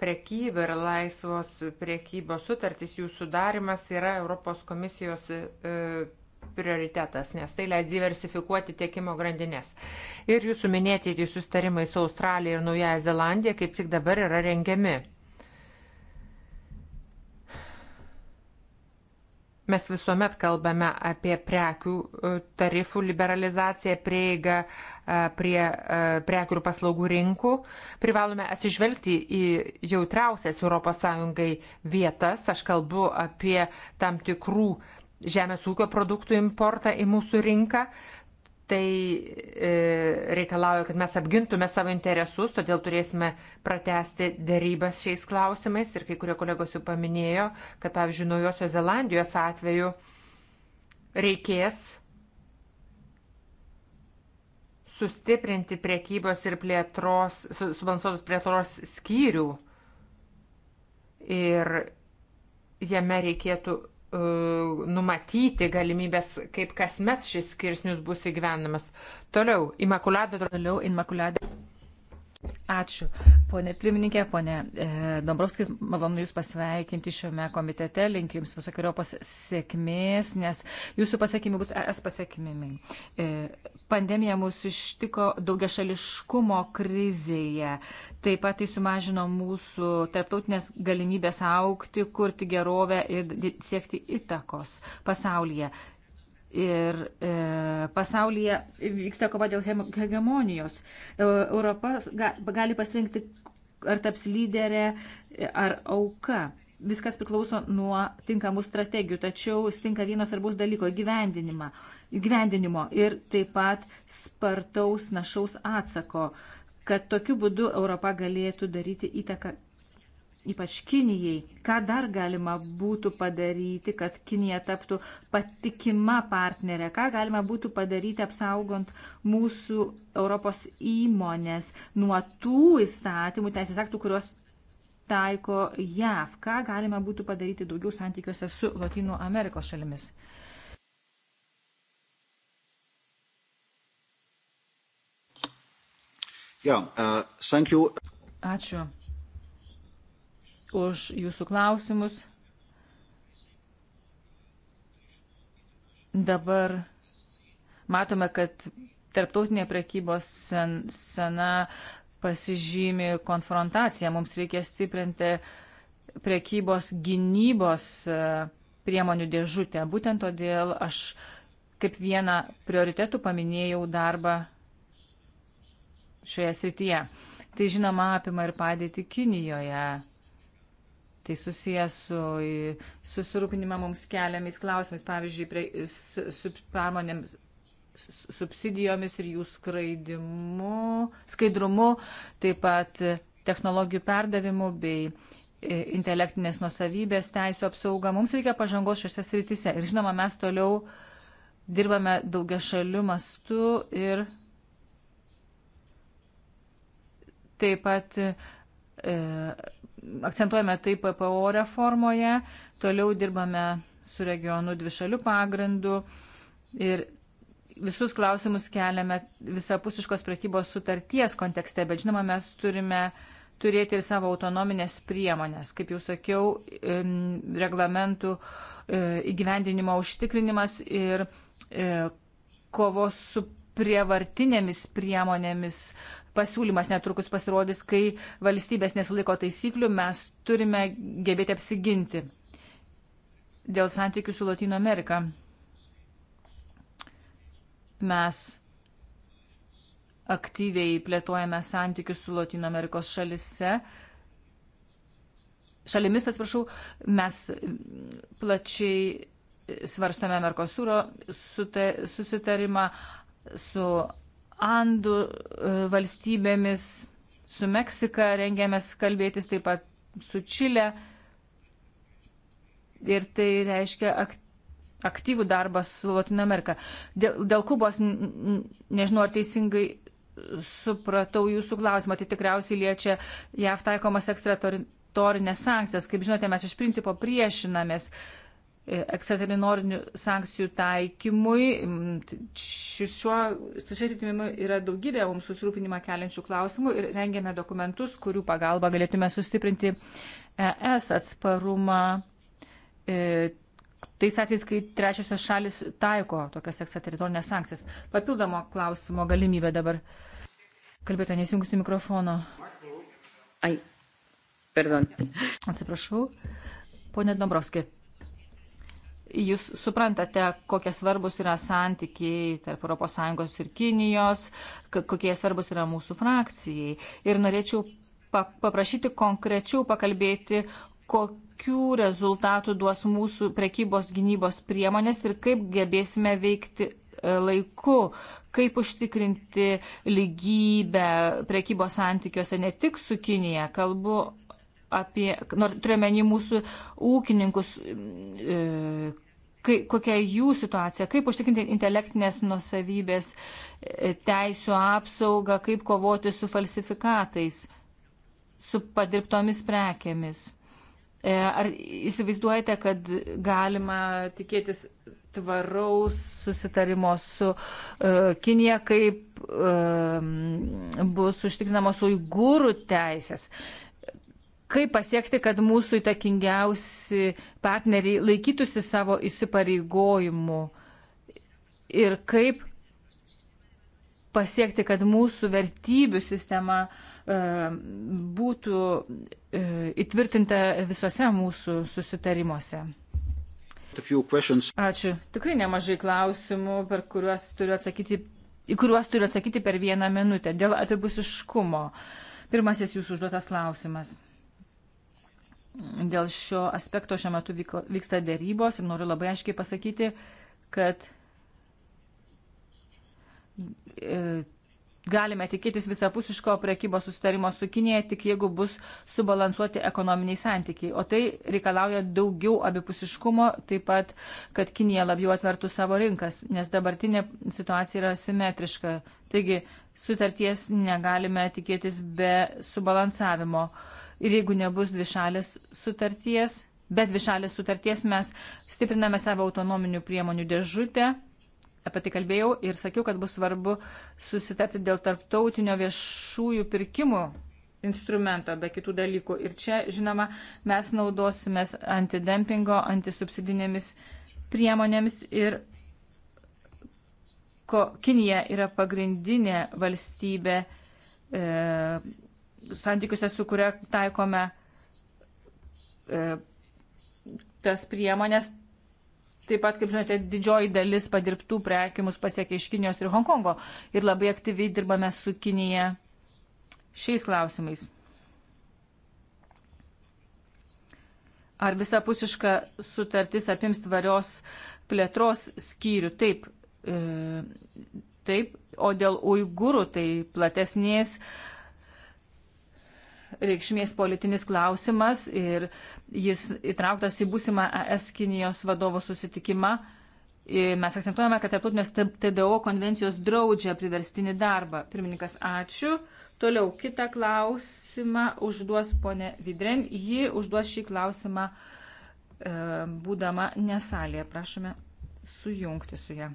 prekyba ir laisvos priekybos sutartys, jų sudarimas yra Europos komisijos e, prioritetas, nes tai leis diversifikuoti tiekimo grandinės. Ir jūsų minėtieji sustarimai su Australija ir Naujaja Zelandija kaip tik dabar yra rengiami. Mes visuomet kalbame apie prekių e, tarifų liberalizaciją, prieigą e, prie e, prekių ir paslaugų rinkų. Privalome atsižvelgti į jautriausias ES vietas. Aš kalbu apie tam tikrų žemės ūkio produktų importą į mūsų rinką tai e, reikalauja, kad mes apgintume savo interesus, todėl turėsime pratesti dėrybas šiais klausimais. Ir kai kurie kolegos jau paminėjo, kad pavyzdžiui, Naujosios Zelandijos atveju reikės sustiprinti priekybos ir plėtros, subalansuotos plėtros skyrių. Ir jame reikėtų E, numatyti galimybės, kaip kasmet šis skirsnius bus įgyvenamas. Toliau, Imakuladė. Toliau, Imakuladė. Ačiū, ponė pirmininkė, ponė e, Dombrovskis, malonu Jūs pasveikinti šiame komitete, linkiu Jums visokiojopos sėkmės, nes Jūsų pasiekimai bus es pasiekimimai. E, pandemija mūsų ištiko daugia šališkumo krizėje, taip pat tai sumažino mūsų tarptautinės galimybės aukti, kurti gerovę ir siekti įtakos pasaulyje ir e, pasaulyje vyksta kova dėl hegemonijos. E, Europa gali pasirinkti, ar taps lyderė, e, ar auka. Viskas priklauso nuo tinkamų strategijų, tačiau stinka vienas svarbus dalyko gyvendinimo ir taip pat spartaus našaus atsako, kad tokiu būdu Europa galėtų daryti įtaką ypač Kinijai. Ką dar galima būtų padaryti, kad Kinija taptų patikima partnerė? Ką galima būtų padaryti apsaugant mūsų Europos įmonės nuo tų įstatymų, teisės aktų, kuriuos taiko JAV? Ką galima būtų padaryti daugiau santykiuose su Latino Amerikos šalimis? Yeah, uh, Ačiū už jūsų klausimus. Dabar matome, kad tarptautinė prekybos sen, sena pasižymi konfrontacija. Mums reikia stiprinti prekybos gynybos e, priemonių dėžutę. Būtent todėl aš kaip vieną prioritetų paminėjau darbą šioje srityje. Tai žinoma apima ir padėti Kinijoje Tai susijęs su susirūpinimą mums keliamais klausimais, pavyzdžiui, prie, su pramonėms subsidijomis ir jų skraidimu, skaidrumu, taip pat technologijų perdavimu bei intelektinės nusavybės teisų apsauga. Mums reikia pažangos šiuose srityse. Ir žinoma, mes toliau dirbame daugia šalių mastu ir taip pat E, akcentuojame tai PPO reformoje, toliau dirbame su regionu dvišalių pagrindu ir visus klausimus keliame visapusiškos prekybos sutarties kontekste, bet žinoma, mes turime turėti ir savo autonominės priemonės, kaip jau sakiau, reglamentų e, įgyvendinimo užtikrinimas ir e, kovos su prievartinėmis priemonėmis pasiūlymas netrukus pasirodys, kai valstybės nesilaiko taisyklių, mes turime gebėti apsiginti dėl santykių su Latino Amerika. Mes aktyviai plėtojame santykius su Latino Amerikos šalise. Šalimis, atsiprašau, mes plačiai svarstome Merkosūro susitarimą su Andų e, valstybėmis, su Meksika rengėmės kalbėtis taip pat su Čilė. Ir tai reiškia aktyvų darbą su Latino Amerika. Dėl, dėl Kubos, nežinau, ar teisingai supratau jūsų klausimą, tai tikriausiai liečia JAV taikomas ekstratorinės sankcijas. Kaip žinote, mes iš principo priešinamės uh, ekstraterritorinių sankcijų taikymui. Šiuo, su šia atitimimu yra daugybė mums susirūpinimą keliančių klausimų ir rengėme dokumentus, kurių pagalba galėtume sustiprinti ES atsparumą. E, Tais atvejais, kai trečiosios šalis taiko tokias ekstrateritorinės sankcijas. Papildomo klausimo galimybė dabar. Kalbėto nesijungusi mikrofono. Ai, perdon. Atsiprašau. Pone Dombrovskiai. Jūs suprantate, kokie svarbus yra santykiai tarp ES ir Kinijos, kokie svarbus yra mūsų frakcijai. Ir norėčiau paprašyti konkrečiau pakalbėti, kokių rezultatų duos mūsų prekybos gynybos priemonės ir kaip gebėsime veikti e, laiku, kaip užtikrinti lygybę prekybos santykiuose ne tik su Kinija, kalbu apie, nors turime į mūsų ūkininkus, e, kai, kokia jų situacija, kaip užtikrinti intelektinės nusavybės e, teisų apsaugą, kaip kovoti su falsifikatais, su padirbtomis prekėmis. E, ar įsivaizduojate, kad galima tikėtis tvaraus susitarimo su e, Kinija, kaip e, bus užtikrinamos uigūrų teisės? E, kaip pasiekti, kad mūsų įtakingiausi partneriai laikytųsi savo įsipareigojimų ir kaip pasiekti, kad mūsų vertybių sistema e, būtų e, įtvirtinta visose mūsų susitarimuose. Ačiū. Tikrai nemažai klausimų, kuriuos atsakyti, į kuriuos turiu atsakyti per vieną minutę dėl abipusiškumo. Pirmasis jūsų užduotas klausimas. Dėl šio aspekto šiuo metu vyko, vyksta dėrybos ir noriu labai aiškiai pasakyti, kad e, galime tikėtis visapusiško prekybos susitarimo su Kinėje tik jeigu bus subalansuoti ekonominiai santykiai. O tai reikalauja daugiau abipusiškumo, taip pat, kad Kinėje labiau atvertų savo rinkas, nes dabartinė situacija yra simetriška. Taigi sutarties negalime tikėtis be subalansavimo. Uh, ir jeigu nebus dvišalės sutarties, bet dvišalės sutarties mes stipriname savo autonominių priemonių dėžutę. Apie tai kalbėjau ir sakiau, kad bus svarbu susitarti dėl tarptautinio viešųjų pirkimų instrumento, be kitų dalykų. Ir čia, žinoma, mes naudosimės antidempingo, antisubsidinėmis priemonėmis ir ko Kinija yra pagrindinė valstybė e, santykiuose, su kuria taikome e, tas priemonės. Taip pat, kaip žinote, didžioji dalis padirbtų prekių mus pasiekia iš Kinijos ir Hongkongo ir labai aktyviai dirbame su Kinija šiais klausimais. Ar visapusiška sutartis apims tvarios plėtros skyrių? Taip, e, taip, o dėl uigūrų tai platesnės. E, reikšmės politinis klausimas ir jis įtrauktas į būsimą ES Kinijos vadovo susitikimą. E, mes akcentuojame, kad tarptautinės TDO konvencijos draudžia priverstinį darbą. Pirmininkas, ačiū. Toliau kitą klausimą užduos ponė Vidren. Ji užduos šį klausimą e, būdama nesalėje. Prašome sujungti su ją.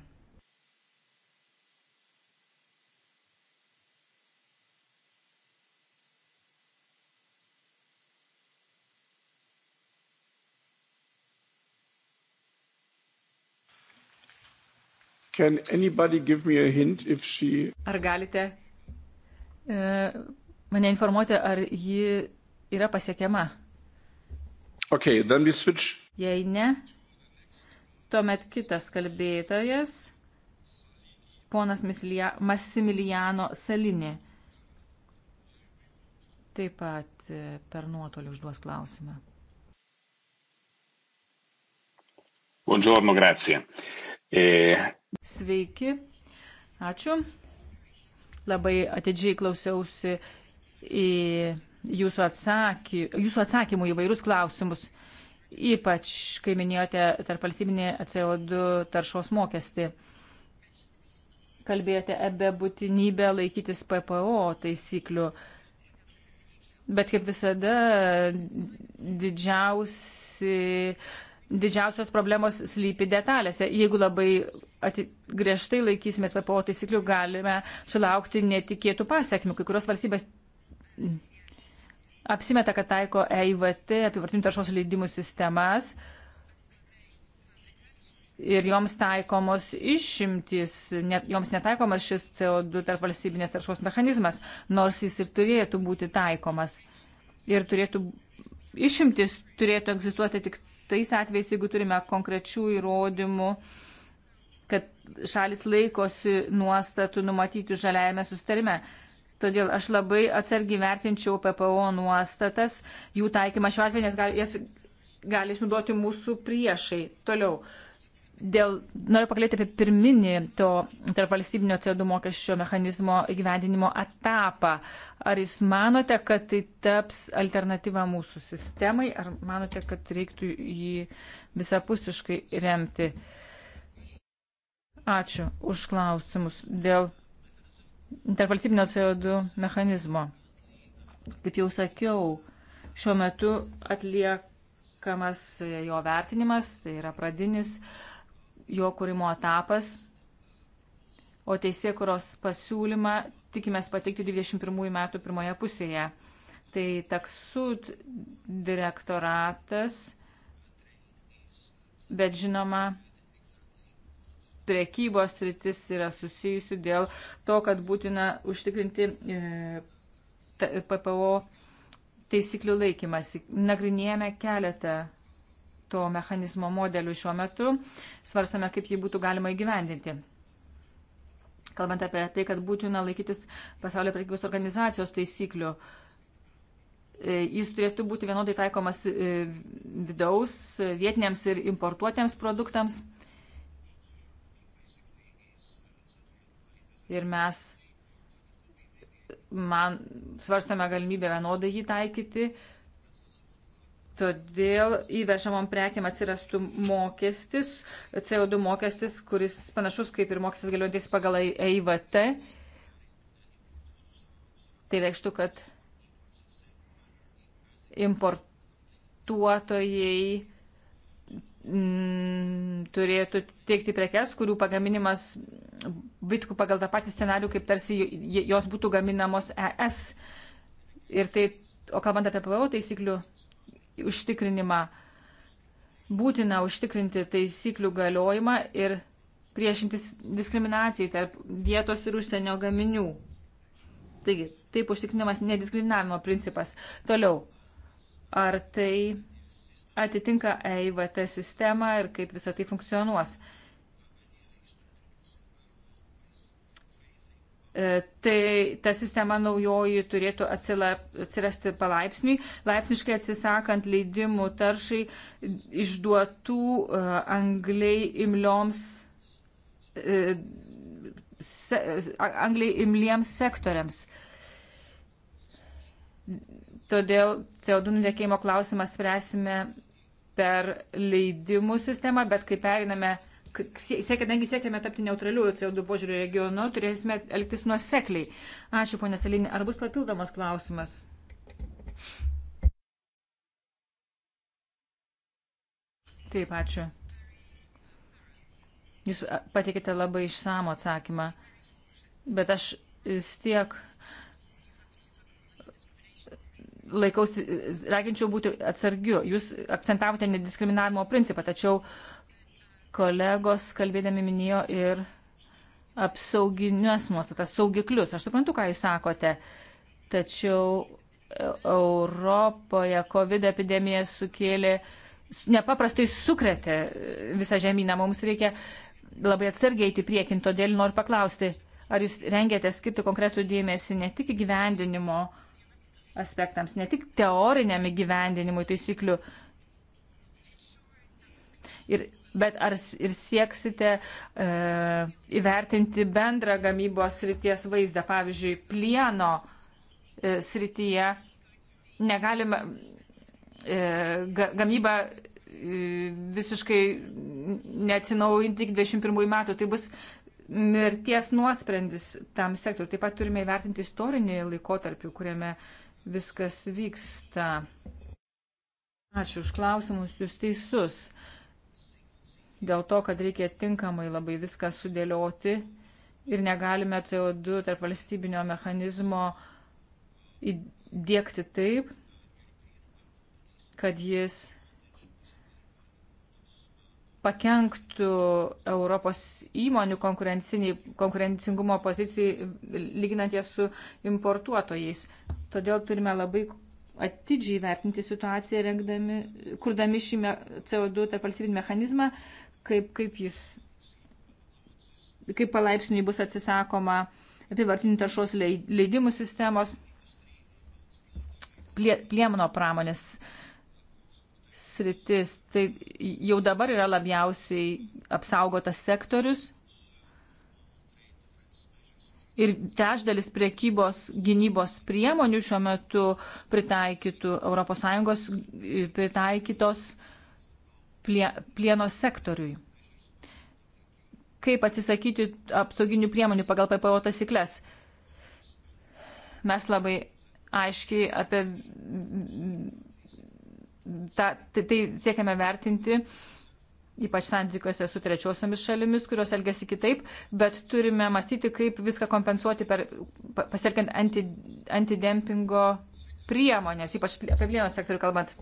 Can anybody give me a hint if she... Ar galite e, mane informuoti, ar ji yra pasiekiama? Okay, then we switch. Jei ne, tuomet kitas kalbėtojas, ponas Misilia, Massimiliano Salinė, taip pat e, per nuotolį užduos klausimą. Buongiorno, grazie. Uh, E, Sveiki, ačiū. Labai atidžiai klausiausi į jūsų, atsaky, jūsų atsakymų į vairius klausimus, ypač kai minėjote tarp valstybinį CO2 taršos mokestį. Kalbėjote apie būtinybę laikytis PPO taisyklių. Bet kaip visada, didžiausi didžiausios problemos slypi detalėse. Jeigu labai ati, griežtai laikysimės PPO taisyklių, galime sulaukti netikėtų pasiekmių. Kai kurios valstybės apsimeta, kad taiko EIVT, apivartinių taršos leidimų sistemas ir joms taikomos išimtys, net, joms netaikomas šis CO2 tarp valstybinės taršos mechanizmas, nors jis ir turėtų būti taikomas. Ir turėtų, išimtis turėtų egzistuoti tik tais atvejais, jeigu turime konkrečių įrodymų, kad šalis laikosi nuostatų numatytų žaliajame sustarime. Todėl aš labai atsargiai vertinčiau PPO nuostatas, jų taikymą šiuo atveju, nes gal, jas gali išnaudoti mūsų priešai. Toliau, Dėl, noriu pakalbėti apie pirminį to tarp valstybinio CO2 mokesčio mechanizmo įgyvendinimo etapą. Ar jūs manote, kad tai taps alternatyva mūsų sistemai, ar manote, kad reiktų jį visapusiškai remti? Ačiū už klausimus dėl tarp valstybinio CO2 mechanizmo. Kaip jau sakiau, šiuo metu atliekamas jo vertinimas, tai yra pradinis uh, jo kūrimo etapas, o teisėkuros pasiūlymą tikimės pateikti 21 metų pirmoje pusėje. Tai taksud direktoratas, bet žinoma, priekybos rytis yra susijusi dėl to, kad būtina užtikrinti e, PPO taisyklių laikymasi. Nagrinėjame keletą to mechanizmo modeliu šiuo metu, svarstame, kaip jį būtų galima įgyvendinti. Kalbant apie tai, kad būtina laikytis pasaulio prekybos organizacijos taisyklių, e, jis turėtų būti vienodai taikomas e, vidaus, e, vietiniams ir importuotiems produktams. Ir mes man svarstame galimybę vienodai jį taikyti, Todėl įvežamom prekiam atsirastų mokestis, CO2 mokestis, kuris panašus kaip ir mokestis galiojantis pagal EIVT. Tai reikštų, kad importuotojai m, mm, turėtų teikti prekes, kurių pagaminimas vytkų pagal tą patį scenarių, kaip tarsi jos būtų gaminamos ES. Ir tai, o kalbant apie PVO taisyklių užtikrinimą. Būtina užtikrinti taisyklių galiojimą ir priešintis diskriminacijai tarp vietos ir užsienio gaminių. Taigi, taip užtikrinamas nediskriminavimo principas. Toliau, ar tai atitinka EIVT sistemą ir kaip visą tai funkcionuos? Uh, E, tai ta sistema naujoji turėtų atsilap, atsirasti palaipsniui, laipsniškai atsisakant leidimų taršai išduotų uh, angliai imlioms. Uh, se, angliai imliems sektoriams. Todėl CO2 nutekėjimo klausimą spręsime per leidimų sistemą, bet kai periname uh, kadangi siekiame tapti neutraliųjų CO2 požiūrių regionu, turėsime elgtis nuosekliai. Ačiū, ponė Salinė. Ar bus papildomas klausimas? Taip, ačiū. Jūs patikite labai išsamų atsakymą, bet aš vis tiek laikausi, raginčiau būti atsargiu. Jūs akcentavote nediskriminavimo principą, tačiau uh, Kolegos kalbėdami minėjo ir apsauginius nuostatas, saugiklius. Aš suprantu, ką jūs sakote, tačiau Europoje COVID epidemija sukėlė, nepaprastai sukretė visą žemyną. Mums reikia labai atsargiai eiti priekin, todėl noriu paklausti, ar jūs rengiate skirti konkretų dėmesį ne tik gyvendinimo aspektams, ne tik teoriniam įgyvendinimui taisyklių. Ir bet ar ir sieksite e, įvertinti bendrą gamybos srities vaizdą, pavyzdžiui, plieno e, srityje negalima e, ga, gamyba e, visiškai neatsinaujinti iki 21 metų. Tai bus mirties nuosprendis tam sektoriu. Taip pat turime įvertinti istorinį laikotarpį, kuriame viskas vyksta. Ačiū už klausimus, jūs teisus. E, dėl to, kad reikia tinkamai labai viską sudėlioti ir negalime CO2 tarp valstybinio mechanizmo įdėkti taip, kad jis pakenktų Europos įmonių konkurencingumo pozicijai, lyginant jas su importuotojais. Todėl turime labai atidžiai vertinti situaciją, rengdami, kurdami šį CO2 tarp valstybinį mechanizmą, kaip, kaip jis, kaip palaipsniui bus atsisakoma apivartinių taršos leidimų sistemos, plie, pliemono pramonės sritis. Tai jau dabar yra labiausiai apsaugotas sektorius. Ir trečdalis priekybos gynybos priemonių šiuo metu pritaikytų ES pritaikytos uh, plie, plieno sektoriui. Kaip atsisakyti apsauginių priemonių pagal PPO taisyklės? Mes labai aiškiai apie tą, tai, tai siekiame vertinti ypač santykiuose su trečiosiomis šalimis, kurios elgesi kitaip, bet turime mąstyti, kaip viską kompensuoti per, pasitelkiant anti, antidempingo priemonės, ypač apie plieno sektorių kalbant.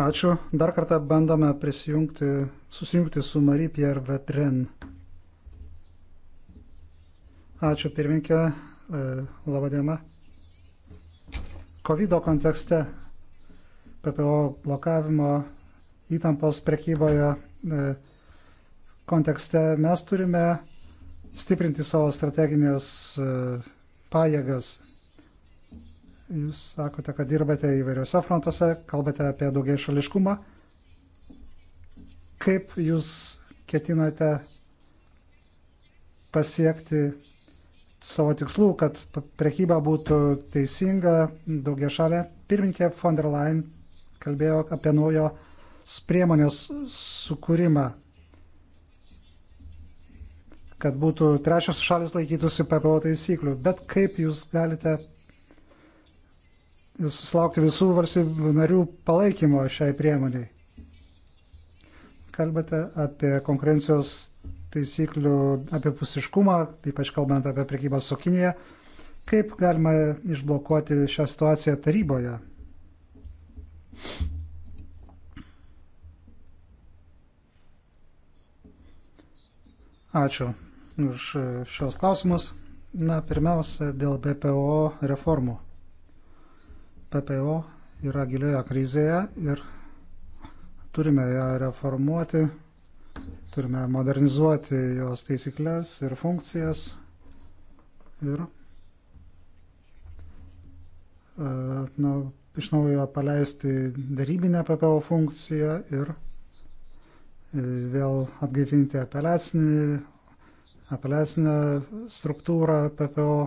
Ačiū. Dar kartą bandome prisijungti, susijungti su Marie Pierre Vetren. Ačiū pirminkė. E, Labadiena. COVID kontekste PPO blokavimo įtampos prekyboje e, kontekste mes turime stiprinti savo strateginės e, pajėgas. Jūs sakote, kad dirbate įvairiuose frontuose, kalbate apie daugiai šališkumą. Kaip jūs ketinate pasiekti savo tikslų, kad prekyba būtų teisinga, daugia šalia. Pirminkė von der Leyen kalbėjo apie naujo priemonės sukūrimą, kad būtų trečios šalis laikytųsi PPO taisyklių. Bet kaip jūs galite susilaukti visų valstybių narių palaikymo šiai priemoniai? Kalbate apie konkurencijos taisyklių apipusiškumą, ypač kalbant apie prekybą su Kinija. Kaip galima išblokuoti šią situaciją taryboje? Ačiū už šios klausimus. Na, pirmiausia, dėl BPO reformų. BPO yra gilioje krizėje ir turime ją reformuoti, turime modernizuoti jos taisyklės ir funkcijas ir e, na, iš naujo paleisti darybinę PPO funkciją ir vėl atgaivinti apeliacinį, apeliacinę struktūrą PPO.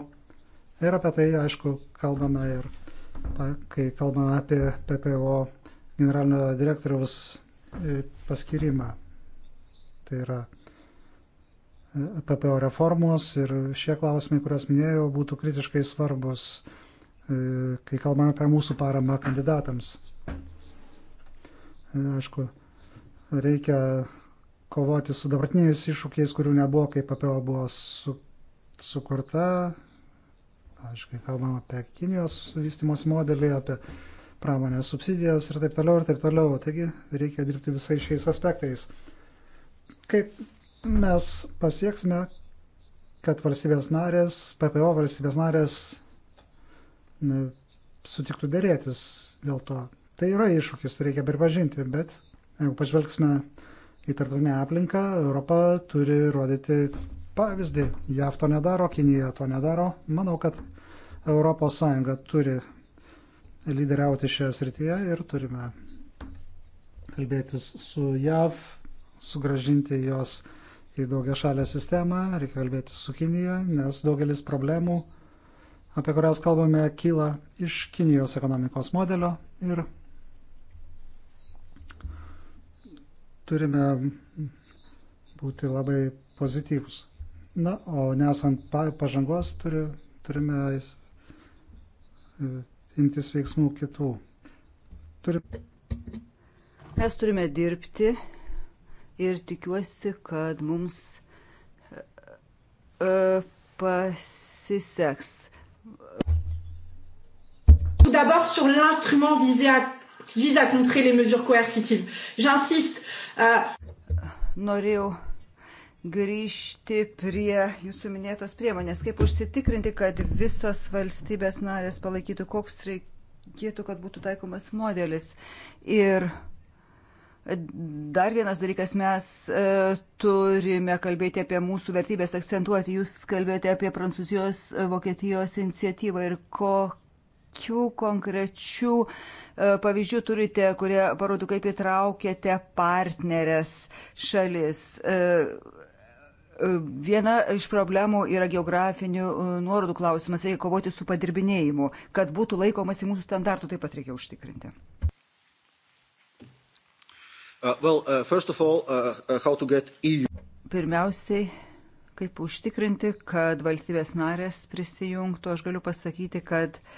Ir apie tai, aišku, kalbame ir kai kalbame apie PPO generalinio direktoriaus e, paskirimą. Tai yra e, PPO reformos ir šie klausimai, kuriuos minėjau, būtų kritiškai svarbus, e, kai kalbame apie mūsų paramą kandidatams. Aišku, reikia kovoti su dabartiniais iššūkiais, kurių nebuvo, kai PPO buvo su, sukurta. Pavyzdžiui, kai kalbam apie Kinijos vystimos modelį, apie pramonės subsidijas ir taip toliau, ir taip toliau. Taigi reikia dirbti visais šiais aspektais. Kaip mes pasieksime, kad valstybės narės, PPO valstybės narės sutiktų dėrėtis dėl to. Tai yra iššūkis, reikia pripažinti, bet Jeigu pažvelgsime į tarptautinę aplinką, Europa turi rodyti pavyzdį. JAV to nedaro, Kinija to nedaro. Manau, kad ES turi lyderiauti šioje srityje ir turime kalbėtis su JAV, sugražinti jos į daugia šalę sistemą, reikia kalbėti su Kinija, nes daugelis problemų, apie kurias kalbame, kyla iš Kinijos ekonomikos modelio ir turime būti labai pozityvus. Na, o nesant pažangos turi, turime e, imtis veiksmų kitų. Turi... Mes turime dirbti ir tikiuosi, kad mums uh, pasiseks. Tout d'abord sur l'instrument visé à qui vise à contrer les mesures coercitives. J'insiste. Euh... Norėjau grįžti prie jūsų minėtos priemonės. Kaip užsitikrinti, kad visos valstybės narės palaikytų, koks reikėtų, kad būtų taikomas modelis. Ir Dar vienas dalykas, mes e, turime kalbėti apie mūsų vertybės, akcentuoti. Jūs kalbėjote apie Prancūzijos, Vokietijos iniciatyvą ir ko, kokių konkrečių e, pavyzdžių turite, kurie parodo, kaip įtraukėte partnerės šalis. E, e, viena iš problemų yra geografinių nuorodų klausimas, reikia kovoti su padirbinėjimu, kad būtų laikomasi mūsų standartų, taip pat reikia užtikrinti. Uh, well, uh, first of all, uh, uh how to get EU. Pirmiausiai, kaip užtikrinti, kad valstybės narės prisijungtų, aš galiu pasakyti, kad uh,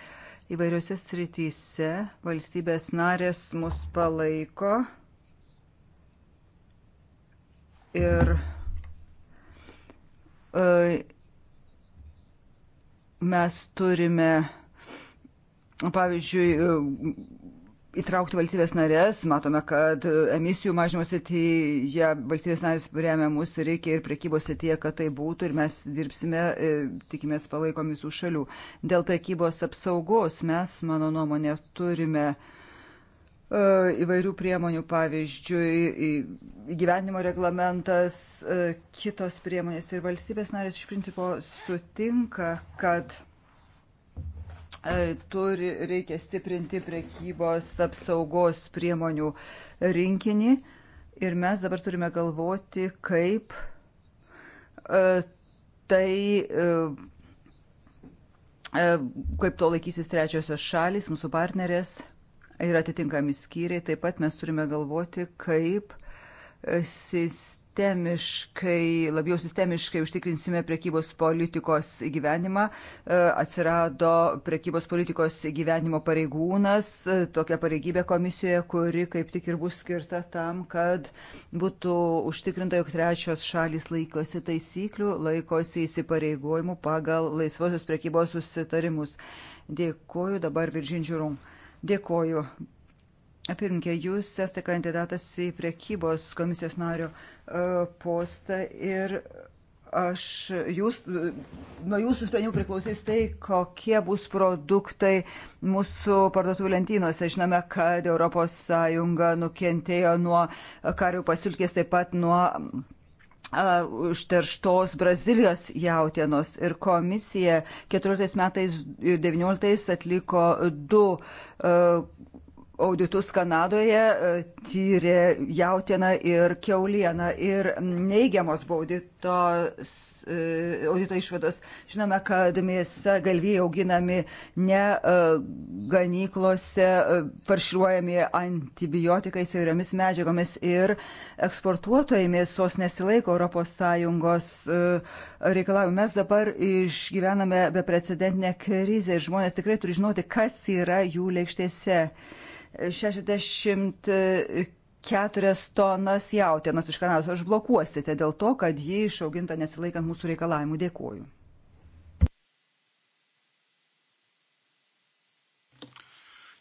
Įvairiose srityse valstybės narės mus palaiko ir e, mes turime, pavyzdžiui, įtraukti valstybės narės. Matome, kad emisijų mažinimo srityje valstybės narės remia mus ir reikia ir prekybos srityje, kad tai būtų ir mes dirbsime, e, tikimės palaikom visų šalių. Dėl prekybos apsaugos mes, mano nuomonė, turime e, įvairių priemonių, pavyzdžiui, gyvenimo reglamentas, e, kitos priemonės ir valstybės narės iš principo sutinka, kad E, turi, reikia stiprinti prekybos apsaugos priemonių rinkinį ir mes dabar turime galvoti, kaip e, tai, e, kaip to laikysis trečiosios šalis, mūsų partnerės ir atitinkami skyriai. Taip pat mes turime galvoti, kaip sistema sistemiškai, labiau sistemiškai užtikrinsime prekybos politikos gyvenimą. E, atsirado prekybos politikos gyvenimo pareigūnas, e, tokia pareigybė komisijoje, kuri kaip tik ir bus skirta tam, kad būtų užtikrinta, jog trečios šalis laikosi taisyklių, laikosi įsipareigojimų pagal laisvosios prekybos susitarimus. Dėkuoju dabar Viržinžiūrum. Dėkuoju, Pirmkė, jūs esate kandidatas į prekybos komisijos nario e, postą ir aš jūs, nuo jūsų sprendimų priklausys tai, kokie bus produktai mūsų parduotuvų lentynose. Žinome, kad ES nukentėjo nuo karių pasilkės, taip pat nuo užterštos Brazilijos jautienos ir komisija 14 metais ir 19 atliko du e, auditus Kanadoje e, tyrė jautieną ir keulieną ir neigiamos buvo auditos, e, audito išvados. Žinome, kad mėsa galvijai auginami ne e, ganyklose, farširuojami antibiotikais įvairiomis medžiagomis ir eksportuotojai mėsos nesilaiko ES reikalavimų. Mes dabar išgyvename beprecedentinę krizę ir žmonės tikrai turi žinoti, kas yra jų lėkštėse. 64 tonas jautienos iš Kanados. Aš blokuosite dėl to, kad ji išauginta nesilaikant mūsų reikalavimų. Dėkuoju.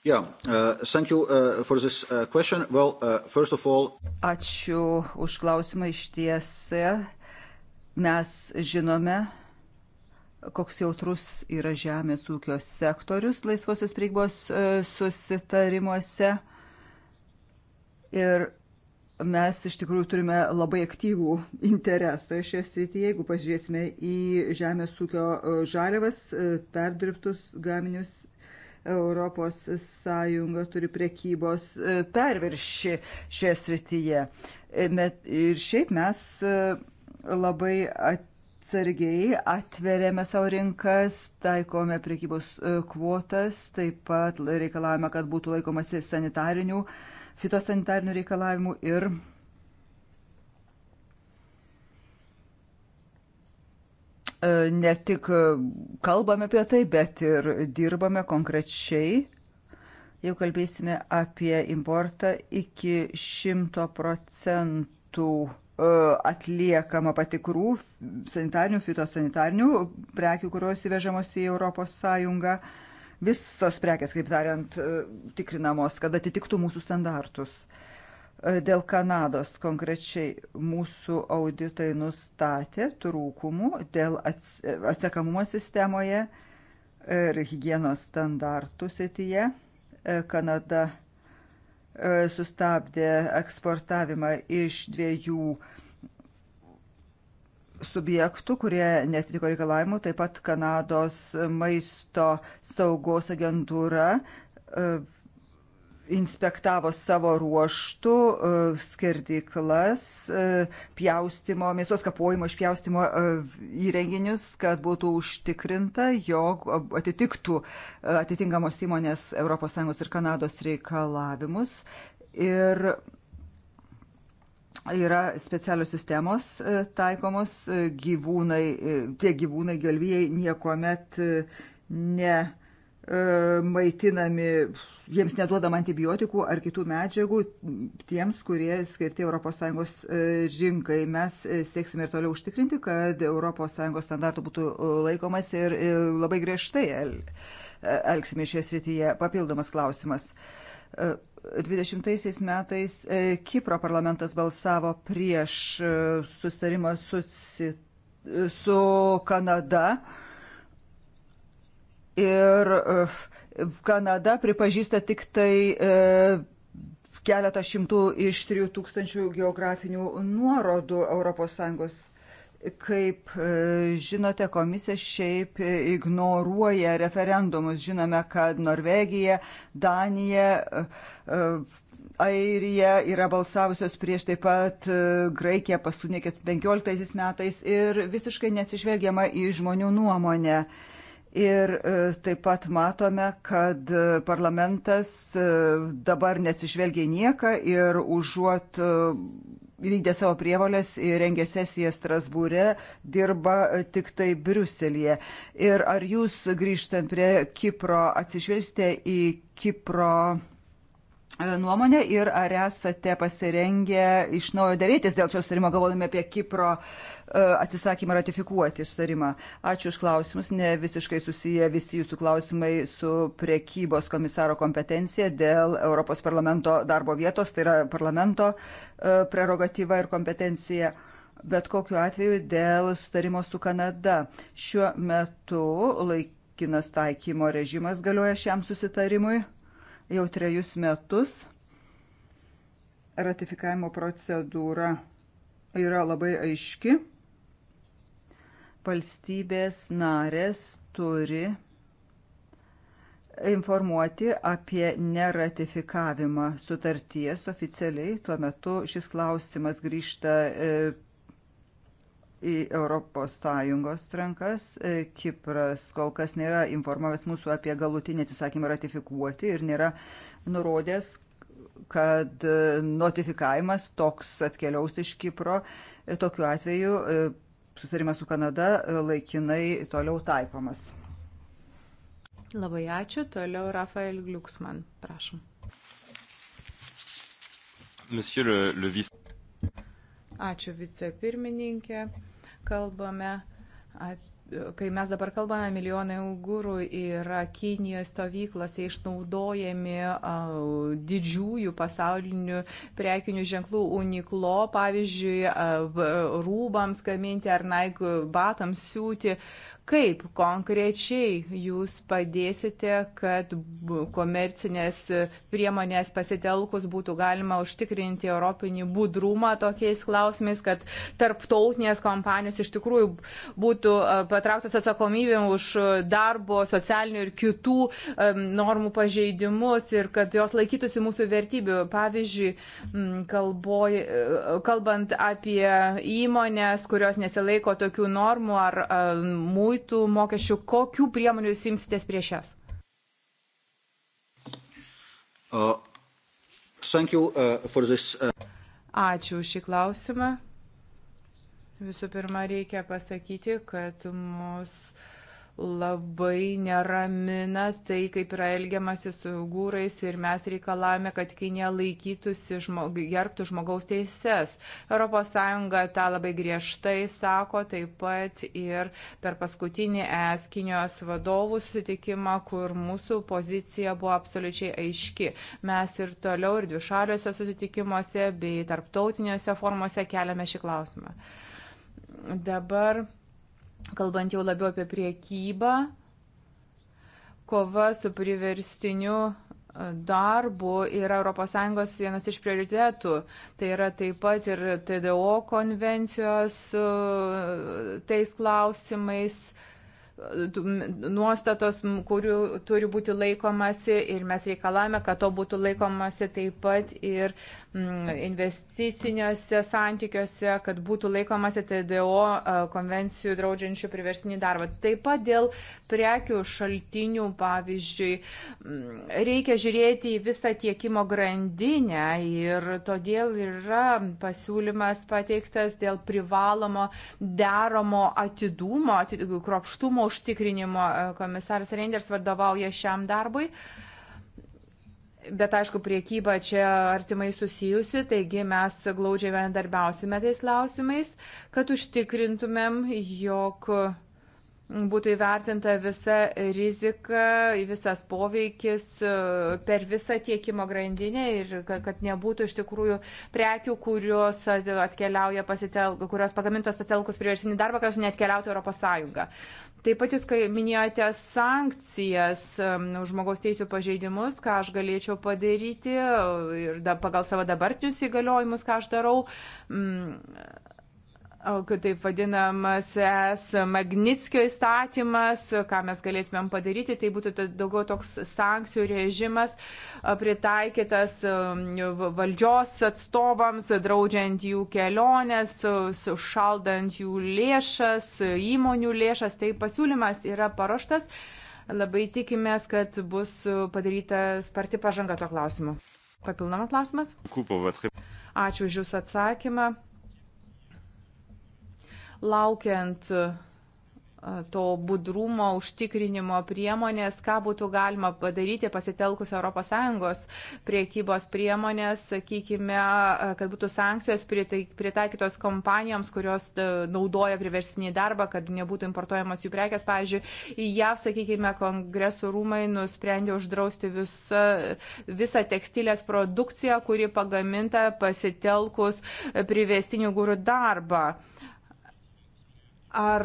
Yeah, uh, thank you uh, for this uh, question. Well, uh, first of all... Ačiū už klausimą iš tiesą. Mes žinome, koks jautrus yra žemės ūkio sektorius laisvosios prieigos e, susitarimuose. Ir mes iš tikrųjų turime labai aktyvų interesą šioje srityje. Jeigu pažiūrėsime į žemės ūkio e, žaliavas, e, perdirbtus gaminius, Europos Sąjunga turi prekybos perviršį šioje srityje. Bet ir šiaip mes labai at atsargiai atveriame savo rinkas, taikome priekybos e, kvotas, taip pat reikalavome, kad būtų laikomasi sanitarinių, fitosanitarinių reikalavimų ir e, ne tik kalbame apie tai, bet ir dirbame konkrečiai. Jau kalbėsime apie importą iki 100 procentų E, atliekama patikrų sanitarnių, fitosanitarnių prekių, kurios įvežamos į ES. Visos prekės, kaip tariant, e, tikrinamos, kad atitiktų mūsų standartus. E, dėl Kanados konkrečiai mūsų auditai nustatė trūkumų dėl atsekamumo sistemoje ir er, hygienos standartų srityje. Kanada E, sustabdė eksportavimą iš dviejų subjektų, kurie netitiko reikalavimų, taip pat Kanados maisto saugos agentūra e, inspektavo savo ruoštų e, skerdiklas, e, pjaustimo, mėsos kapojimo išpjaustimo e, įrenginius, kad būtų užtikrinta, jog atitiktų atitinkamos įmonės ES ir Kanados reikalavimus. Ir yra specialios sistemos taikomos, gyvūnai, tie gyvūnai galvijai niekuomet ne maitinami jiems neduodam antibiotikų ar kitų medžiagų tiems, kurie skirti ES e, rinkai. Mes e, sieksime ir toliau užtikrinti, kad ES standartų būtų e, laikomas ir labai griežtai elgsime šioje srityje. Papildomas klausimas. 20 metais Kipro parlamentas balsavo prieš susitarimą su, su Kanada. Ir uh, Kanada pripažįsta tik tai e, keletą šimtų iš 3000 geografinių nuorodų ES. Kaip e, žinote, komisija šiaip ignoruoja referendumus. Žinome, kad Norvegija, Danija, e, e, Airija yra balsavusios prieš taip pat Graikija paskutinė 15 metais ir visiškai neatsižvelgiama į žmonių nuomonę. E, Ir e, taip pat matome, kad e, parlamentas e, dabar neatsižvelgia į nieką ir užuot įvykdė savo prievalės ir rengė sesiją Strasbūre, dirba tik tai Briuselėje. Ir ar jūs grįžtant prie Kipro atsižvelgsite į Kipro E, nuomonę ir ar esate pasirengę iš naujo dėrėtis dėl šio sutarimo, galvodami apie Kipro e, atsisakymą ratifikuoti sutarimą. Ačiū už klausimus, ne visiškai susiję visi jūsų klausimai su priekybos komisaro kompetencija dėl Europos parlamento darbo vietos, tai yra parlamento e, prerogatyva ir kompetencija. Bet kokiu atveju dėl sutarimo su Kanada. Šiuo metu laikinas taikymo režimas galioja šiam susitarimui jau trejus metus. Ratifikavimo procedūra yra labai aiški. Valstybės narės turi informuoti apie neratifikavimą sutarties oficialiai. Tuo metu šis klausimas grįžta e, į ES rankas. E, Kipras kol kas nėra informavęs mūsų apie galutinį atsisakymą ratifikuoti ir nėra nurodęs, kad e, notifikavimas toks atkeliaus iš Kipro. E, tokiu atveju susitarimas su Kanada laikinai toliau taikomas. Labai ačiū. Toliau Rafael Glucksmann, prašom. Monsieur le, le vice. Ačiū vicepirmininkė kalbame apie kai mes dabar kalbame, milijonai ugurų yra Kinijoje stovyklose išnaudojami uh, didžiųjų pasaulinių prekinių ženklų uniklo, pavyzdžiui, uh, rūbams gaminti ar naik batams siūti. Uh, Kaip konkrečiai jūs padėsite, kad komercinės priemonės pasitelkus būtų galima užtikrinti europinį budrumą tokiais klausimais, kad tarptautinės kompanijos iš tikrųjų būtų e, patrauktos atsakomybėm už darbo, socialinių ir kitų normų pažeidimus ir kad jos laikytųsi mūsų vertybių. Pavyzdžiui, kalboj, e, kalbant apie įmonės, kurios nesilaiko tokių normų ar e, mūsų muitų mokesčių, kokių priemonių jūs imsitės prieš jas? Uh, you, uh, this, uh... Ačiū už šį klausimą. Visų pirma, reikia pasakyti, kad mūsų labai neramina tai, kaip yra elgiamasi su gūrais ir mes reikalavome, kad Kinė laikytųsi, žmog, gerbtų žmogaus teises. ES tą labai griežtai sako taip pat ir per paskutinį ES Kinijos vadovų sutikimą, kur mūsų pozicija buvo absoliučiai aiški. Mes ir toliau ir dvišaliuose sutikimuose bei tarptautiniuose formuose keliame šį klausimą. Dabar kalbant jau labiau apie priekybą, kova su priverstiniu e, darbu yra ES vienas iš prioritetų. Tai yra taip pat ir TDO konvencijos e, tais klausimais nuostatos, kurių turi būti laikomasi ir mes reikalavome, kad to būtų laikomasi taip pat ir investiciniuose santykiuose, kad būtų laikomasi TDO konvencijų draudžiančių priversinį darbą. Taip pat dėl prekių šaltinių, pavyzdžiui, reikia žiūrėti į visą tiekimo grandinę ir todėl yra pasiūlymas pateiktas dėl privalomo deromo atidumo, atidumo kropštumo saugumo užtikrinimo. E, komisaras Reinders vadovauja šiam darbui. Bet aišku, priekyba čia artimai susijusi, taigi mes glaudžiai bendarbiausime tais klausimais, kad užtikrintumėm, jog būtų įvertinta visa rizika, visas poveikis e, per visą tiekimo grandinę ir kad nebūtų iš tikrųjų prekių, kurios atkeliauja pasitel, kurios pagamintos pasitelkus priversinį darbą, kad jos neatkeliautų Europos Sąjungą. Taip pat jūs minėjote sankcijas um, už žmogaus teisų pažeidimus, ką aš galėčiau padaryti ir da, pagal savo dabartinius įgaliojimus, ką aš darau. Mm taip vadinamas es Magnitskio įstatymas, ką mes galėtumėm padaryti, tai būtų daugiau toks sankcijų režimas pritaikytas um, valdžios atstovams, draudžiant jų keliones, sušaldant jų lėšas, įmonių lėšas. Tai pasiūlymas yra paruoštas. Labai tikimės, kad bus padaryta sparti pažanga to klausimu. Papildomas klausimas? Ačiū už Jūsų atsakymą laukiant e, to budrumo užtikrinimo priemonės, ką būtų galima padaryti pasitelkus ES priekybos priemonės, sakykime, e, kad būtų sankcijos pritaikytos kompanijoms, kurios e, naudoja priversinį darbą, kad nebūtų importuojamos jų prekes. Pavyzdžiui, į JAV, sakykime, kongresų rūmai nusprendė uždrausti visą, visą tekstilės produkciją, kuri pagaminta pasitelkus priverstinių gūrų darbą ar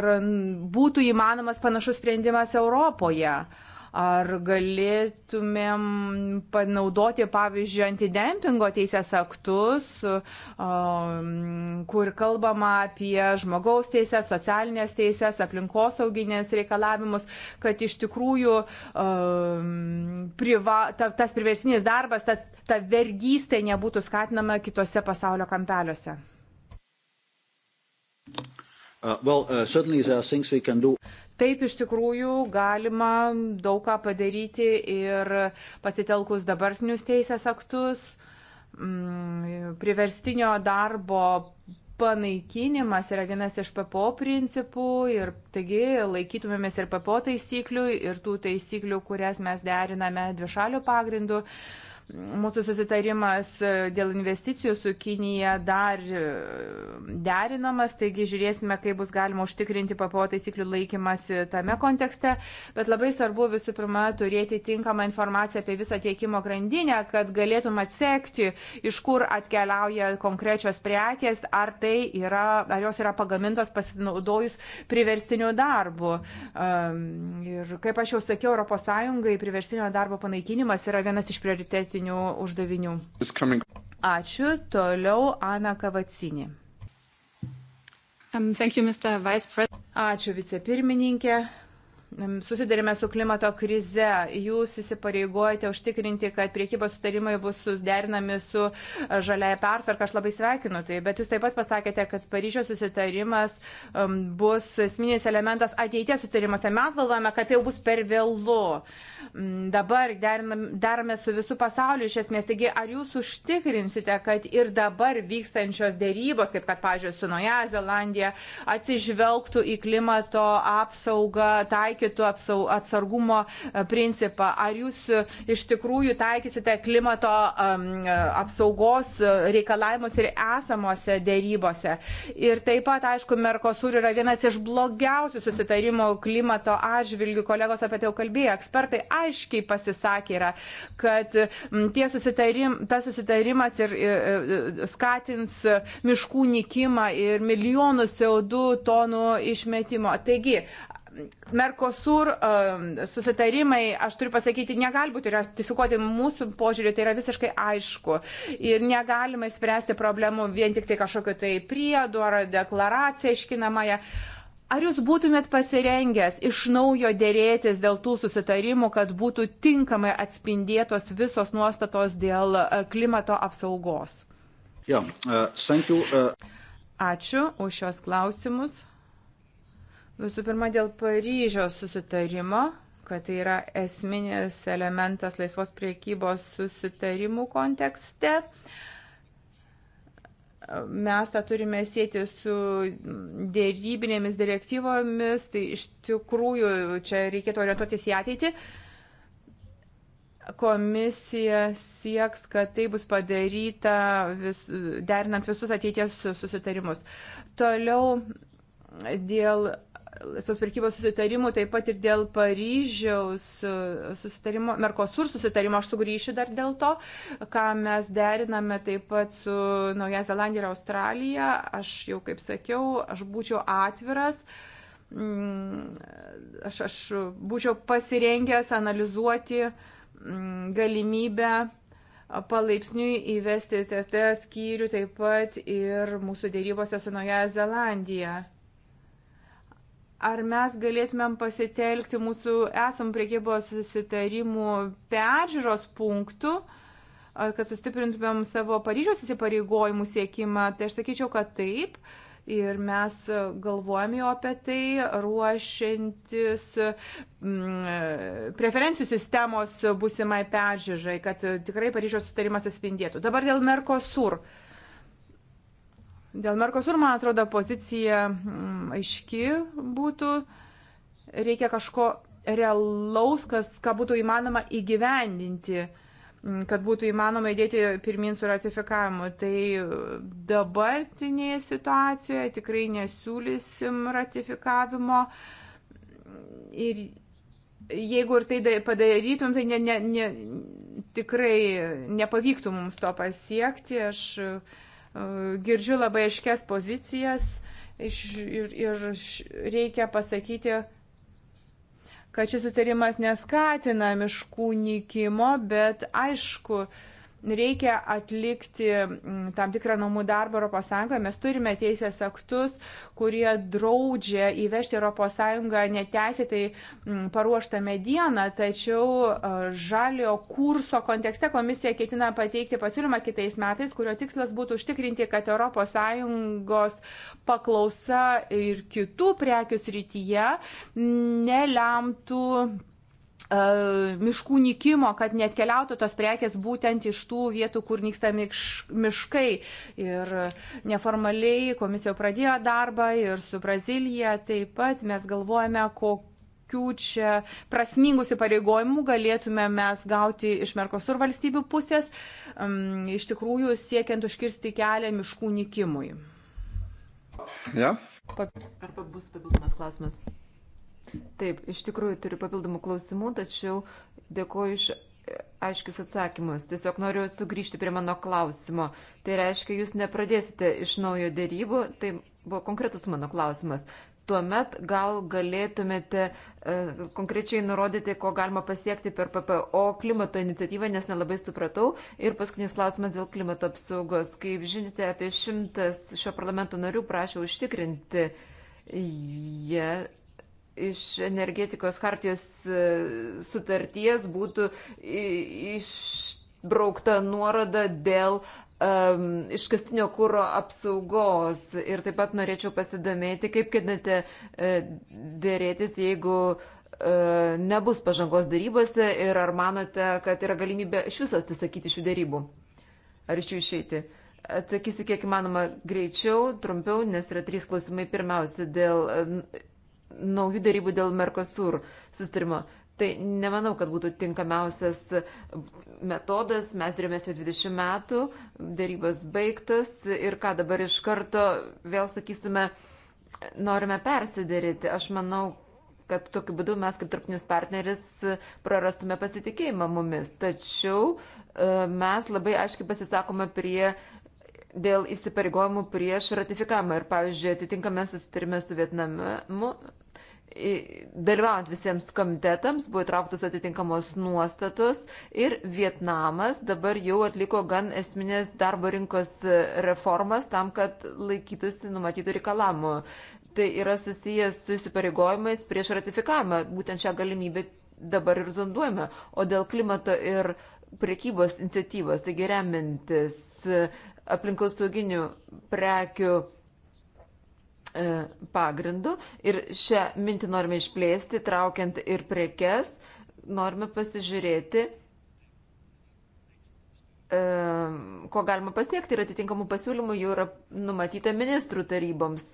būtų įmanomas panašus sprendimas Europoje? Ar galėtumėm panaudoti, pavyzdžiui, antidempingo teisės aktus, um, kur kalbama apie žmogaus teisės, socialinės teisės, aplinkosauginės reikalavimus, kad iš tikrųjų um, priva, ta, tas priversinis darbas, tas, ta vergystė nebūtų skatinama kitose pasaulio kampeliuose? Uh, well, uh, Taip, iš tikrųjų, galima daug ką padaryti ir pasitelkus dabartinius teisės aktus, mm, priverstinio darbo panaikinimas yra vienas iš PPO principų ir taigi laikytumėmės ir PPO taisyklių ir tų taisyklių, kurias mes deriname dvišalių pagrindų. Uh, Mūsų susitarimas e, dėl investicijų su Kinija dar e, derinamas, taigi žiūrėsime, kaip bus galima užtikrinti PPO taisyklių laikymasi tame kontekste, bet labai svarbu visų pirma turėti tinkamą informaciją apie visą tiekimo grandinę, kad galėtum atsekti, iš kur atkeliauja konkrečios prekės, ar, tai yra, ar jos yra pagamintos pasinaudojus priverstiniu darbu. Ir kaip aš jau sakiau, ES priverstinio darbo panaikinimas yra vienas iš prioritetinių politinių uždavinių. Ačiū. Toliau Ana Kavacinė. Um, you, Ačiū vicepirmininkė susidarėme su klimato krize, jūs įsipareigojate užtikrinti, kad priekybos sutarimai bus suderinami su e, žaliaja pertvarka, aš labai sveikinu tai, bet jūs taip pat pasakėte, kad Paryžiaus susitarimas bus esminis elementas ateities sutarimuose. Mes galvojame, kad tai jau bus per vėlu. Dabar darome su visų pasauliu iš esmės. Taigi, ar jūs užtikrinsite, kad ir dabar vykstančios dėrybos, kaip kad, pažiūrėjau, su Nauja Zelandija, atsižvelgtų į klimato apsaugą, taikymą, taikytų atsargumo e, principą? Ar jūs e, iš tikrųjų taikysite klimato e, apsaugos reikalavimus ir esamose dėrybose? Ir taip pat, aišku, Merkosur yra vienas iš blogiausių susitarimų klimato atžvilgių. Kolegos apie tai jau kalbėjo. Ekspertai aiškiai pasisakė yra, kad susitarim, tas susitarimas ir, ir skatins miškų nykimą ir milijonus CO2 tonų išmetimo. Taigi, Merkosur e, susitarimai, aš turiu pasakyti, negali būti ratifikuoti mūsų požiūriu, tai yra visiškai aišku. Ir negalima išspręsti problemų vien tik tai kažkokio tai priedų ar deklaraciją iškinamąją. Ar jūs būtumėt pasirengęs iš naujo dėrėtis dėl tų susitarimų, kad būtų tinkamai atspindėtos visos nuostatos dėl e, klimato apsaugos? Yeah, uh, you, uh... Ačiū už šios klausimus. Visų pirma, dėl Paryžiaus susitarimo, kad tai yra esminis elementas laisvos priekybos susitarimų kontekste mes tą turime sėti su dėrybinėmis direktyvomis, tai iš tikrųjų čia reikėtų orientuotis į ateitį. Komisija sieks, kad tai bus padaryta vis, derinant visus ateities susitarimus. Toliau dėl laisvos prekybos susitarimų, taip pat ir dėl Paryžiaus e, susitarimo, Merkosur susitarimo, aš sugrįšiu dar dėl to, ką mes deriname taip pat su Nauja Zelandija ir Australija. Aš jau kaip sakiau, aš būčiau atviras. Mm, aš, aš būčiau pasirengęs analizuoti mm, galimybę palaipsniui įvesti TSD skyrių taip pat ir mūsų dėrybose su Naujaja Zelandija ar mes galėtumėm pasitelkti mūsų esam priekybos susitarimų peržiūros punktų, kad sustiprintumėm savo Paryžiaus įsipareigojimų siekimą, tai aš sakyčiau, kad taip. Ir mes galvojame jau apie tai, ruošiantis mm, preferencijų sistemos būsimai peržiūrai, kad tikrai Paryžiaus sutarimas atspindėtų. Dabar dėl Merkosur. Uh, Dėl Merkosur, man atrodo, pozicija mm, aiški būtų. Reikia kažko realaus, kas, ką būtų įmanoma įgyvendinti, mm, kad būtų įmanoma įdėti pirmin su ratifikavimu. Tai dabartinėje situacijoje tikrai nesiūlysim ratifikavimo. Ir jeigu ir tai padarytum, tai ne, ne, ne, tikrai nepavyktų mums to pasiekti. Aš, E, girdžiu labai aiškias pozicijas ir, ir reikia pasakyti, kad šis sutarimas neskatina miškų nykimo, bet aišku, uh, reikia atlikti mm, tam tikrą namų darbą ES. Mes turime teisės aktus, kurie draudžia įvežti ES neteisėtai mm, paruoštą medieną, tačiau e, žalio kurso kontekste komisija ketina pateikti pasiūlymą kitais metais, kurio tikslas būtų užtikrinti, kad ES paklausa ir kitų prekių srityje nelemtų E, miškų nykimo, kad net keliautų tos prekes būtent iš tų vietų, kur nyksta miškai. Ir neformaliai komisija pradėjo darbą ir su Brazilija taip pat mes galvojame, kokių čia prasmingų įpareigojimų galėtume mes gauti iš Merkosur valstybių pusės, iš tikrųjų siekiant užkirsti kelią miškų nykimui. Ja. Arba bus papildomas klausimas. Taip, iš tikrųjų turiu papildomų klausimų, tačiau dėkoju iš aiškius atsakymus. Tiesiog noriu sugrįžti prie mano klausimo. Tai reiškia, jūs nepradėsite iš naujo dėrybų, tai buvo konkretus mano klausimas. Tuomet gal galėtumėte e, konkrečiai nurodyti, ko galima pasiekti per PPO klimato iniciatyvą, nes nelabai supratau. Ir paskutinis klausimas dėl klimato apsaugos. Kaip žinote, apie šimtas šio parlamento narių prašė užtikrinti jie iš energetikos hartijos e, sutarties būtų išbraukta nuoroda dėl um, iškastinio kūro apsaugos. Ir taip pat norėčiau pasidomėti, kaip ketinate e, dėrėtis, jeigu e, nebus pažangos darybose ir ar manote, kad yra galimybė iš viso atsisakyti šių darybų? Ar iš jų išeiti? Atsakysiu kiek įmanoma greičiau, trumpiau, nes yra trys klausimai. Pirmiausia, dėl naujų darybų dėl Mercosur sustarimo. Tai nemanau, kad būtų tinkamiausias metodas. Mes dirbėmės jau 20 metų, darybos baigtas ir ką dabar iš karto vėl sakysime, norime persidaryti. Aš manau, kad tokiu būdu mes kaip tarptinis partneris prarastume pasitikėjimą mumis. Tačiau e, mes labai aiškiai pasisakome prie dėl įsipareigojimų prieš ratifikavimą. Ir, pavyzdžiui, atitinkame susitarime su Vietnamu, dalyvaujant visiems komitetams buvo įtrauktos atitinkamos nuostatos ir Vietnamas dabar jau atliko gan esminės darbo rinkos reformas tam, kad laikytųsi numatytų reikalamų. Tai yra susijęs su įsipareigojimais prieš ratifikavimą, būtent šią galimybę dabar ir zonduojame. O dėl klimato ir priekybos iniciatyvos, taigi remintis aplinkosauginių prekių E, pagrindu ir šią mintį norime išplėsti, traukiant ir prekes, norime pasižiūrėti, e, ko galima pasiekti ir atitinkamų pasiūlymų jau yra numatyta ministrų taryboms.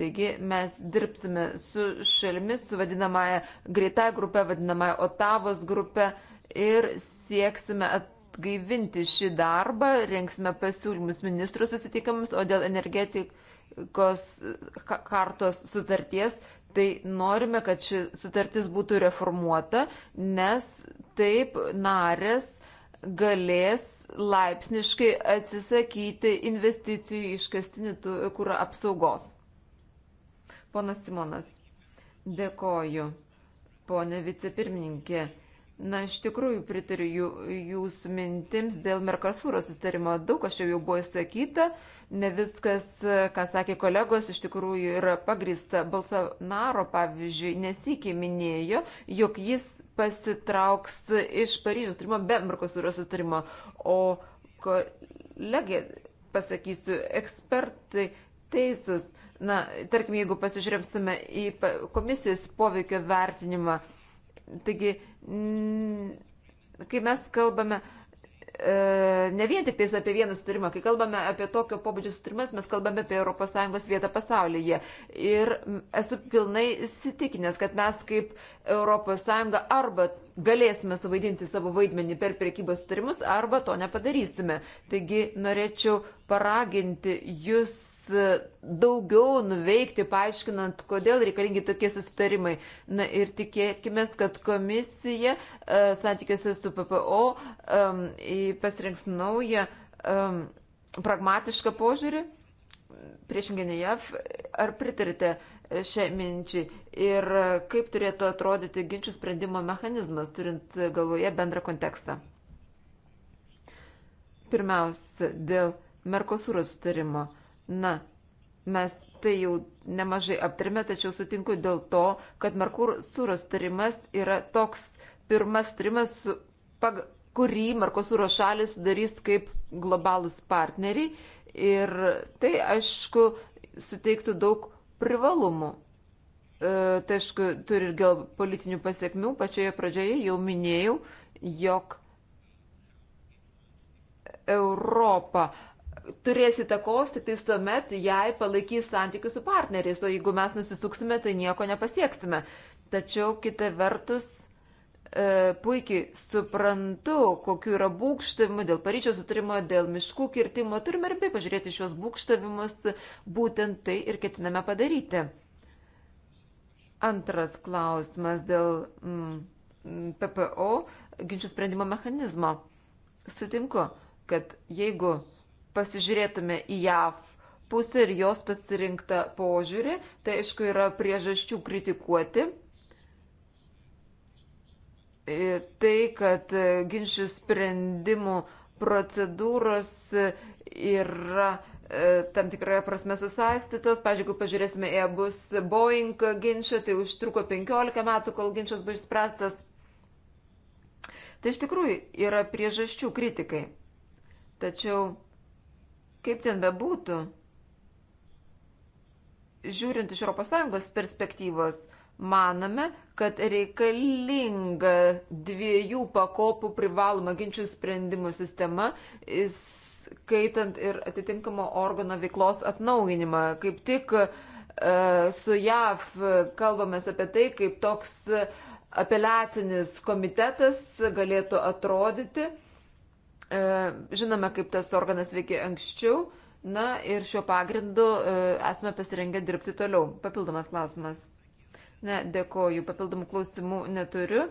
Taigi mes dirbsime su šalimis, su vadinamąją greitą grupę, vadinamąją Otavos grupę ir sieksime atgaivinti šį darbą, rengsime pasiūlymus ministrų susitikimams, o dėl energetikos kartos sutarties, tai norime, kad ši sutartis būtų reformuota, nes taip narės galės laipsniškai atsisakyti investicijų iš kastinių kūro apsaugos. Ponas Simonas, dėkoju. Pone vicepirmininkė, Na, iš tikrųjų pritariu jūsų mintims dėl Merkasūro sustarimo. Daug aš jau buvo įsakyta, ne viskas, ką sakė kolegos, iš tikrųjų yra pagrįsta. Balsonaro, pavyzdžiui, nesikį minėjo, jog jis pasitrauks iš Paryžiaus sutarimo be Merkasūro sustarimo. O kolegė, pasakysiu, ekspertai teisus. Na, tarkim, jeigu pasižiūrėsime į komisijos poveikio vertinimą. Taigi, kai mes kalbame e, ne vien tik tais apie vieną sutarimą, kai kalbame apie tokio pobūdžio sutarimas, mes kalbame apie ES vietą pasaulyje. Ir esu pilnai įsitikinęs, kad mes kaip ES arba galėsime suvaidinti savo vaidmenį per priekybos sutarimus, arba to nepadarysime. Taigi norėčiau paraginti jūs daugiau nuveikti, paaiškinant, kodėl reikalingi tokie susitarimai. Na ir tikėkime, kad komisija e, santykiuose su PPO um, e, pasirinks naują um, pragmatišką požiūrį. Priešingai nei JAV, ar pritarite šią minčią ir kaip turėtų atrodyti ginčių sprendimo mechanizmas, turint galvoje bendrą kontekstą? Pirmiausia, dėl Merkosūros sutarimo. Na, mes tai jau nemažai aptarėme, tačiau sutinku dėl to, kad Merkuros tarimas yra toks pirmas tarimas, kurį Merkosūros šalis darys kaip globalus partneriai ir tai, aišku, suteiktų daug privalumų. E, tai, aišku, turi ir geopolitinių pasiekmių. Pačioje pradžioje jau minėjau, jog Europa turės įtakos tik tais tuomet, jei palaikys santykius su partneriais, o jeigu mes nusisuksime, tai nieko nepasieksime. Tačiau kita vertus, e, puikiai suprantu, kokiu yra būkštavimų dėl Paryčio sutarimo, dėl miškų kirtimo. Turime rimtai pažiūrėti šios būkštavimus, būtent tai ir ketiname padaryti. Antras klausimas dėl mm, PPO ginčių sprendimo mechanizmo. Sutinku, kad jeigu pasižiūrėtume į JAV pusę ir jos pasirinktą požiūrį, tai aišku yra priežasčių kritikuoti. E, tai, kad e, ginčių sprendimų procedūros yra e, tam tikroje prasme susaistytos. Pavyzdžiui, jeigu pažiūrėsime į abus Boeing ginčą, tai užtruko 15 metų, kol ginčas buvo išspręstas. Tai iš tikrųjų yra priežasčių kritikai. Tačiau Kaip ten bebūtų, žiūrint iš ES perspektyvos, manome, kad reikalinga dviejų pakopų privaloma ginčių sprendimų sistema, skaitant ir atitinkamo organo veiklos atnaujinimą. Kaip tik e, su JAV kalbamės apie tai, kaip toks apeliacinis komitetas galėtų atrodyti. E, žinome, kaip tas organas veikia anksčiau. Na ir šiuo pagrindu e, esame pasirengę dirbti toliau. Papildomas klausimas. Ne, dėkoju. Papildomų klausimų neturiu.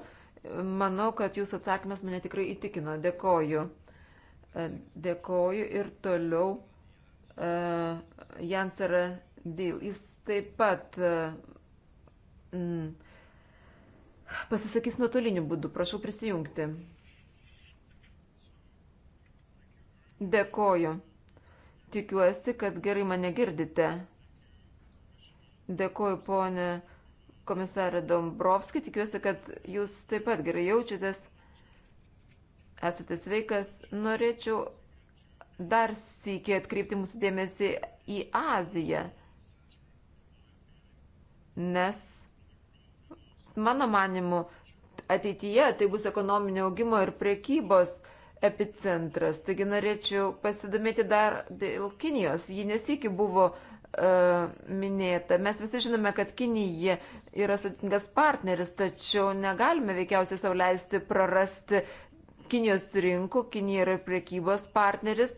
Manau, kad jūsų atsakymas mane tikrai įtikino. Dėkoju. E, dėkoju ir toliau. Uh, Jansara Dėl. Jis taip pat uh, mm, pasisakys nuotoliniu būdu. Prašau prisijungti. Dėkoju. Tikiuosi, kad gerai mane girdite. Dėkoju, ponė komisarė Dombrovski. Tikiuosi, kad jūs taip pat gerai jaučiatės. Esate sveikas. Norėčiau dar sėkiai atkreipti mūsų dėmesį į Aziją. Nes, mano manimu, ateityje tai bus ekonominio augimo ir prekybos epicentras. Taigi norėčiau pasidomėti dar dėl Kinijos. Ji nesikį buvo uh, minėta. Mes visi žinome, kad Kinija yra sudėtingas partneris, tačiau negalime veikiausiai sauliaisti prarasti Kinijos rinkų. Kinija yra priekybos partneris,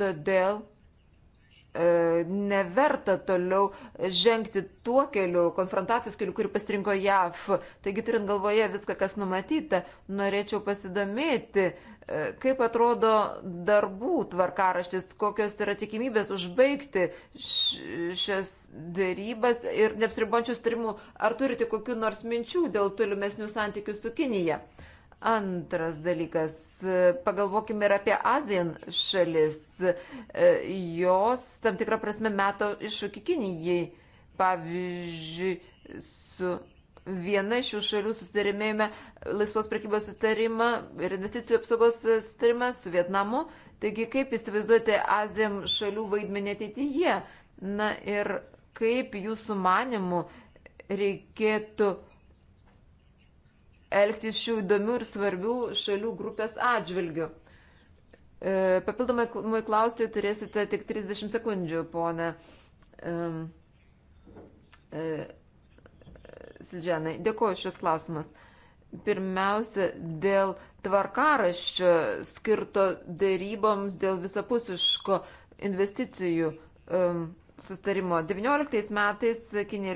todėl E, neverta toliau žengti tuo keliu, konfrontacijos keliu, kurį pasirinko JAV. Taigi, turint galvoje viską, kas numatyta, norėčiau pasidomėti, e, kaip atrodo darbų tvarkaraštis, kokios yra tikimybės užbaigti šias dėrybas ir neapsiribančius turimų, ar turite kokiu nors minčių dėl tolimesnių santykių su Kinija. Antras dalykas, pagalvokime ir apie Azijan šalis. E, jos tam tikrą prasme meto iššūkį Kinijai. Pavyzdžiui, su viena iš šių šalių susitarėmėjome laisvos prekybos susitarimą ir investicijų apsaugos susitarimą su Vietnamu. Taigi, kaip įsivaizduojate Azijam šalių vaidmenį ateityje? Na ir kaip jūsų manimų reikėtų elgtis šių įdomių ir svarbių šalių grupės atžvilgių. E, papildomai klausiu, turėsite tik 30 sekundžių, ponė e, Silžianai. Dėkuoju šios klausimus. Pirmiausia, dėl tvarkaraščio skirto dėryboms dėl visapusiško investicijų sustarimo. 19 metais Kinė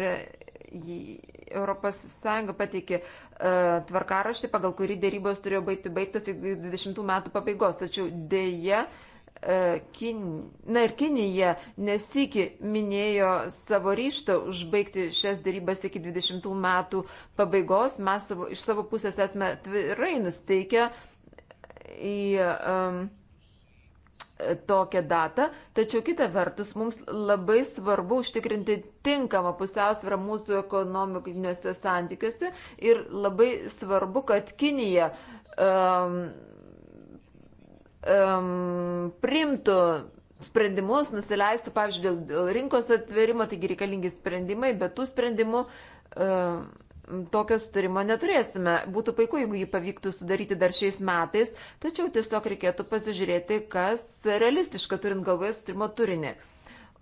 ES pateikė e, tvarkaraštį, pagal kurį dėrybos turėjo baigti baigtas iki 20 metų pabaigos. Tačiau dėja, e, Kin... na ir Kinija nesiki minėjo savo ryštą užbaigti šias dėrybas iki 20 metų pabaigos. Mes savo, iš savo pusės esame tvirai nusteikę į. Um, tokią datą, tačiau kita vertus mums labai svarbu užtikrinti tinkamą pusiausvyrą mūsų ekonominiuose santykiuose ir labai svarbu, kad Kinija um, um, primtų sprendimus, nusileistų, pavyzdžiui, dėl rinkos atverimo, taigi reikalingi sprendimai, bet tų sprendimų um, tokio sutarimo neturėsime. Būtų puiku, jeigu jį pavyktų sudaryti dar šiais metais, tačiau tiesiog reikėtų pasižiūrėti, kas realistiška turint galvoje sutarimo turinį.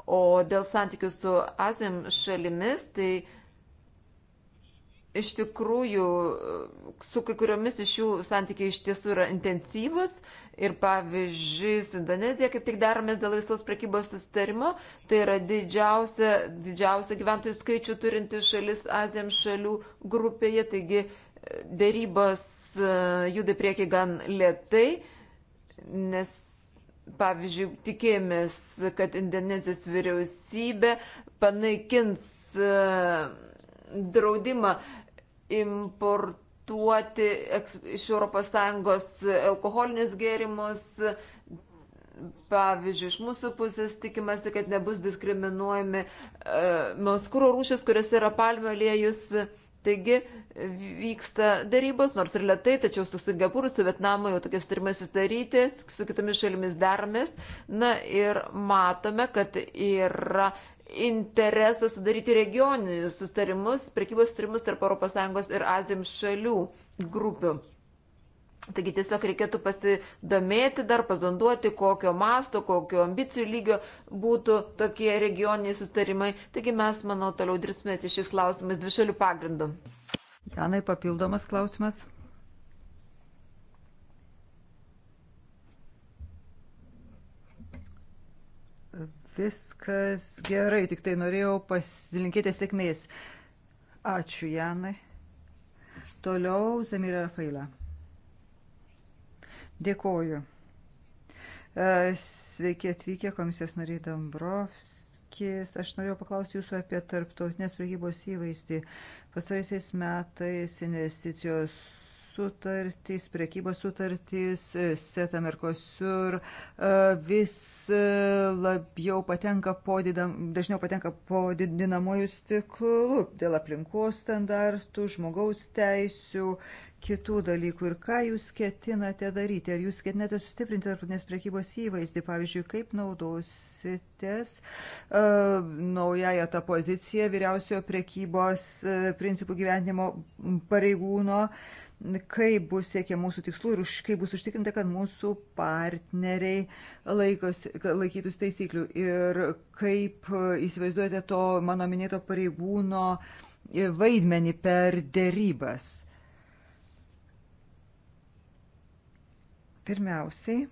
O dėl santykių su Azijam šalimis, tai iš tikrųjų su kai kuriomis iš jų santykiai iš tiesų yra intensyvus, Ir pavyzdžiui, su Indonezija kaip tik daromės dėl laisvos prekybos sustarimo, tai yra didžiausia, didžiausia gyventojų skaičių turinti šalis Azijams šalių grupėje, taigi dėrybos e, juda prieki gan lietai, nes, pavyzdžiui, tikėjomės, kad Indonezijos vyriausybė panaikins e, draudimą importuoti importuoti iš ES alkoholinius gėrimus. Pavyzdžiui, iš mūsų pusės tikimasi, kad nebus diskriminuojami e, maskūro rūšis, kuris yra palmių aliejus. Taigi vyksta darybos, nors ir lietai, tačiau su Singapūru, su Vietnamu jau tokie sutarime susidaryti, su kitomis šalimis daromės. Na ir matome, kad yra interesą sudaryti regioninius sustarimus, prekybos sustarimus tarp ES ir Azijams šalių grupių. Taigi tiesiog reikėtų pasidomėti dar, pazanduoti, kokio masto, kokio ambicijų lygio būtų tokie regioniniai sustarimai. Taigi mes, manau, toliau dirbsime ties šiais klausimais dvišalių pagrindų. Janai, papildomas klausimas. viskas gerai, tik tai norėjau pasilinkėti sėkmės. Ačiū, Janai. Toliau Zamira Rafaila. Dėkoju. E, sveiki atvykę komisijos nariai Dombrovskis. Aš norėjau paklausti jūsų apie tarptautinės prekybos įvaizdį. Pastaraisiais metais investicijos sutartys, priekybos sutartys, SETA Merkosur e, vis e, labiau patenka po, didam, dažniau patenka po didinamojų stiklų dėl aplinkos standartų, žmogaus teisių, kitų dalykų. Ir ką jūs ketinate daryti? Ar jūs ketinate sustiprinti tarptautinės priekybos įvaizdį? Pavyzdžiui, kaip naudositės uh, naująją tą poziciją vyriausiojo priekybos uh, principų gyvenimo pareigūno uh, kaip bus siekia mūsų tikslų ir už, kaip bus užtikrinta, kad mūsų partneriai laikos, laikytųsi taisyklių. Ir kaip e, įsivaizduojate to mano minėto pareigūno e, vaidmenį per dėrybas. Pirmiausiai,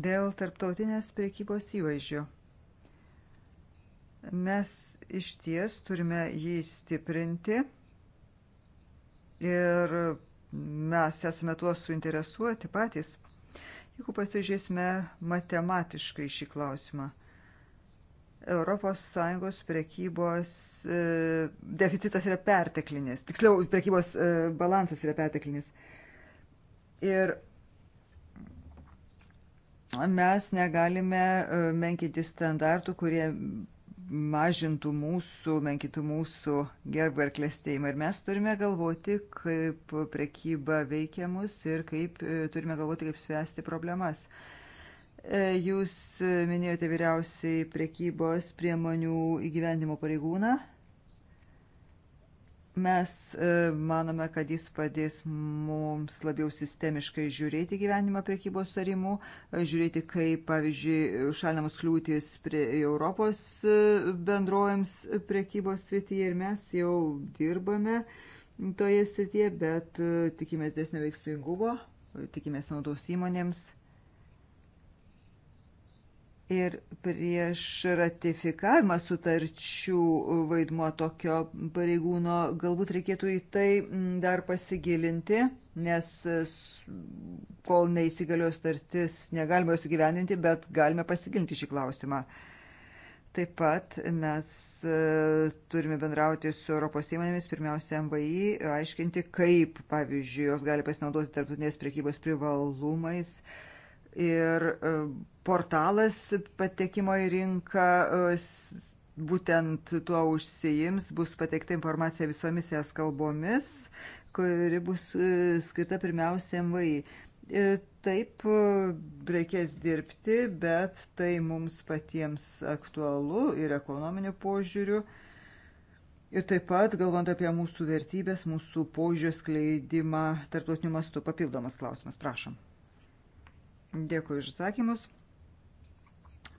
dėl tarptautinės priekybos įvaizdžių. Mes iš ties turime jį stiprinti ir mes esame tuo suinteresuoti patys. Jeigu pasižiūrėsime matematiškai šį klausimą, ES prekybos e, deficitas yra perteklinis, tiksliau, prekybos e, balansas yra perteklinis. Ir mes negalime e, menkinti standartų, kurie mažintų mūsų, menkintų mūsų gerbą ir klėstėjimą. Ir mes turime galvoti, kaip prekyba veikia mus ir kaip e, turime galvoti, kaip spręsti problemas. E, jūs minėjote vyriausiai prekybos priemonių įgyvendimo pareigūną Mes e, manome, kad jis padės mums labiau sistemiškai žiūrėti gyvenimą priekybos tarimų, e, žiūrėti, kaip, pavyzdžiui, šalinamus kliūtis prie Europos e, bendrojams priekybos srityje ir mes jau dirbame toje srityje, bet tikimės desnio veiksmingumo, tikimės naudos įmonėms Ir prieš ratifikavimą sutarčių vaidmuo tokio pareigūno galbūt reikėtų į tai dar pasigilinti, nes kol neįsigalio sutartis negalime jos įgyvendinti, bet galime pasigilinti šį klausimą. Taip pat mes e, turime bendrauti su Europos įmonėmis, pirmiausia MVI, aiškinti, kaip, pavyzdžiui, jos gali pasinaudoti tarptautinės priekybos privalumais ir e, portalas patekimo į rinką e, būtent tuo užsijims, bus pateikta informacija visomis es kalbomis, kuri bus e, skirta pirmiausia MVI. Taip reikės dirbti, bet tai mums patiems aktualu ir ekonominiu požiūriu. Ir taip pat, galvant apie mūsų vertybės, mūsų požiūrės kleidimą tarptautiniu mastu, papildomas klausimas, prašom. Dėkui už atsakymus.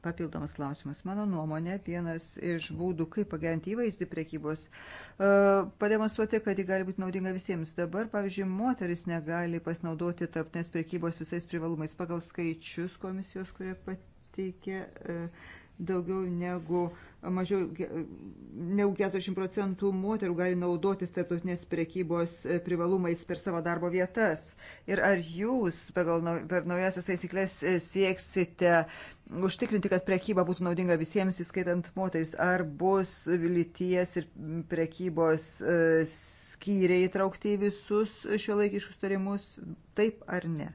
Papildomas klausimas. Mano nuomonė, vienas iš būdų, kaip pagerinti įvaizdį priekybos, e, pademonstruoti, kad ji gali būti naudinga visiems. Dabar, pavyzdžiui, moteris negali pasinaudoti tarptinės priekybos visais privalumais pagal skaičius komisijos, kurie pateikė. E, daugiau negu mažiau negu 40 procentų moterų gali naudotis tarptautinės prekybos e, privalumais per savo darbo vietas. Ir ar jūs pagal, per naujasias taisyklės e, sieksite užtikrinti, kad prekyba būtų naudinga visiems, įskaitant moteris, ar bus lyties ir prekybos e, skyriai įtraukti į visus šio laikiškus tarimus, taip ar ne?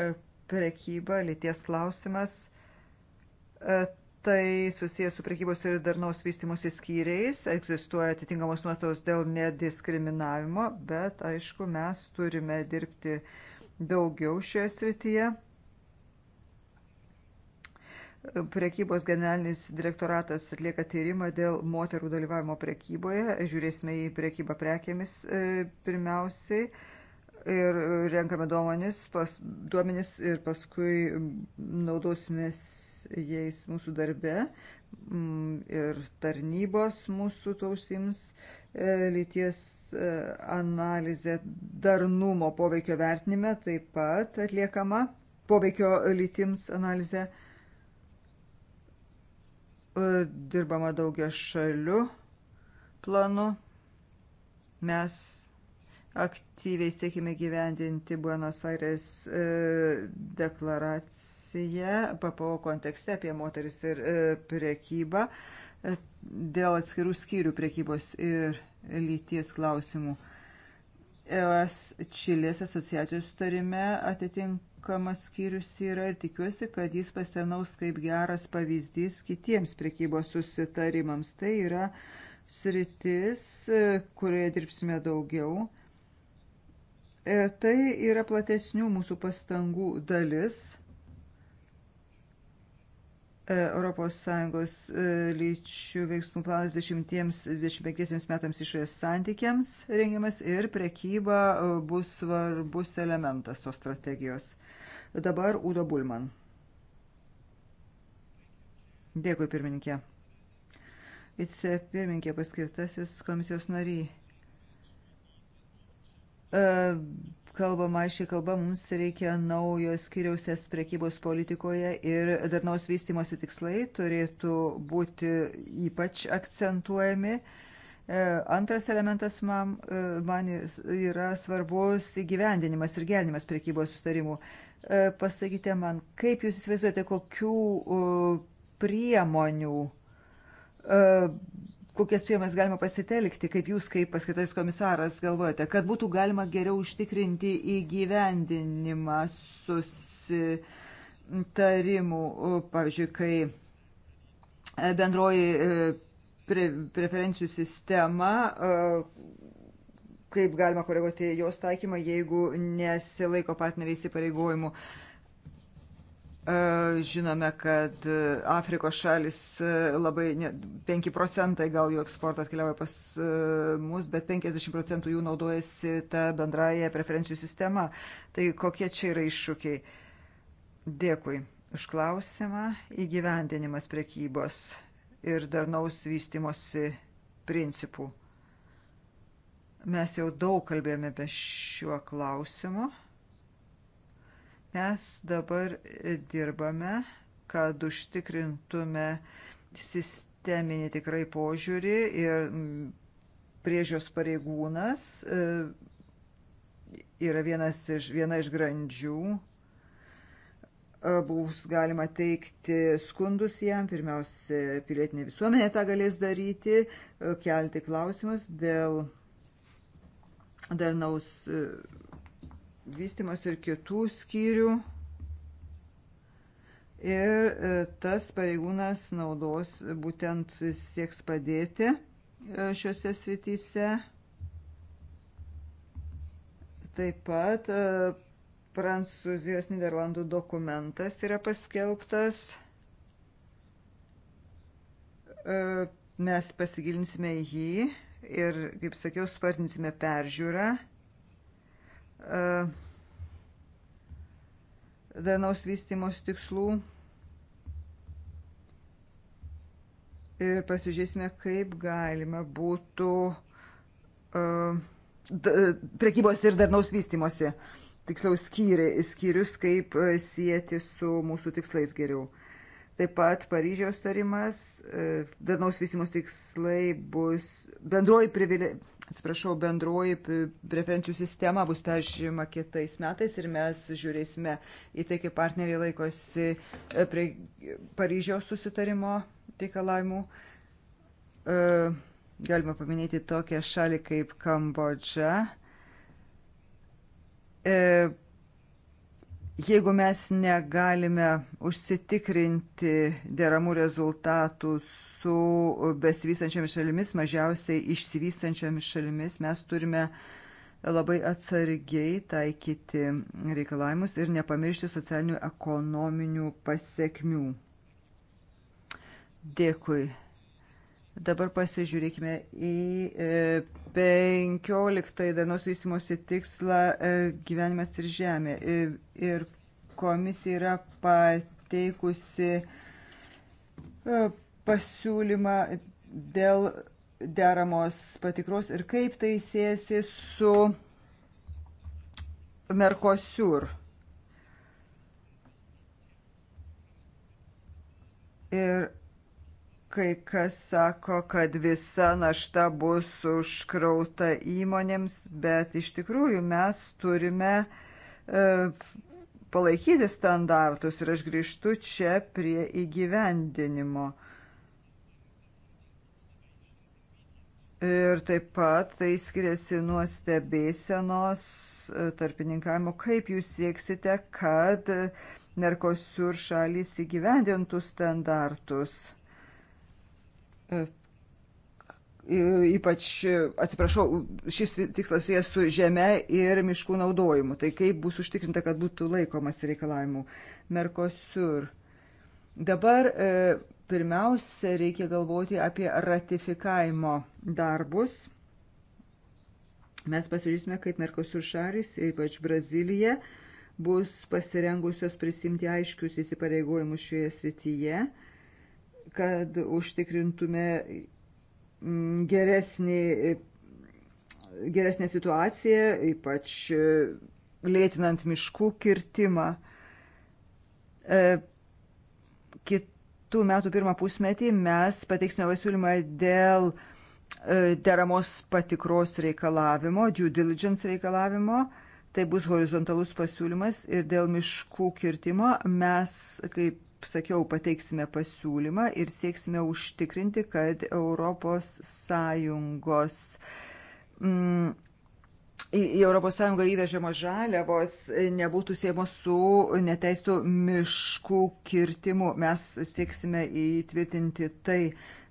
E, prekyba, lyties klausimas. E, tai susijęs su prekybos ir darnaus vystimus įskyriais, egzistuoja atitinkamos nuostatos dėl nediskriminavimo, bet aišku, mes turime dirbti daugiau šioje srityje. Prekybos generalinis direktoratas atlieka tyrimą dėl moterų dalyvavimo prekyboje. Žiūrėsime į prekybą prekėmis e, pirmiausiai ir renkame duomenis, pas, duomenis ir paskui naudosimės jais mūsų darbe mm, ir tarnybos mūsų tausims e, lyties e, analizė darnumo poveikio vertinime taip pat atliekama poveikio lytims analizė e, dirbama daugia šalių planu. Mes aktyviai siekime gyvendinti Buenos Aires e, deklaraciją PPO kontekste apie moteris ir e, priekybą e, dėl atskirų skyrių priekybos ir lyties klausimų. ES Čilės asociacijos sutarime atitinkamas skyrius yra ir tikiuosi, kad jis pasitarnaus kaip geras pavyzdys kitiems priekybos susitarimams. Tai yra sritis, kurioje dirbsime daugiau Ir e, tai yra platesnių mūsų pastangų dalis. ES e, lyčių veiksmų planas 20-25 metams išorės santykiams rengiamas ir prekyba e, bus svarbus elementas tos strategijos. Dabar Udo Bulman. Dėkui, pirmininkė. Vicepirmininkė paskirtasis komisijos nariai. E, kalbama aiškiai kalba, mums reikia naujo skiriausias prekybos politikoje ir darnaus vystimosi tikslai turėtų būti ypač akcentuojami. E, antras elementas man, e, man yra svarbus įgyvendinimas ir gerinimas prekybos sustarimų. Pasakykite man, kaip jūs įsivaizduojate, kokių priemonių kokias priemas galima pasitelkti, kaip jūs, kaip paskaitais komisaras, galvojate, kad būtų galima geriau užtikrinti įgyvendinimą susitarimų, pavyzdžiui, kai e, bendroji e, pre preferencijų sistema e, kaip galima koreguoti jos taikymą, jeigu nesilaiko partneriai įsipareigojimų. Uh, E, žinome, kad e, Afrikos šalis e, labai, ne, 5 procentai gal jų eksportas keliauja pas mus, bet 50 procentų jų naudojasi tą bendrąją preferencijų sistemą. Tai kokie čia yra iššūkiai? Dėkui už klausimą. Įgyvendinimas prekybos ir darnaus vystimosi principų. Mes jau daug kalbėjome apie šiuo klausimu. Mes dabar dirbame, kad užtikrintume sisteminį tikrai požiūrį ir priežios pareigūnas e, yra vienas iš, viena iš grandžių. E, bus galima teikti skundus jam, pirmiausia, pilietinė visuomenė tą galės daryti, e, kelti klausimus dėl darnaus vystimas ir kitų skyrių. Ir e, tas pareigūnas naudos būtent sieks padėti e, šiuose srityse. Taip pat e, Prancūzijos Niderlandų dokumentas yra paskelbtas. Mes pasigilinsime jį ir, kaip sakiau, spartinsime peržiūrą E, darnaus vystimos tikslų ir pasižiūrėsime, kaip galima būtų uh, prekybos ir darnaus vystimosi, tiksliau skyri, skyrius, kaip e, sieti su mūsų tikslais geriau. Taip pat Paryžiaus tarimas, darnaus vystimos tikslai bus bendroji privilegija atsiprašau, bendroji preferencijų sistema bus peržiūrima kitais metais ir mes žiūrėsime į tai, kaip partneriai laikosi e, prie Paryžiaus susitarimo reikalavimų. E, galima paminėti tokią šalį kaip Kambodža e, Jeigu mes negalime užsitikrinti deramų rezultatų su besivystančiamis šalimis, mažiausiai išsivystančiamis šalimis, mes turime labai atsargiai taikyti reikalavimus ir nepamiršti socialinių ekonominių pasiekmių. Dėkui. Dabar pasižiūrėkime į e, 15 dienos vystimosi tikslą e, gyvenimas ir žemė. E, ir komisija yra pateikusi e, pasiūlymą dėl deramos patikros ir kaip tai siesi su Merkosiur. Ir Kai kas sako, kad visa našta bus užkrauta įmonėms, bet iš tikrųjų mes turime e, palaikyti standartus ir aš grįžtu čia prie įgyvendinimo. Ir taip pat tai skiriasi nuo stebėsenos e, tarpininkavimo, kaip jūs sieksite, kad Merkosiur šalis įgyvendintų standartus E, ypač, atsiprašau, šis tikslas susijęs su žeme ir miškų naudojimu. Tai kaip bus užtikrinta, kad būtų laikomas reikalavimų. Merkosur. Dabar e, pirmiausia reikia galvoti apie ratifikavimo darbus. Mes pasižiūrėsime, kaip Merkosur šalis, ypač Brazilija, bus pasirengusios prisimti aiškius įsipareigojimus šioje srityje kad užtikrintume mm, geresnį, geresnę situaciją, ypač e, lėtinant miškų kirtimą. E, kitų metų pirmą pusmetį mes pateiksime pasiūlymą dėl e, deramos patikros reikalavimo, due diligence reikalavimo. Tai bus horizontalus pasiūlymas ir dėl miškų kirtimo mes kaip sakiau, pateiksime pasiūlymą ir sieksime užtikrinti, kad ES mm, į ES įvežamos žaliavos nebūtų siejamos su neteistų miškų kirtimu. Mes sieksime įtvirtinti tai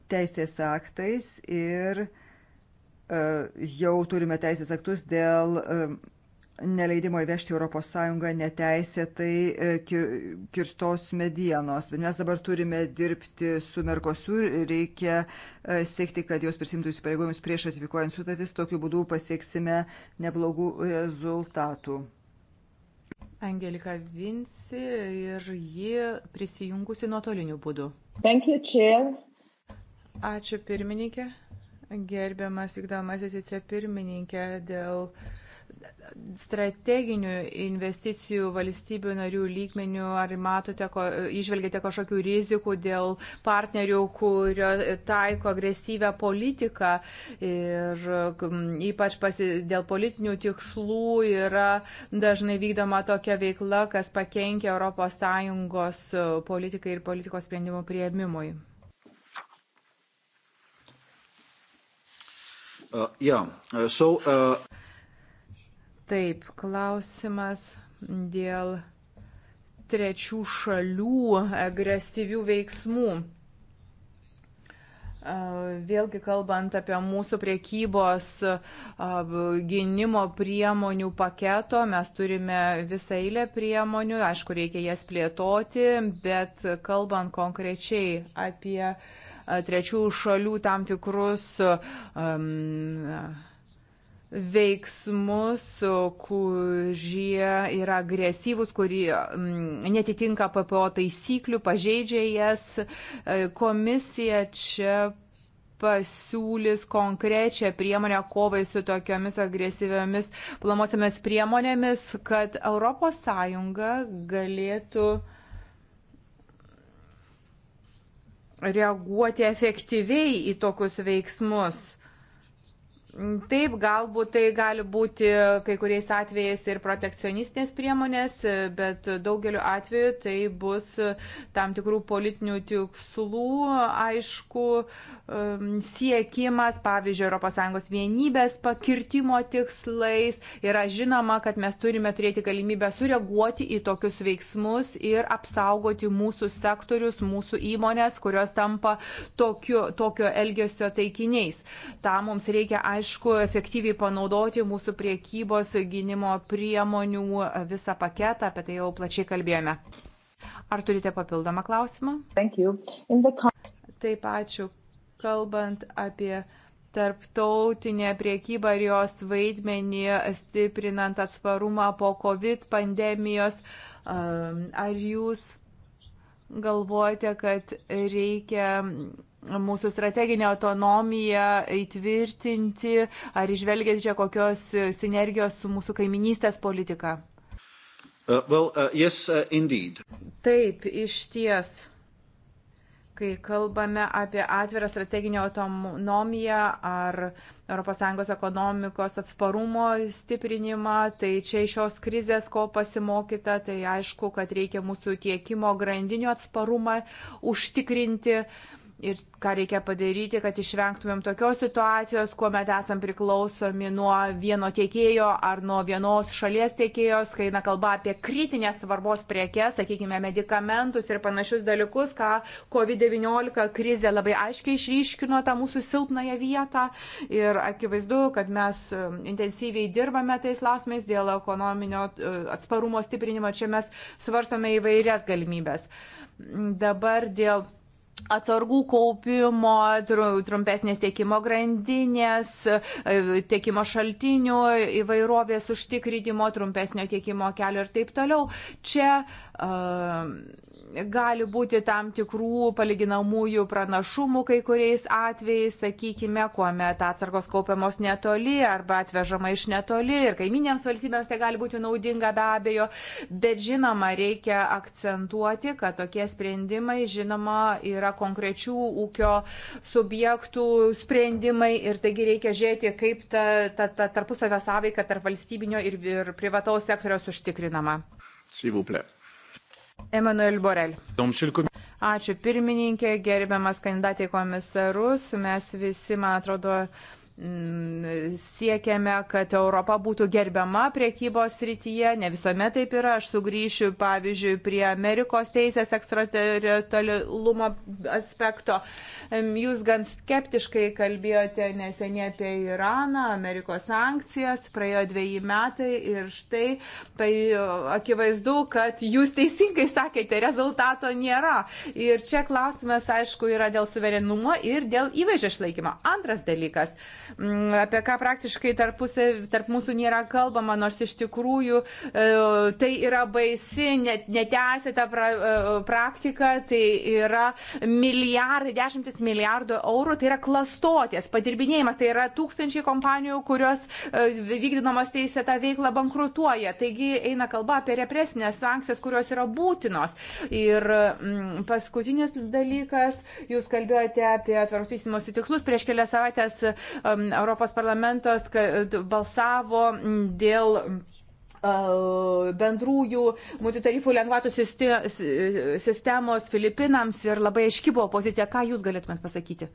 teisės aktais ir e, jau turime teisės aktus dėl e, neleidimo įvežti ES neteisėtai e, kirstos medienos. Bet mes dabar turime dirbti su Merkosur ir reikia e, siekti, kad jos prisimtų įsipareigojimus prieš atvykojant sutartis. Tokiu būdu pasieksime neblogų rezultatų. Angelika Vinci ir ji prisijungusi nuotoliniu būdu. Thank you, Chair. Ačiū pirmininkė. Gerbiamas vykdomasis vicepirmininkė dėl uh, strateginių investicijų valstybių narių lygmenių, ar matote, ko, išvelgėte kažkokių rizikų dėl partnerių, kurio taiko agresyvę politiką ir mm, ypač pasi, dėl politinių tikslų yra dažnai vykdoma tokia veikla, kas pakenkia ES politikai ir politikos sprendimų prieimimui. Uh, yeah. uh, so, uh... Taip, klausimas dėl trečių šalių agresyvių veiksmų. Vėlgi kalbant apie mūsų priekybos gynimo priemonių paketo, mes turime visą eilę priemonių, aišku, reikia jas plėtoti, bet kalbant konkrečiai apie trečių šalių tam tikrus um, veiksmus, kurie yra agresyvus, kurie mm, netitinka PPO taisyklių, pažeidžia jas. E, komisija čia pasiūlys konkrečią priemonę kovai su tokiomis agresyviomis planuosiamis priemonėmis, kad ES galėtų reaguoti efektyviai į tokius veiksmus Taip, galbūt tai gali būti kai kuriais atvejais ir protekcionistinės priemonės, bet daugeliu atveju tai bus tam tikrų politinių tikslų, aišku, um, siekimas, pavyzdžiui, ES vienybės pakirtimo tikslais. Yra žinoma, kad mes turime turėti galimybę sureaguoti į tokius veiksmus ir apsaugoti mūsų sektorius, mūsų įmonės, kurios tampa tokio, tokio elgesio taikiniais. Tam mums reikia, aišku, aišku, efektyviai panaudoti mūsų priekybos gynimo priemonių visą paketą, apie tai jau plačiai kalbėjome. Ar turite papildomą klausimą? The... Taip, ačiū. Kalbant apie tarptautinę priekybą ir jos vaidmenį stiprinant atsparumą po COVID pandemijos, um, ar jūs galvojate, kad reikia mūsų strateginę autonomiją įtvirtinti, ar išvelgėte čia kokios sinergijos su mūsų kaiminystės politika? Uh, well, uh, yes, uh, indeed. Taip, iš ties kai kalbame apie atvirą strateginę autonomiją ar ES ekonomikos atsparumo stiprinimą, tai čia iš šios krizės ko pasimokyta, tai aišku, kad reikia mūsų tiekimo grandinio atsparumą užtikrinti. Uh, ir ką reikia padaryti, kad išvengtumėm tokios situacijos, kuomet esam priklausomi nuo vieno tiekėjo ar nuo vienos šalies tiekėjos, kai eina kalba apie kritinės svarbos priekes, sakykime, medikamentus ir panašius dalykus, ką COVID-19 krizė labai aiškiai išryškino tą mūsų silpnąją vietą. Ir akivaizdu, kad mes um, intensyviai dirbame tais lausmais dėl ekonominio uh, atsparumo stiprinimo. Čia mes svarstome įvairias galimybės. Dabar dėl atsargų kaupimo, trumpesnės tiekimo grandinės, e, tiekimo šaltinių, įvairovės užtikrinimo, trumpesnio tiekimo kelio ir taip toliau. Čia uh, gali būti tam tikrų palyginamųjų pranašumų kai kuriais atvejais, sakykime, kuomet atsargos kaupiamos netoli arba atvežama iš netoli ir kaiminėms valstybėms tai gali būti naudinga be abejo, bet žinoma, reikia akcentuoti, kad tokie sprendimai, žinoma, yra konkrečių ūkio subjektų sprendimai ir taigi reikia žiūrėti, kaip ta, ta, ta tarpusavio sąveika tarp valstybinio ir, ir privataus sektoriaus užtikrinama. S'il vous plaît. Emanuel Borel. Ačiū pirmininkė, gerbiamas kandidatė komisarus. Mes visi, man atrodo, Mm, siekiame, kad Europa būtų gerbiama priekybos srityje, ne visuomet taip yra, aš sugrįšiu, pavyzdžiui, prie Amerikos teisės ekstraterritorialumo aspekto. Jūs gan skeptiškai kalbėjote neseniai apie Iraną, Amerikos sankcijas, praėjo dviejai metai ir štai, tai akivaizdu, kad jūs teisingai sakėte, rezultato nėra. Ir čia klausimas, aišku, yra dėl suverenumo ir dėl įvežio išlaikymo. Antras dalykas. Uh, Mm, apie ką praktiškai tarpusė, tarp mūsų nėra kalbama, nors iš tikrųjų e, tai yra baisi, net, netesėta pra, e, praktika, tai yra milijardai, dešimtis milijardų eurų, tai yra klastotės, padirbinėjimas, tai yra tūkstančiai kompanijų, kurios e, vykdinamos teisėtą veiklą bankrutuoja. Taigi eina kalba apie represinės sankcijas, kurios yra būtinos. Ir mm, paskutinis dalykas, jūs kalbėjote apie atvaros vystimosi tikslus. Prieš kelias savaitės Um, Europos parlamentas balsavo dėl uh, bendrųjų muitų tarifų lengvatų sistemos Filipinams ir labai aiški buvo pozicija. Ką jūs galėtumėt pasakyti?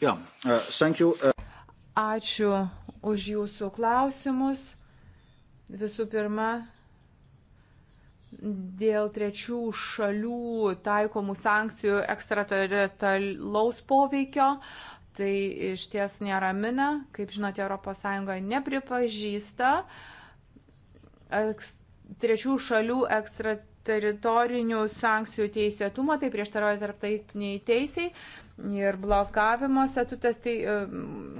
Yeah. Uh, uh Ačiū už jūsų klausimus. Visų pirma, dėl trečių šalių taikomų sankcijų ekstraterritorialaus poveikio. Tai iš ties neramina, kaip žinote, ES nepripažįsta trečių šalių ekstraterritorialų teritorinių sankcijų teisėtumą, tai prieštaroja tarptautiniai teisiai ir blokavimo statutas, tai e,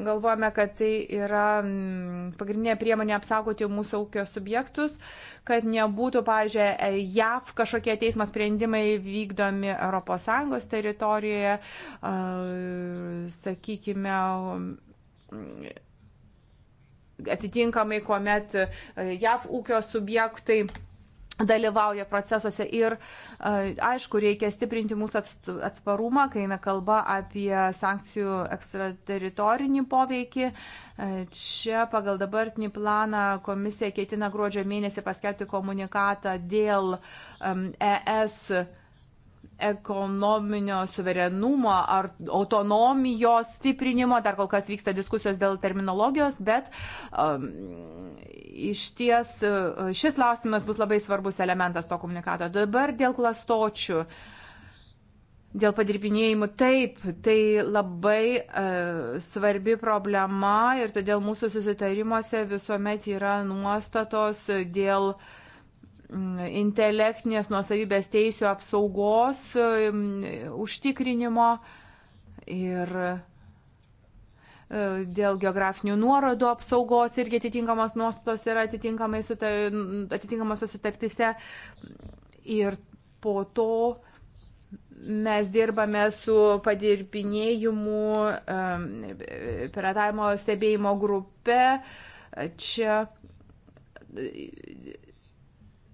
galvojame, kad tai yra pagrindinė priemonė apsaugoti mūsų ūkio subjektus, kad nebūtų, pavyzdžiui, e, JAV kažkokie teismo sprendimai vykdomi ES teritorijoje, sakykime, atitinkamai, kuomet e, JAV ūkio subjektai dalyvauja procesuose ir aišku, reikia stiprinti mūsų atsparumą, kai eina kalba apie sankcijų ekstrateritorinį poveikį. Čia pagal dabartinį planą komisija ketina gruodžio mėnesį paskelbti komunikatą dėl ES ekonominio suverenumo ar autonomijos stiprinimo, dar kol kas vyksta diskusijos dėl terminologijos, bet um, iš ties uh, šis klausimas bus labai svarbus elementas to komunikato. Dabar dėl klastočių. Uh, Dėl padirbinėjimų taip, tai labai e, svarbi problema ir todėl mūsų susitarimuose visuomet yra nuostatos dėl e, intelektinės nuosavybės teisų apsaugos um, užtikrinimo ir uh, dėl geografinių nuorodų apsaugos irgi atitinkamos nuostatos yra atitinkamos susitartise. Ir po to mes dirbame su padirbinėjimu um, piratavimo stebėjimo grupe. Čia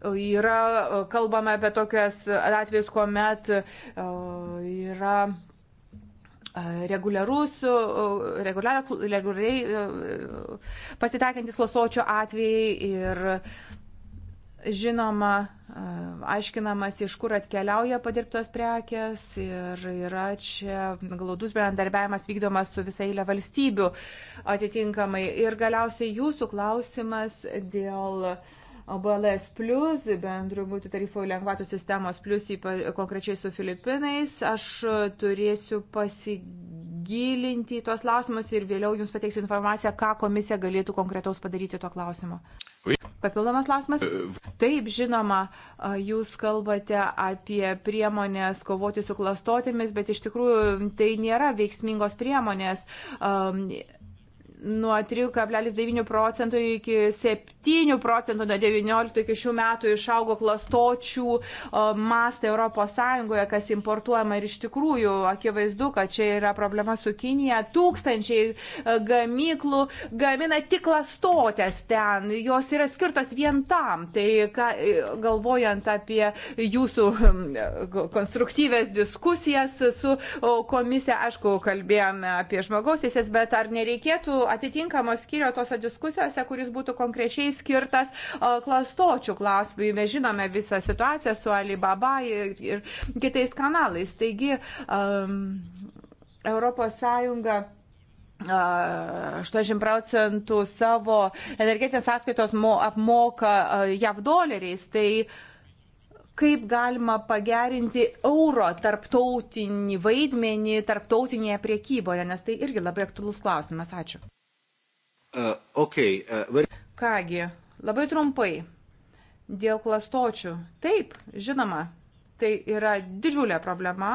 Yra e, kalbama apie tokias atvejus, kuomet e, yra e, reguliarus, reguliariai pasitekintis losočio atvejai ir žinoma, aiškinamas, iš kur atkeliauja padirbtos prekes ir yra čia glaudus bendarbiavimas vykdomas su visai eilė valstybių atitinkamai. Ir galiausiai jūsų klausimas dėl uh, OBLS plus, bendrų būtų tarifų lengvatų sistemos plus, ypač konkrečiai su Filipinais. Aš turėsiu pasigilinti į tuos klausimus ir vėliau jums pateiksiu informaciją, ką komisija galėtų konkretaus padaryti tuo klausimu. Papildomas klausimas? Euh, Taip, žinoma, jūs kalbate apie priemonės kovoti su klastotėmis, bet iš tikrųjų tai nėra veiksmingos priemonės. Um, nuo 3,9 procentų iki 7 procentų nuo 19 iki šių metų išaugo klastočių mastai Europos Sąjungoje, kas importuojama ir iš tikrųjų akivaizdu, kad čia yra problema su Kinija. Tūkstančiai e, gamyklų gamina tik klastotės ten, jos yra skirtos vien tam. Tai ka, e, galvojant apie jūsų e, konstruktyvės diskusijas su komisija, aišku, kalbėjome apie žmogaus teisės, bet ar nereikėtų atitinkamos skyrio tose diskusijose, kuris būtų konkrečiai skirtas klastočių klausimui. Mes žinome visą situaciją su Alibaba ir, ir kitais kanalais. Taigi, um, Europos Sąjunga 80 procentų savo energetinės sąskaitos apmoka JAV doleriais, tai kaip galima pagerinti euro tarptautinį vaidmenį tarptautinėje priekyboje, nes tai irgi labai aktuolus klausimas. Ačiū. Uh, okay, uh, very... Kągi, labai trumpai. Dėl klastočių. Taip, žinoma, tai yra didžiulė problema.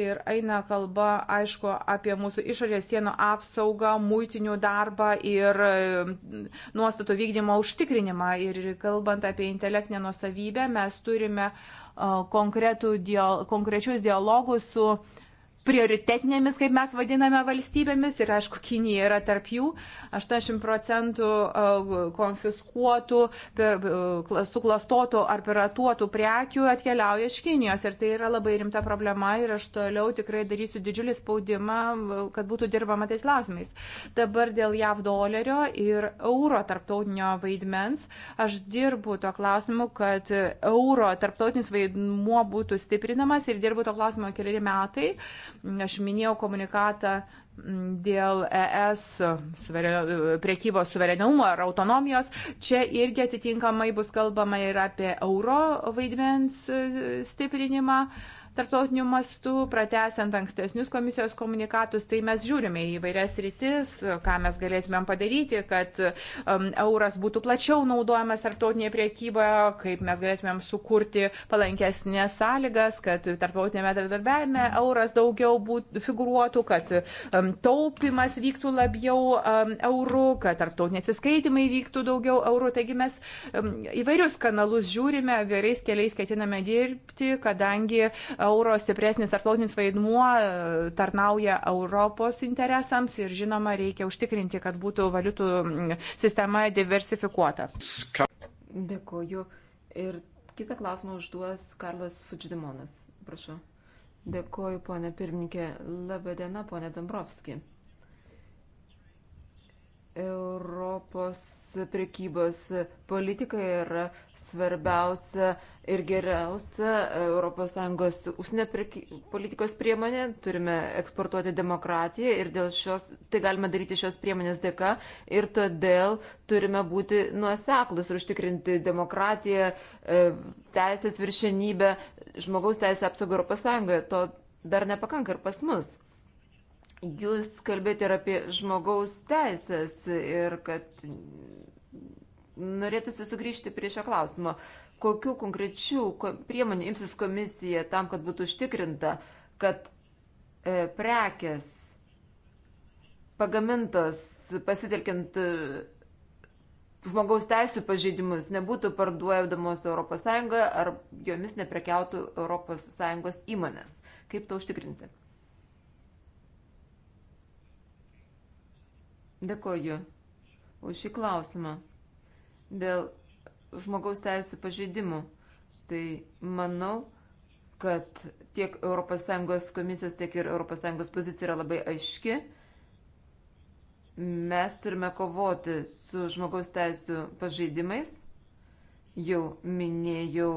Ir eina kalba, aišku, apie mūsų išorės sienų apsaugą, muitinių darbą ir um, nuostatų vykdymo užtikrinimą. Ir kalbant apie intelektinę nusavybę, mes turime uh, konkrečius dialogus su uh, prioritetinėmis, kaip mes vadiname, valstybėmis ir aišku, Kinija yra tarp jų. 80 procentų konfiskuotų, suklastotų ar piratuotų prekių atkeliauja iš Kinijos ir tai yra labai rimta problema ir aš toliau tikrai darysiu didžiulį spaudimą, kad būtų dirbama tais klausimais. Dabar dėl JAV dolerio ir euro tarptautinio vaidmens aš dirbu to klausimu, kad euro tarptautinis vaidmuo būtų stiprinamas ir dirbu to klausimo keliari metai. Uh, Aš minėjau komunikatą dėl ES suverenio, priekybos suverenumo ar autonomijos. Čia irgi atitinkamai bus kalbama ir apie euro vaidmens e, stiprinimą. Uh, tarptautiniu mastu, pratesiant ankstesnius komisijos komunikatus, tai mes žiūrime į vairias rytis, ką mes galėtumėm padaryti, kad um, euras būtų plačiau naudojamas tarptautinėje priekyboje, kaip mes galėtumėm sukurti palankesnės sąlygas, kad tarptautinėme darbiavime euras daugiau būtų, figuruotų, kad um, taupimas vyktų labiau um, eurų, kad tarptautiniai atsiskaitimai vyktų daugiau eurų. Taigi mes įvairius kanalus žiūrime, įvairiais keliais ketiname dirbti, kadangi euro stipresnis tarptautinis vaidmuo e, tarnauja Europos interesams ir žinoma reikia užtikrinti, kad būtų valiutų sistema diversifikuota. Dėkoju. Ir kitą klausimą užduos Karlas Fudždimonas. Prašau. Dėkoju, ponė pirmininkė. Labadiena, ponė Dombrovski. Europos prekybos politika yra svarbiausia ir geriausia ES užsienio politikos priemonė. Turime eksportuoti demokratiją ir šios, tai galime daryti šios priemonės dėka ir todėl turime būti nuoseklus ir užtikrinti demokratiją, e, teisės viršenybę, žmogaus teisę apsaugą ES. To dar nepakanka ir pas mus. Jūs kalbėjote ir apie žmogaus teisės ir kad norėtųsi sugrįžti prie šio klausimo. Kokių konkrečių priemonių imsis komisija tam, kad būtų užtikrinta, kad e, prekės pagamintos pasitelkiant e, žmogaus teisų pažeidimus nebūtų parduodamos ES ar jomis neprekiautų ES įmonės? Kaip to užtikrinti? Dėkoju už šį klausimą. Dėl žmogaus teisų pažeidimų. Tai manau, kad tiek ES komisijos, tiek ir ES pozicija yra labai aiški. Mes turime kovoti su žmogaus teisų pažeidimais. Jau minėjau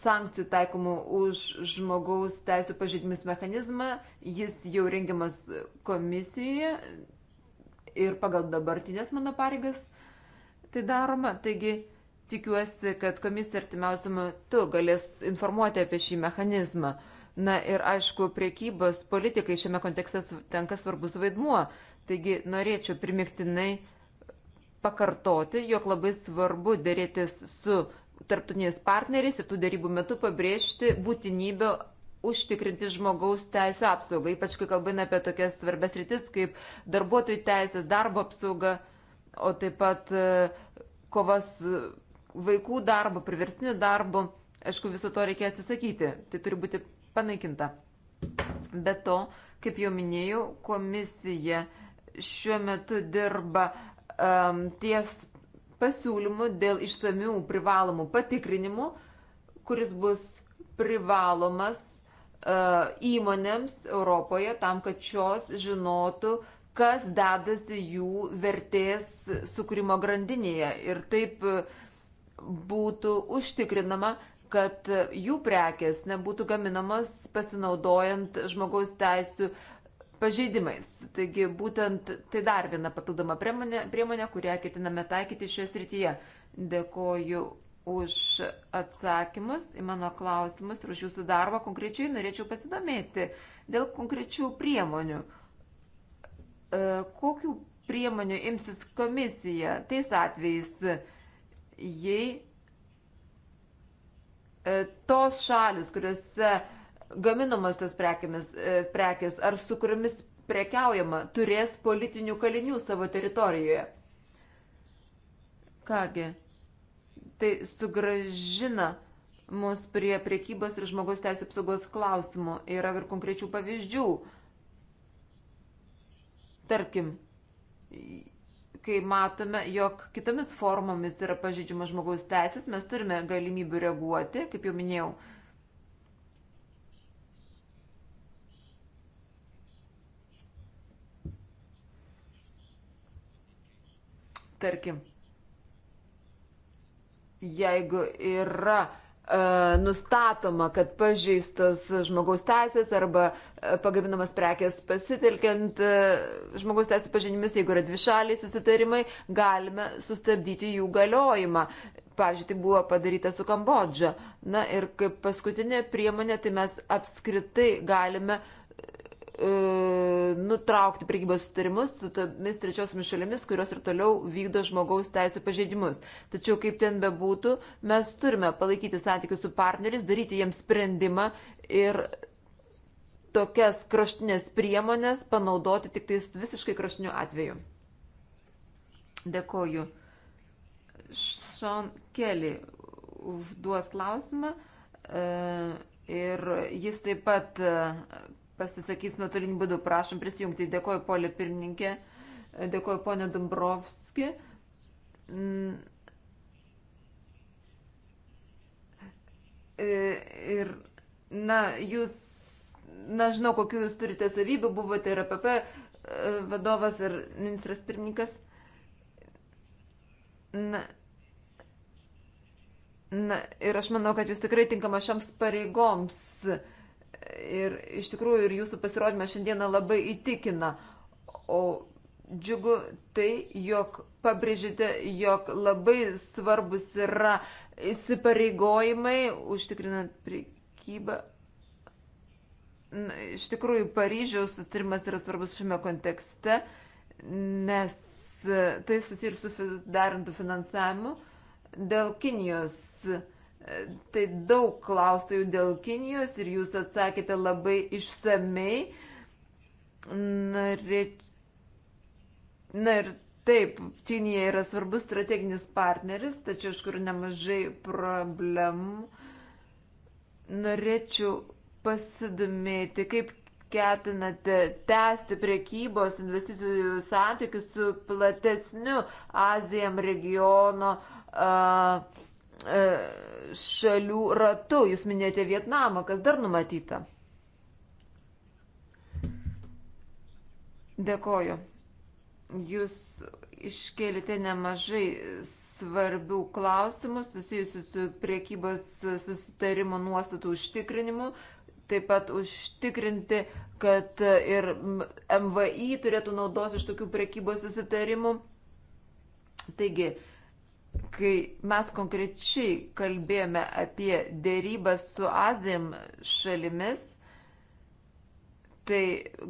sankcijų taikomų už žmogaus teisų pažeidimus mechanizmą. Jis jau rengiamas komisijoje ir pagal dabartinės mano pareigas tai daroma. Taigi tikiuosi, kad komisija artimiausiu metu galės informuoti apie šį mechanizmą. Na ir aišku, priekybos politikai šiame kontekste tenka svarbus vaidmuo. Taigi norėčiau primiktinai pakartoti, jog labai svarbu dėrėtis su tarptautiniais partneriais ir tų dėrybų metu pabrėžti būtinybę užtikrinti žmogaus teisų apsaugą, ypač kai kalbame apie tokias svarbes rytis kaip darbuotojų teisės, darbo apsauga, o taip pat e, kovas e, vaikų darbo, priverstinių darbo. Aišku, viso to reikia atsisakyti, tai turi būti panaikinta. Be to, kaip jau minėjau, komisija šiuo metu dirba um, ties pasiūlymu dėl išsamių privalomų patikrinimų, kuris bus privalomas E, įmonėms Europoje tam, kad šios žinotų, kas dedasi jų vertės sukūrimo grandinėje. Ir taip e, būtų užtikrinama, kad jų prekės nebūtų gaminamos pasinaudojant žmogaus teisų pažeidimais. Taigi būtent tai dar viena papildoma priemonė, priemonė kurią ketiname taikyti šioje srityje. Dėkoju už atsakymus į mano klausimus ir už jūsų darbą. Konkrečiai norėčiau pasidomėti dėl konkrečių priemonių. E, kokių priemonių imsis komisija tais atvejais, jei e, tos šalis, kuriuose gaminamas tos prekėmis, e, prekės ar su kuriomis prekiaujama, turės politinių kalinių savo teritorijoje. Kągi, Tai sugražina mus prie priekybos ir žmogaus teisų apsaugos klausimų. Yra ir konkrečių pavyzdžių. Tarkim, kai matome, jog kitomis formomis yra pažydžiamas žmogaus teisės, mes turime galimybių reaguoti, kaip jau minėjau. Tarkim, jeigu yra e, nustatoma, kad pažeistos žmogaus teisės arba e, pagaminamas prekės pasitelkiant e, žmogaus teisės pažinimis, jeigu yra dvišaliai susitarimai, galime sustabdyti jų galiojimą. Pavyzdžiui, tai buvo padaryta su Kambodža. Na ir kaip paskutinė priemonė, tai mes apskritai galime uh, E, nutraukti prekybos sutarimus su tomis trečiosiomis šalimis, kurios ir toliau vykdo žmogaus teisų pažeidimus. Tačiau, kaip ten bebūtų, mes turime palaikyti santykius su partneriais, daryti jiems sprendimą ir tokias kraštinės priemonės panaudoti tik tais visiškai kraštiniu atveju. Dėkoju. Šon Keli užduos klausimą e, ir jis taip pat e, pasisakys nuotoliniu būdu. Prašom prisijungti. Dėkoju, polė pirmininkė. Dėkoju, ponė Dombrovski. Mm. Ir, na, jūs, na, žinau, kokiu jūs turite savybių, buvote ir APP e, vadovas ir ministras pirmininkas. Na, na, ir aš manau, kad jūs tikrai tinkama šioms pareigoms. Uh, Ir iš tikrųjų ir jūsų pasirodymas šiandieną labai įtikina. O džiugu tai, jog pabrėžite, jog labai svarbus yra įsipareigojimai užtikrinant priekybą. Na, iš tikrųjų, Paryžiaus sustarimas yra svarbus šiame kontekste, nes e, tai susijęs su darintų finansavimu dėl Kinijos. Uh, Tai daug klausiau dėl Kinijos ir jūs atsakėte labai išsamei. Norė... Na ir taip, Kinija yra svarbus strateginis partneris, tačiau iš kur nemažai problemų. Norėčiau pasidomėti, kaip ketinate tęsti priekybos investicijų santykius su platesniu Azijam regiono uh, E, šalių ratu. Jūs minėjote Vietnamą, kas dar numatyta? Dėkoju. Jūs iškėlite nemažai svarbių klausimų susijusių su priekybos susitarimo nuostatų užtikrinimu, taip pat užtikrinti, kad ir MVI turėtų naudos iš tokių priekybos susitarimų. Taigi, uh, kai mes konkrečiai kalbėjome apie dėrybas su Azijam šalimis, tai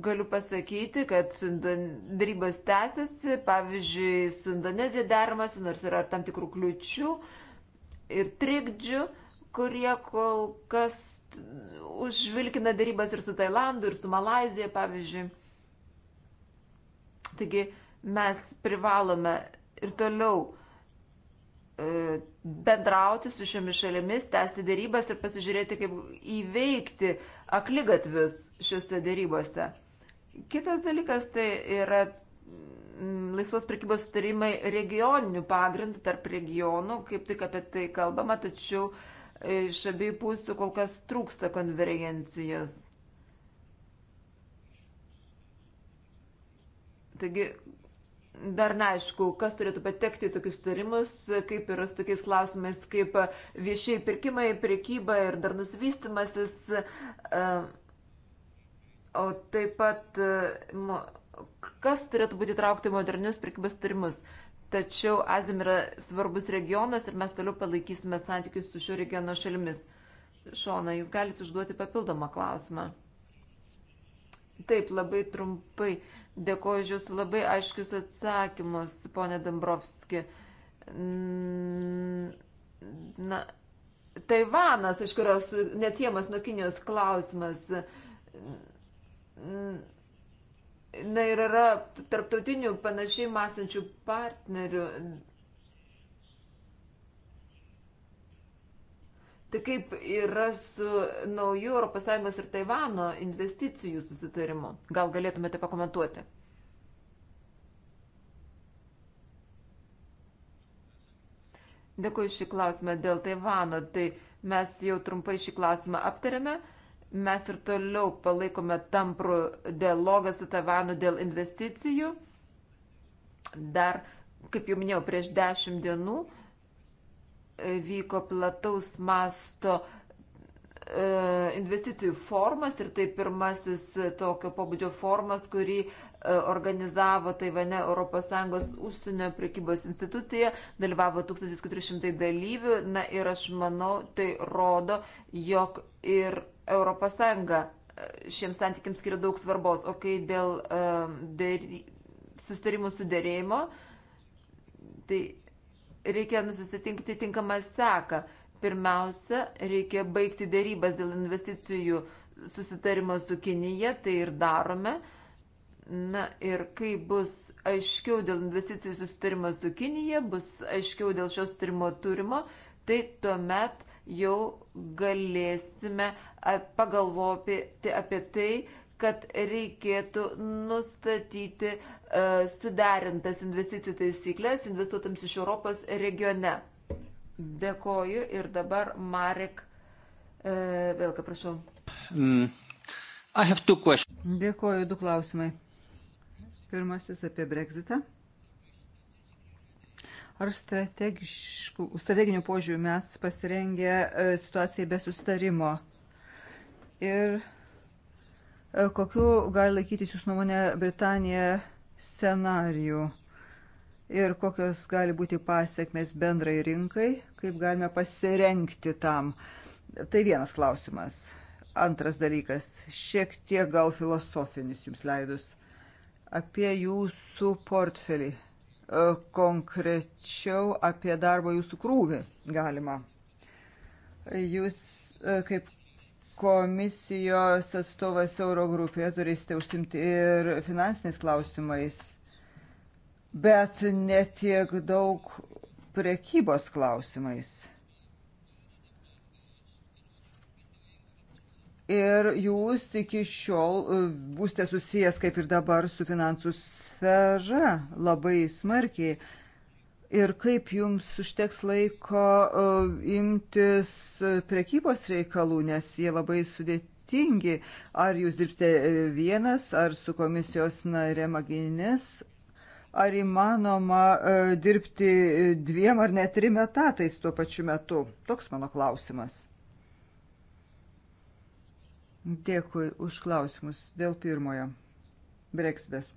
galiu pasakyti, kad dėrybos tęsiasi, pavyzdžiui, su Indonezija deramasi, nors yra tam tikrų kliučių ir trikdžių, kurie kol kas užvilkina dėrybas ir su Tailandu, ir su Malazija, pavyzdžiui. Taigi mes privalome ir toliau E, bendrauti su šiomis šalimis, tęsti dėrybas ir pasižiūrėti, kaip įveikti aklygatvius šiuose dėrybose. Kitas dalykas tai yra mm, laisvos prekybos sutarimai regioninių pagrindų tarp regionų, kaip tik apie tai kalbama, tačiau iš abiejų pusių kol kas trūksta konvergencijos. Taigi dar neaišku, kas turėtų patekti į tokius tarimus, kaip yra su tokiais klausimais, kaip viešiai pirkimai, priekyba ir dar nusvystimasis. E, o taip pat, e, kas turėtų būti traukti į modernius priekybos tarimus. Tačiau Azim yra svarbus regionas ir mes toliau palaikysime santykius su šio regiono šalimis. Šona, jūs galite užduoti papildomą klausimą. Taip, labai trumpai. Uh, Dėkoju už jūsų labai aiškius atsakymus, ponė Dambrovski. Na, Taivanas, iš kurio neatsiemas nuo Kinijos klausimas. Na ir yra tarptautinių panašiai mąstančių partnerių Tai kaip yra su nauju ES ir Taivano investicijų susitarimu? Gal galėtumėte pakomentuoti? Dėkui šį klausimą dėl Taivano. Tai mes jau trumpai šį klausimą aptarėme. Mes ir toliau palaikome tamprų dialogą su Taivanu dėl investicijų. Dar, kaip jau minėjau, prieš dešimt dienų uh, vyko plataus masto e, investicijų formas ir tai pirmasis tokio pobūdžio formas, kurį e, organizavo Taivane ES užsienio prekybos institucija, dalyvavo 1400 dalyvių, na ir aš manau, tai rodo, jog ir ES e, šiems santykiams skiria daug svarbos, o kai dėl um, sustarimų sudėrėjimo, tai reikia nusisitinkti tinkamą seką. Pirmiausia, reikia baigti dėrybas dėl investicijų susitarimo su Kinija, tai ir darome. Na ir kai bus aiškiau dėl investicijų susitarimo su Kinija, bus aiškiau dėl šio susitarimo turimo, tai tuomet jau galėsime pagalvoti apie tai, kad reikėtų nustatyti E, suderintas investicijų taisyklės investuotams iš Europos regione. Dėkoju ir dabar Marek e, Vėlka, prašau. Mm. Dėkoju, du klausimai. Pirmasis apie Brexitą. Ar strateginių požiūrių mes pasirengę e, situacijai be sustarimo? Ir kokiu gali laikytis jūs nuomonė Britanija scenarijų ir kokios gali būti pasiekmes bendrai rinkai, kaip galime pasirenkti tam. Tai vienas klausimas. Antras dalykas, šiek tiek gal filosofinis jums leidus, apie jūsų portfelį, e, konkrečiau apie darbo jūsų krūvį galima. Jūs e, kaip komisijos atstovas Eurogrupėje turėsite užsimti ir finansiniais klausimais, bet netiek daug prekybos klausimais. Ir jūs iki šiol e, būsite susijęs, kaip ir dabar, su finansų sfera labai smarkiai ir kaip jums užteks laiko e, imtis prekybos reikalų, nes jie labai sudėtingi. Ar jūs dirbsite e, vienas, ar su komisijos nare Maginis, ar įmanoma e, dirbti dviem ar net trim etatais tuo pačiu metu? Toks mano klausimas. Dėkui už klausimus dėl pirmojo. Brexitas.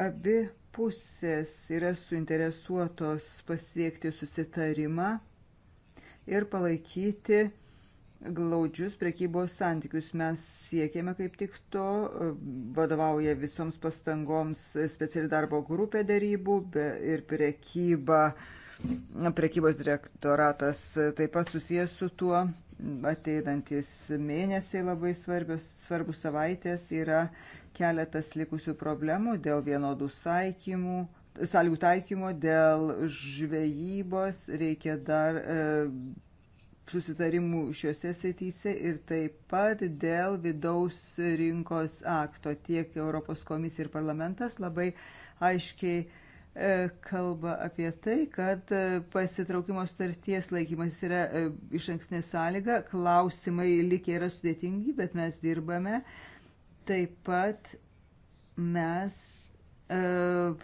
Abi pusės yra suinteresuotos pasiekti susitarimą ir palaikyti glaudžius prekybos santykius. Mes siekėme kaip tik to, vadovauja visoms pastangoms speciali darbo grupė darybų ir prekyba. Prekybos direktoratas taip pat susijęs su tuo, ateinantis mėnesiai labai svarbios, svarbus savaitės yra keletas likusių problemų dėl vienodų saikymų, sąlygų taikymo, dėl žvejybos, reikia dar e, susitarimų šiuose srityse ir taip pat dėl vidaus rinkos akto. Tiek Europos komisija ir parlamentas labai aiškiai e, kalba apie tai, kad e, pasitraukimo sutarties laikymas yra e, iš ankstinė sąlyga, klausimai likę yra sudėtingi, bet mes dirbame. E, Taip pat mes e,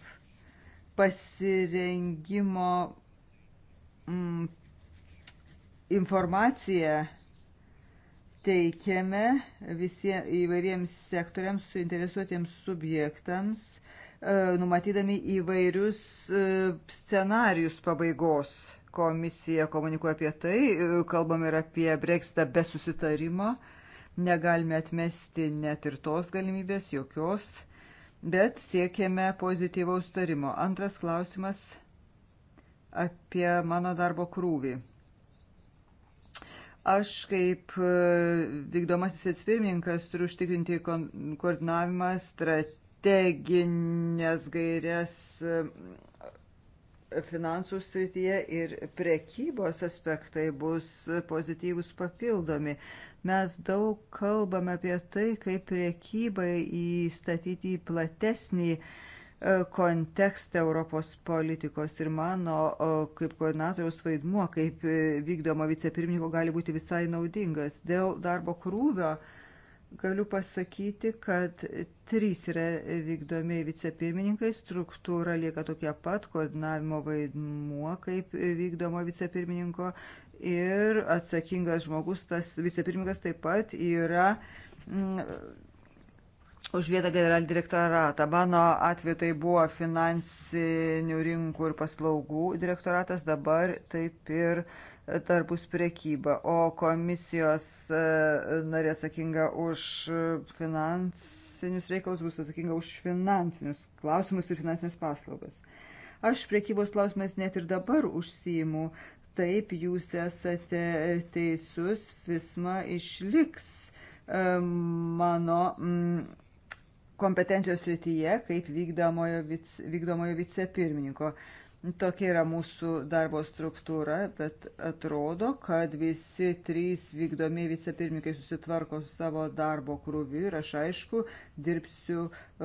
pasirengimo m, mm, informaciją teikiame visiems įvairiems sektoriams suinteresuotiems subjektams, e, numatydami įvairius e, scenarius pabaigos. Komisija komunikuoja apie tai, e, kalbam ir apie breksitą be susitarimo negalime atmesti net ir tos galimybės, jokios, bet siekėme pozityvaus tarimo. Antras klausimas apie mano darbo krūvį. Aš kaip e, vykdomasis atspirmininkas turiu užtikrinti koordinavimą, strateginės gairias e, finansų srityje ir prekybos aspektai bus pozityvus papildomi. Mes daug kalbame apie tai, kaip priekybą įstatyti į platesnį e, kontekstą Europos politikos ir mano e, kaip koordinatoriaus vaidmuo, kaip e, vykdomo vicepirmininko, gali būti visai naudingas. Dėl darbo krūvio galiu pasakyti, kad trys yra vykdomi vicepirmininkai, struktūra lieka tokia pat, koordinavimo vaidmuo kaip vykdomo vicepirmininko ir atsakingas žmogus, tas vicepirmininkas taip pat yra mm, už vietą generalinį direktoratą. Mano atveju tai buvo finansinių rinkų ir paslaugų direktoratas, dabar taip ir tarpus prekyba, o komisijos e, narė atsakinga už finansinius reikalus bus atsakinga už finansinius klausimus ir finansinės paslaugas. Aš priekybos klausimais net ir dabar užsijimu, Taip, jūs esate teisus, FISMA išliks mano kompetencijos rytyje kaip vykdomojo, vice, vykdomojo vicepirmininko. Tokia yra mūsų darbo struktūra, bet atrodo, kad visi trys vykdomi vicepirmininkai susitvarko su savo darbo krūviu ir aš aišku dirbsiu uh,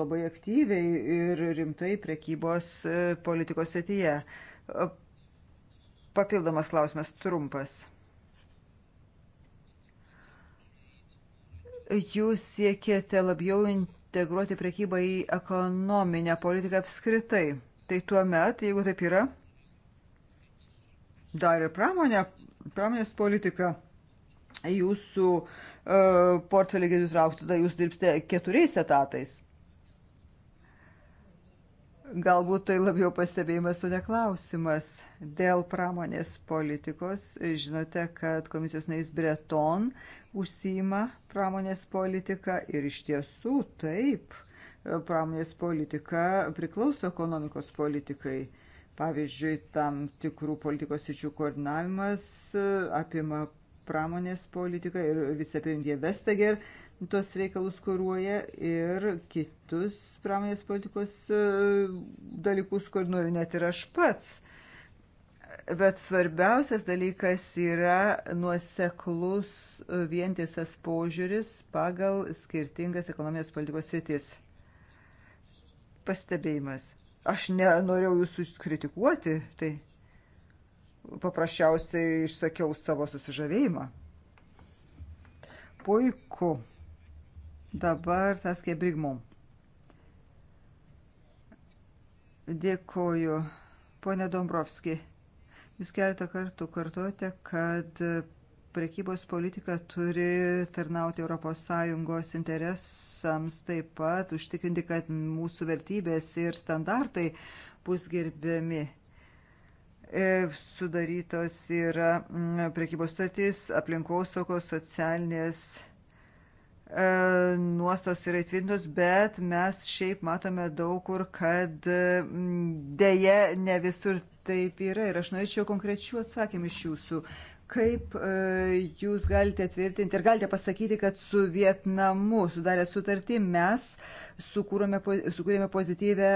labai aktyviai ir rimtai prekybos uh, politikos setyje. Uh, Papildomas klausimas trumpas. Jūs siekėte labiau integruoti prekybą į ekonominę politiką apskritai. Tai tuo met, jeigu taip yra, dar ir pramonė, pramonės politika jūsų uh, portfelį gėdžių traukti, tada jūs dirbsite keturiais etatais. Galbūt tai labiau pastebėjimas, o ne klausimas. Dėl pramonės politikos žinote, kad komisijos narys Breton užsima pramonės politiką ir iš tiesų taip, pramonės politika priklauso ekonomikos politikai. Pavyzdžiui, tam tikrų politikos sičių koordinavimas e, apima pramonės politiką ir vicepirmininkė Vestager tos reikalus koruoja ir kitus pramonės politikos e, dalykus koordinuoju net ir aš pats. Bet svarbiausias dalykas yra nuoseklus e, vientisas požiūris pagal skirtingas ekonomijos politikos sritis. Pastebėjimas. Aš nenorėjau jūsų kritikuoti, tai paprasčiausiai išsakiau savo susižavėjimą. Puiku. Dabar Saskė Brigmum. Dėkoju. Pone Dombrovski, jūs keletą kartų kartuote, kad prekybos politika turi tarnauti ES interesams, taip pat užtikrinti, kad mūsų vertybės ir standartai bus gerbiami e, sudarytos yra prekybos statys, aplinkosaugos, socialinės E, nuostos yra įtvirtintos, bet mes šiaip matome daug kur, kad dėje ne visur taip yra. Ir aš norėčiau konkrečių atsakymų iš jūsų. Kaip e, jūs galite tvirtinti ir galite pasakyti, kad su Vietnamu sudarę sutartį mes sukūrėme, sukūrėme pozityvę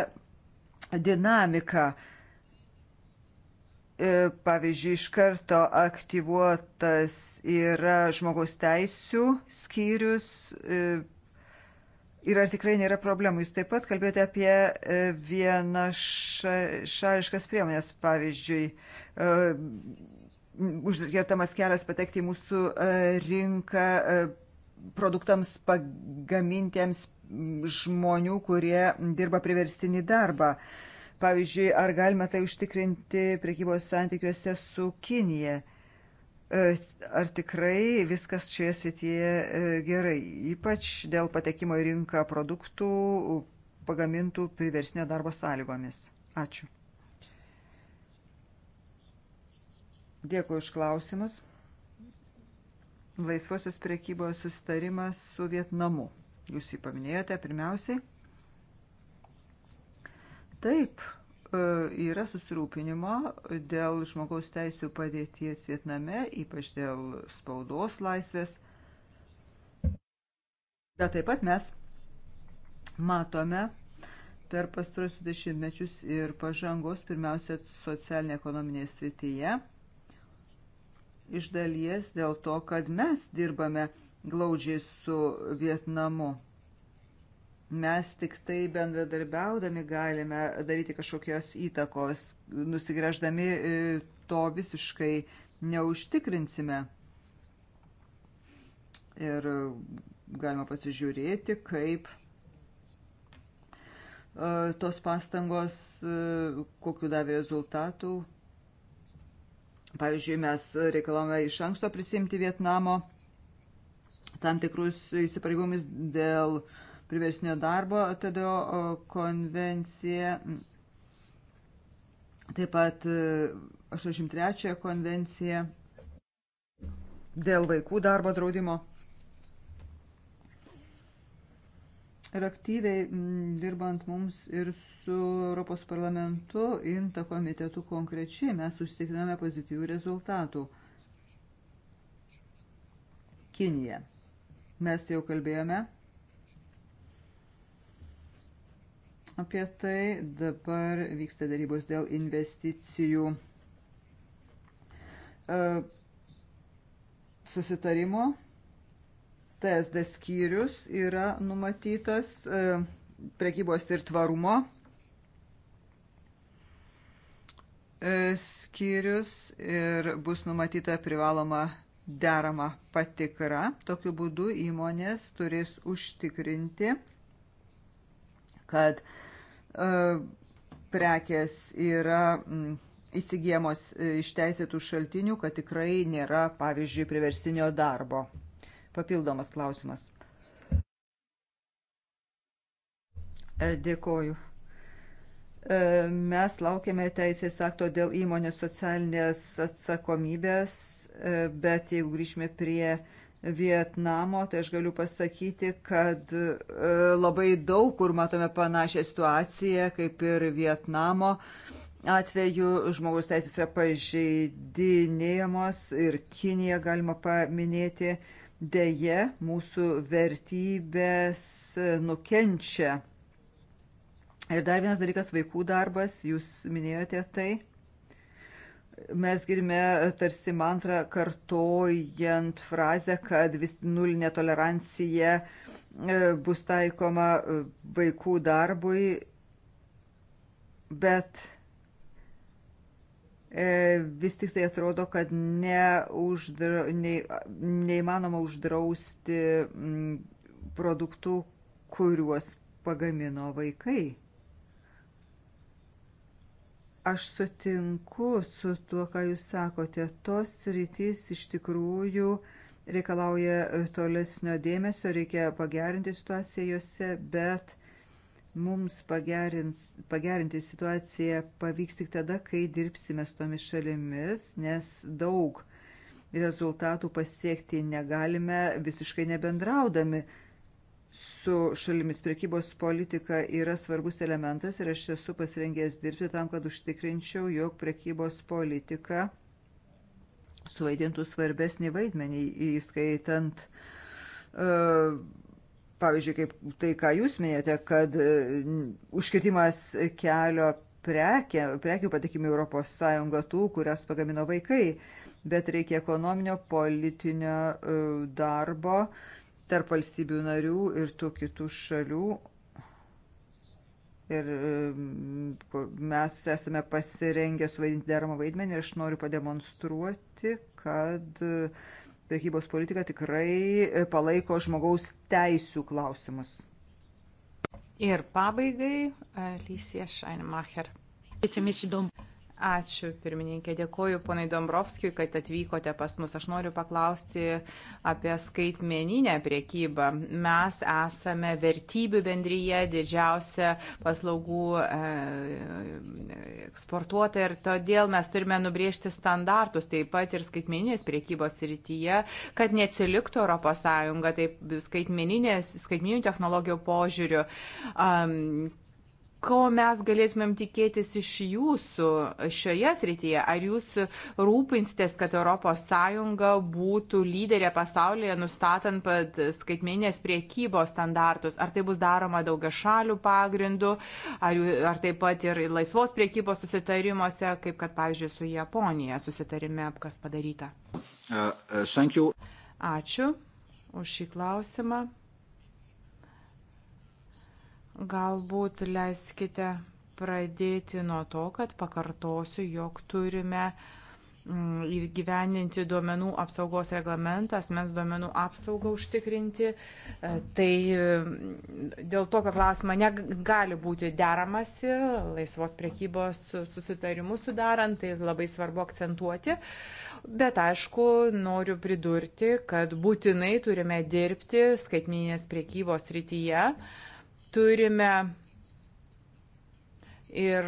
dinamiką. Uh, E, pavyzdžiui, iš karto aktyvuotas yra žmogaus teisų skyrius. E, ir ar tikrai nėra problemų? Jūs taip pat kalbėjote apie e, vieną šališkas priemonės, pavyzdžiui, užgertamas kelias patekti į mūsų rinką produktams pagamintiems žmonių, kurie dirba priverstinį darbą. Uh, Pavyzdžiui, ar galima tai užtikrinti prekybos santykiuose su Kinija? E, ar tikrai viskas šioje srityje e, gerai, ypač dėl patekimo į rinką produktų pagamintų priversinio darbo sąlygomis? Ačiū. Dėkui už klausimus. Laisvosios priekybos sustarimas su Vietnamu. Jūs jį paminėjote pirmiausiai. Taip, e, yra susirūpinimo dėl žmogaus teisų padėties Vietname, ypač dėl spaudos laisvės. Bet taip pat mes matome per pastarosius dešimtmečius ir pažangos, pirmiausia, socialinė ekonominė srityje. Iš dalies dėl to, kad mes dirbame glaudžiai su Vietnamu. Mes tik tai bendradarbiaudami galime daryti kažkokios įtakos, nusigrėždami e, to visiškai neužtikrinsime. Ir galima pasižiūrėti, kaip e, tos pastangos, e, kokiu davė rezultatų. Pavyzdžiui, mes reikalavome iš anksto prisimti Vietnamo tam tikrus įsipareigomis dėl uh, priversnio darbo TDO konvencija, taip pat 83 e, konvencija dėl vaikų darbo draudimo. ir aktyviai dirbant mums ir su Europos parlamentu, INTA komitetu konkrečiai, mes užsitikriname pozityvių rezultatų. Kinija. Mes jau kalbėjome apie tai. Dabar vyksta darybos dėl investicijų e, susitarimo. TSD skyrius yra numatytas e, prekybos ir tvarumo e, skyrius ir bus numatyta privaloma derama patikra. Tokiu būdu įmonės turės užtikrinti, kad uh, E, prekės yra mm, įsigijamos e, iš teisėtų šaltinių, kad tikrai nėra, pavyzdžiui, priversinio darbo. Papildomas klausimas. E, dėkoju. Mes laukiame teisės akto dėl įmonės socialinės atsakomybės, bet jeigu grįžime prie Vietnamo, tai aš galiu pasakyti, kad e, labai daug kur matome panašią situaciją kaip ir Vietnamo atveju žmogaus teisės yra pažeidinėjamos ir Kinija galima paminėti. Deja, mūsų vertybės nukenčia. Ir dar vienas dalykas - vaikų darbas, jūs minėjote tai mes girime tarsi mantrą kartojant frazę, kad vis nulinė tolerancija e, bus taikoma e, vaikų darbui, bet e, vis tik tai atrodo, kad ne uždra, ne, neįmanoma uždrausti produktų, kuriuos pagamino vaikai. Aš sutinku su tuo, ką jūs sakote. Tos rytis iš tikrųjų reikalauja e, tolesnio dėmesio, reikia pagerinti situaciją juose, bet mums pagerins, pagerinti situaciją pavyks tik tada, kai dirbsime su tomis šalimis, nes daug rezultatų pasiekti negalime visiškai nebendraudami su šalimis priekybos politika yra svarbus elementas ir aš esu pasirengęs dirbti tam, kad užtikrinčiau, jog priekybos politika suvaidintų svarbesnį vaidmenį, įskaitant, e, pavyzdžiui, kaip tai, ką jūs minėjote, kad e, užkirtimas kelio prekia, prekių patikimi Europos Sąjunga tų, kurias pagamino vaikai, bet reikia ekonominio, politinio e, darbo tarp valstybių narių ir tų kitų šalių. Ir mes esame pasirengę suvaidinti deramą vaidmenį ir aš noriu pademonstruoti, kad e, prekybos politika tikrai e, palaiko žmogaus teisų klausimus. Ir pabaigai Alicija Šainmacher. Ačiū, pirmininkė. Dėkoju ponai Dombrovskijui, kad atvykote pas mus. Aš noriu paklausti apie skaitmeninę priekybą. Mes esame vertybių bendryje, didžiausia paslaugų e, eksportuotoja ir todėl mes turime nubriežti standartus taip pat ir skaitmeninės priekybos rytyje, kad neatsiliktų ES taip skaitmeninių technologijų požiūrių. Um, ko mes galėtumėm tikėtis iš jūsų šioje srityje? Ar jūs rūpinsitės, kad ES būtų lyderė pasaulyje, nustatant pat skaitmeninės priekybos standartus? Ar tai bus daroma daugia šalių pagrindų, ar, ar taip pat ir laisvos priekybos susitarimuose, kaip kad, pavyzdžiui, su Japonija susitarime, kas padaryta? Uh, uh, Ačiū už šį klausimą. Galbūt leiskite pradėti nuo to, kad pakartosiu, jog turime mm, įgyveninti duomenų apsaugos reglamentą, asmens duomenų apsaugą užtikrinti. E, tai mm, dėl tokio klausimo negali būti deramasi laisvos priekybos susitarimus sudarant, tai labai svarbu akcentuoti. Bet aišku, noriu pridurti, kad būtinai turime dirbti skaitminės priekybos rytyje Turime ir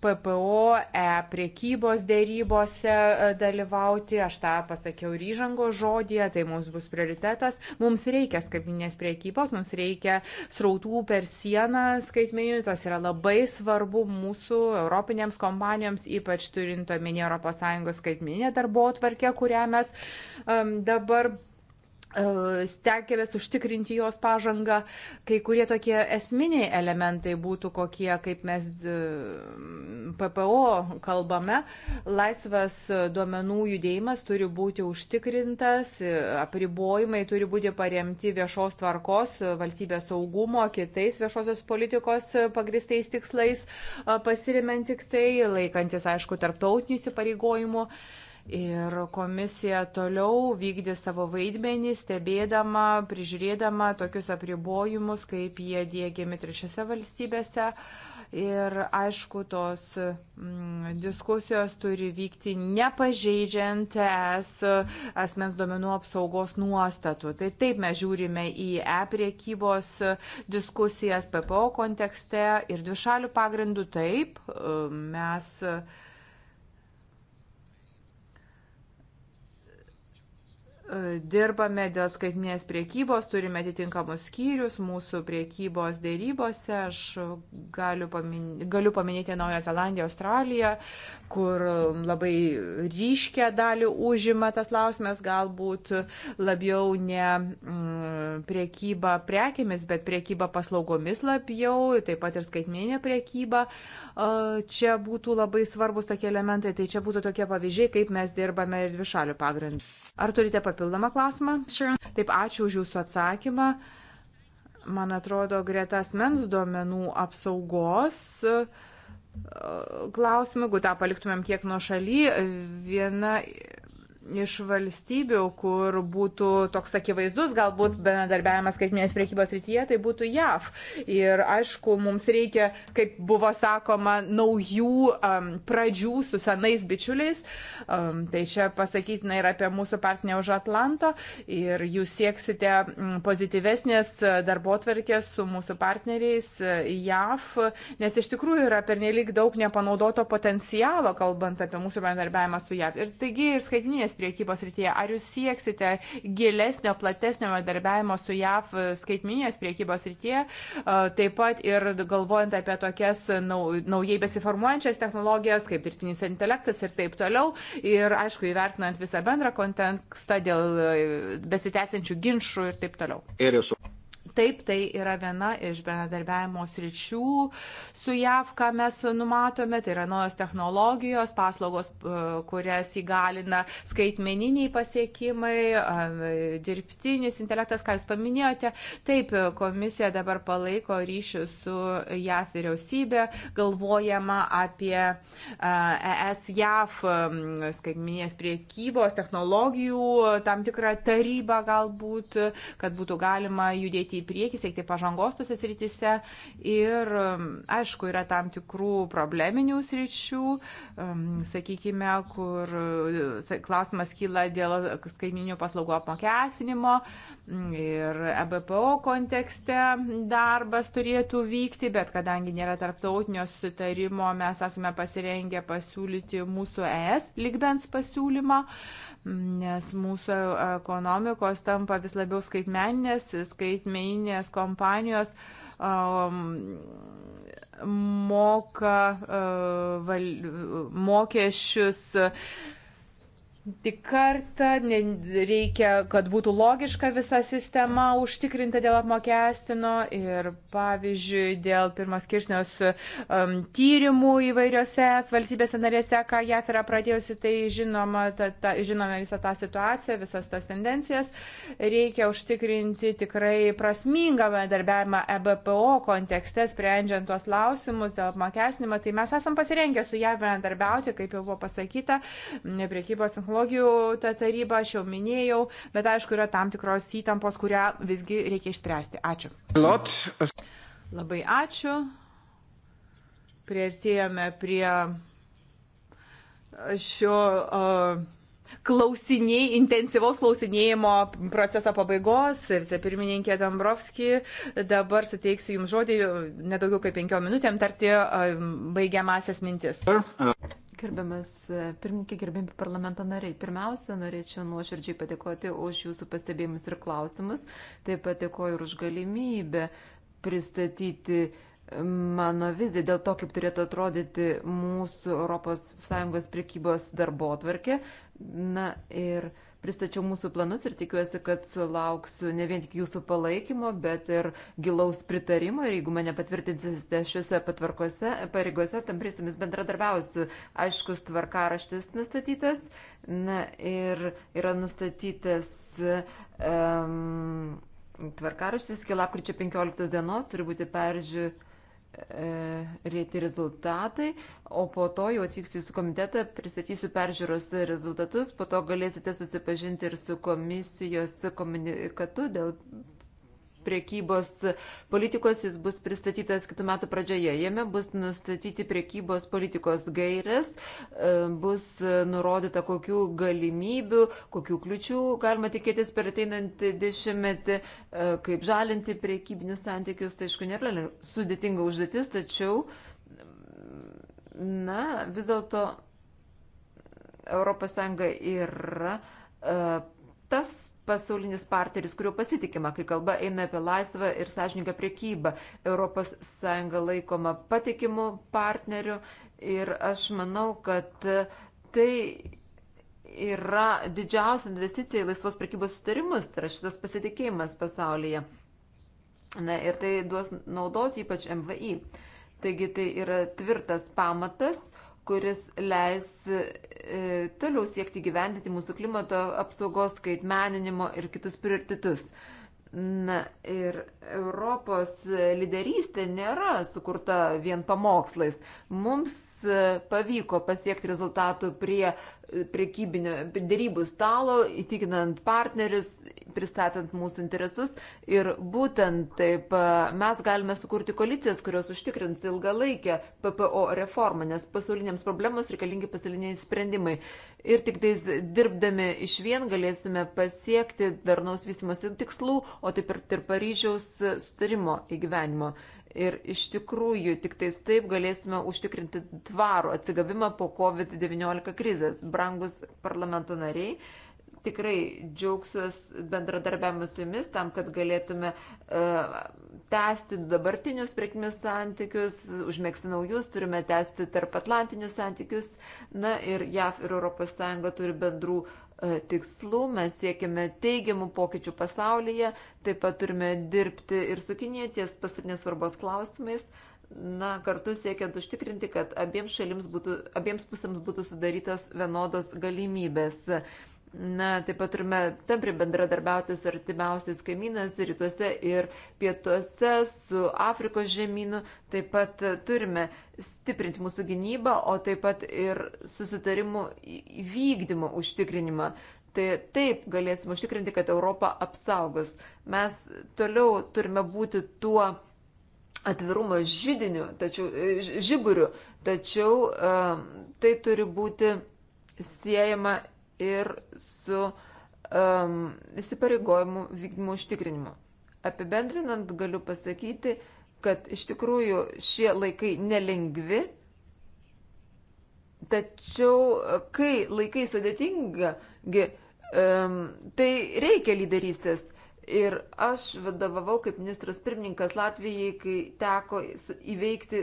PPO e priekybos dėrybose dalyvauti. Aš tą pasakiau ir įžango žodėje, tai mums bus prioritetas. Mums reikia skaitminės priekybos, mums reikia srautų per sieną skaitmeninių, tos yra labai svarbu mūsų europinėms kompanijoms, ypač turint omeny ES skaitmeninę darbo atvarkę, kurią mes um, dabar E, stengiamės užtikrinti jos pažangą. Kai kurie tokie esminiai elementai būtų kokie, kaip mes e, PPO kalbame, laisvas duomenų judėjimas turi būti užtikrintas, e, apribojimai turi būti paremti viešos tvarkos, valstybės saugumo, kitais viešosios politikos pagristais tikslais, pasirimant tik tai, laikantis, aišku, tarptautinių įsipareigojimų. Uh, Ir komisija toliau vykdys savo vaidmenį, stebėdama, prižiūrėdama tokius apribojimus, kaip jie dėgiami trečiose valstybėse. Ir aišku, tos mm, diskusijos turi vykti nepažeidžiant es asmens duomenų apsaugos nuostatų. Tai taip mes žiūrime į e-priekybos diskusijas PPO kontekste ir dvišalių pagrindų taip mes. Mm, dirbame dėl skaitminės priekybos, turime atitinkamus skyrius mūsų priekybos dėrybose. Aš galiu, pamin galiu paminėti Naują Zelandiją, Australiją, kur labai ryškę dalį užima tas lausmės, galbūt labiau ne m, mm, priekyba prekėmis, bet priekyba paslaugomis labiau, taip pat ir skaitminė priekyba. Čia būtų labai svarbus tokie elementai, tai čia būtų tokie pavyzdžiai, kaip mes dirbame ir dvišalių pagrindų. Ar turite papildyti? papildomą klausimą? Taip, ačiū už Jūsų atsakymą. Man atrodo, greta asmens duomenų apsaugos e, klausimų, jeigu tą paliktumėm kiek nuo šaly, viena iš valstybių, kur būtų toks akivaizdus galbūt bendradarbiavimas skaitminės priekybos rytyje, tai būtų JAV. Ir aišku, mums reikia, kaip buvo sakoma, naujų um, pradžių su senais bičiuliais. Um, tai čia pasakytina ir apie mūsų partnerį už Atlanto. Ir jūs sieksite pozityvesnės darbo tvarkės su mūsų partneriais e, JAV, nes iš tikrųjų yra pernelyg daug nepanaudoto potencialo, kalbant apie mūsų bendradarbiavimą su JAV. Ir taigi ir skaitinės priekybos rytyje. Ar jūs sieksite gilesnio, platesnio darbiavimo su JAV skaitminės priekybos rytyje, taip pat ir galvojant apie tokias naujai besiformuojančias technologijas, kaip dirbtinis intelektas ir taip toliau. Ir aišku, įvertinant visą bendrą kontekstą dėl e, besitęsiančių ginčių ir taip toliau. Erisu. Taip, tai yra viena iš bendradarbiavimo sričių su JAV, ką mes numatome, tai yra naujos technologijos, paslaugos, e, kurias įgalina skaitmeniniai pasiekimai, dirbtinis intelektas, ką jūs paminėjote. Taip, komisija dabar palaiko ryšių su JAV vyriausybė, galvojama apie ES JAV skaitmeninės priekybos, technologijų, tam tikrą tarybą galbūt, kad būtų galima judėti judėti į priekį, siekti pažangos tose srityse. Ir um, aišku, yra tam tikrų probleminių sričių, um, sakykime, kur uh, klausimas kyla dėl skaitmininių paslaugų apmokestinimo mm, ir EBPO kontekste darbas turėtų vykti, bet kadangi nėra tarptautinio sutarimo, mes esame pasirengę pasiūlyti mūsų ES ligmens pasiūlymą. Uh, nes mūsų ekonomikos tampa vis labiau skaitmeninės, skaitmeninės kompanijos um, moka uh, val, mokesčius. Uh, tik kartą, reikia, kad būtų logiška visa sistema užtikrinta dėl apmokestino ir, pavyzdžiui, dėl pirmos kiršnios um, tyrimų įvairiose valstybėse narėse, ką JAF yra pradėjusi, tai žinoma, ta, ta, žinome visą tą situaciją, visas tas tendencijas. Reikia užtikrinti tikrai prasmingą bendarbiavimą EBPO kontekste, sprendžiant tuos klausimus dėl apmokestinimo. Tai mes esam pasirengę su JAF bendarbiauti, kaip jau buvo pasakyta, priekybos informacijos technologijų ta taryba, aš jau minėjau, bet aišku, yra tam tikros įtampos, kurią visgi reikia išspręsti. Ačiū. Lot. Labai ačiū. Prieartėjome prie šio uh, klausiniai, intensyvaus klausinėjimo proceso pabaigos. Vicepirmininkė Dombrovski, dabar suteiksiu Jums žodį nedaugiau kaip penkiom minutėm tarti baigiamasias mintis. Uh, Gerbiamas e, pirmininkė, gerbiami parlamento nariai, pirmiausia, norėčiau nuoširdžiai padėkoti už jūsų pastebėjimus ir klausimus, taip pat dėkoju ir už galimybę pristatyti e, mano viziją dėl to, kaip turėtų atrodyti mūsų ES prekybos darbo atvarkė. Na ir uh, pristačiau mūsų planus ir tikiuosi, kad sulauksiu ne vien tik jūsų palaikymo, bet ir gilaus pritarimo. Ir jeigu mane patvirtinsite šiuose patvarkose, pareigose, tam prisimis bendradarbiausiu. Aiškus tvarkaraštis nustatytas na, ir yra nustatytas. Um, Tvarkaraštis iki lapkričio 15 dienos turi būti peržiūrėtas E, rėti rezultatai, o po to jau atvyksiu į jūsų komitetą, pristatysiu peržiūros rezultatus, po to galėsite susipažinti ir su komisijos komunikatu dėl priekybos politikos, jis bus pristatytas kitų metų pradžioje. Jame bus nustatyti priekybos politikos gairės, e, bus nurodyta, kokių galimybių, kokių kliučių galima tikėtis per ateinantį dešimtmetį, e, kaip žalinti priekybinius santykius. Tai aišku, nėra sudėtinga užduotis, tačiau, na, vis dėlto ES yra e, tas pasaulinis partneris, kuriuo pasitikima, kai kalba eina apie laisvą ir sąžininką priekybą. ES laikoma patikimu partneriu ir aš manau, kad tai yra didžiausia investicija į laisvos priekybos sutarimus, tai yra šitas pasitikėjimas pasaulyje. Na, ir tai duos naudos ypač MVI. Taigi tai yra tvirtas pamatas, uh, kuris leis e, toliau siekti gyvendyti mūsų klimato apsaugos, skaitmeninimo ir kitus prioritetus. Na ir Europos lyderystė nėra sukurta vien pamokslais. Mums e, pavyko pasiekti rezultatų prie prekybinio dėrybų stalo, įtikinant partnerius, pristatant mūsų interesus. Ir būtent taip e, mes galime sukurti koalicijas, kurios užtikrins ilgalaikę PPO reformą, nes pasaulinėms problemos reikalingi pasauliniai sprendimai. Ir tik tais dirbdami iš vien galėsime pasiekti darnaus vystimosi tikslų, o taip ir, ir Paryžiaus sutarimo įgyvenimo. Ir iš tikrųjų, tik tais taip galėsime užtikrinti tvarų atsigavimą po COVID-19 krizės. Brangus parlamento nariai, tikrai džiaugsiuos bendradarbiavimu su jumis tam, kad galėtume uh, tęsti dabartinius priekmius santykius, užmėgsti naujus, turime tęsti tarp atlantinius santykius. Na ir JAV ir ES turi bendrų uh, E, tikslų, mes siekime teigiamų pokyčių pasaulyje, taip pat turime dirbti ir su Kinėje ties pasaulinės svarbos klausimais, na, kartu siekiant užtikrinti, kad abiems, šalims būtų, abiems pusėms būtų sudarytos vienodos galimybės. Na, taip pat turime tampriai bendradarbiauti su artimiausiais kaimynas rytuose ir pietuose, su Afrikos žemynu. Taip pat turime stiprinti mūsų gynybą, o taip pat ir susitarimų vykdymo užtikrinimą. Tai taip galėsime užtikrinti, kad Europą apsaugos. Mes toliau turime būti tuo atvirumo žydiniu, tačiau, žiburiu, tačiau e, tai turi būti siejama ir su um, įsipareigojimu vykdymu užtikrinimu. Apibendrinant galiu pasakyti, kad iš tikrųjų šie laikai nelengvi, tačiau kai laikai sudėtinga, um, tai reikia lyderystės. Ir aš vadovavau kaip ministras pirmininkas Latvijai, kai teko įveikti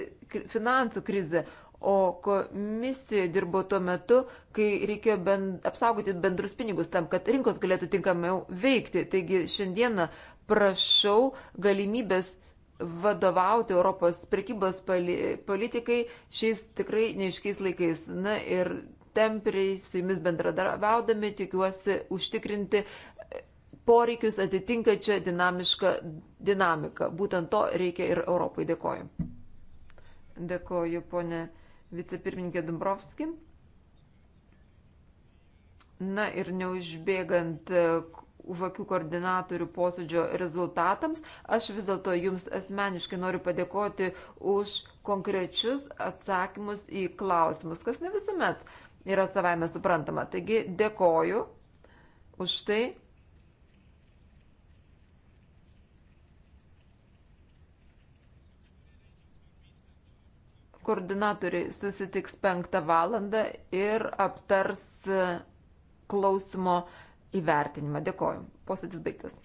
finansų krizę, O komisijoje dirbo tuo metu, kai reikėjo bend, apsaugoti bendrus pinigus tam, kad rinkos galėtų tinkamiau veikti. Taigi šiandieną prašau galimybės vadovauti Europos prekybos politikai šiais tikrai neiškiais laikais. Na ir tempriai su jumis bendradarbiaudami tikiuosi užtikrinti poreikius atitinkačią dinamišką dinamiką. Būtent to reikia ir Europai. Dėkoju. Dėkoju, ponė vicepirmininkė Dombrovski. Na ir neužbėgant e, už akių koordinatorių posėdžio rezultatams, aš vis dėlto jums asmeniškai noriu padėkoti už konkrečius atsakymus į klausimus, kas ne visuomet yra savaime suprantama. Taigi dėkoju už tai, Koordinatoriai susitiks 5 valandą ir aptars e, klausimo įvertinimą. Dėkoju. Posėdis baigtas.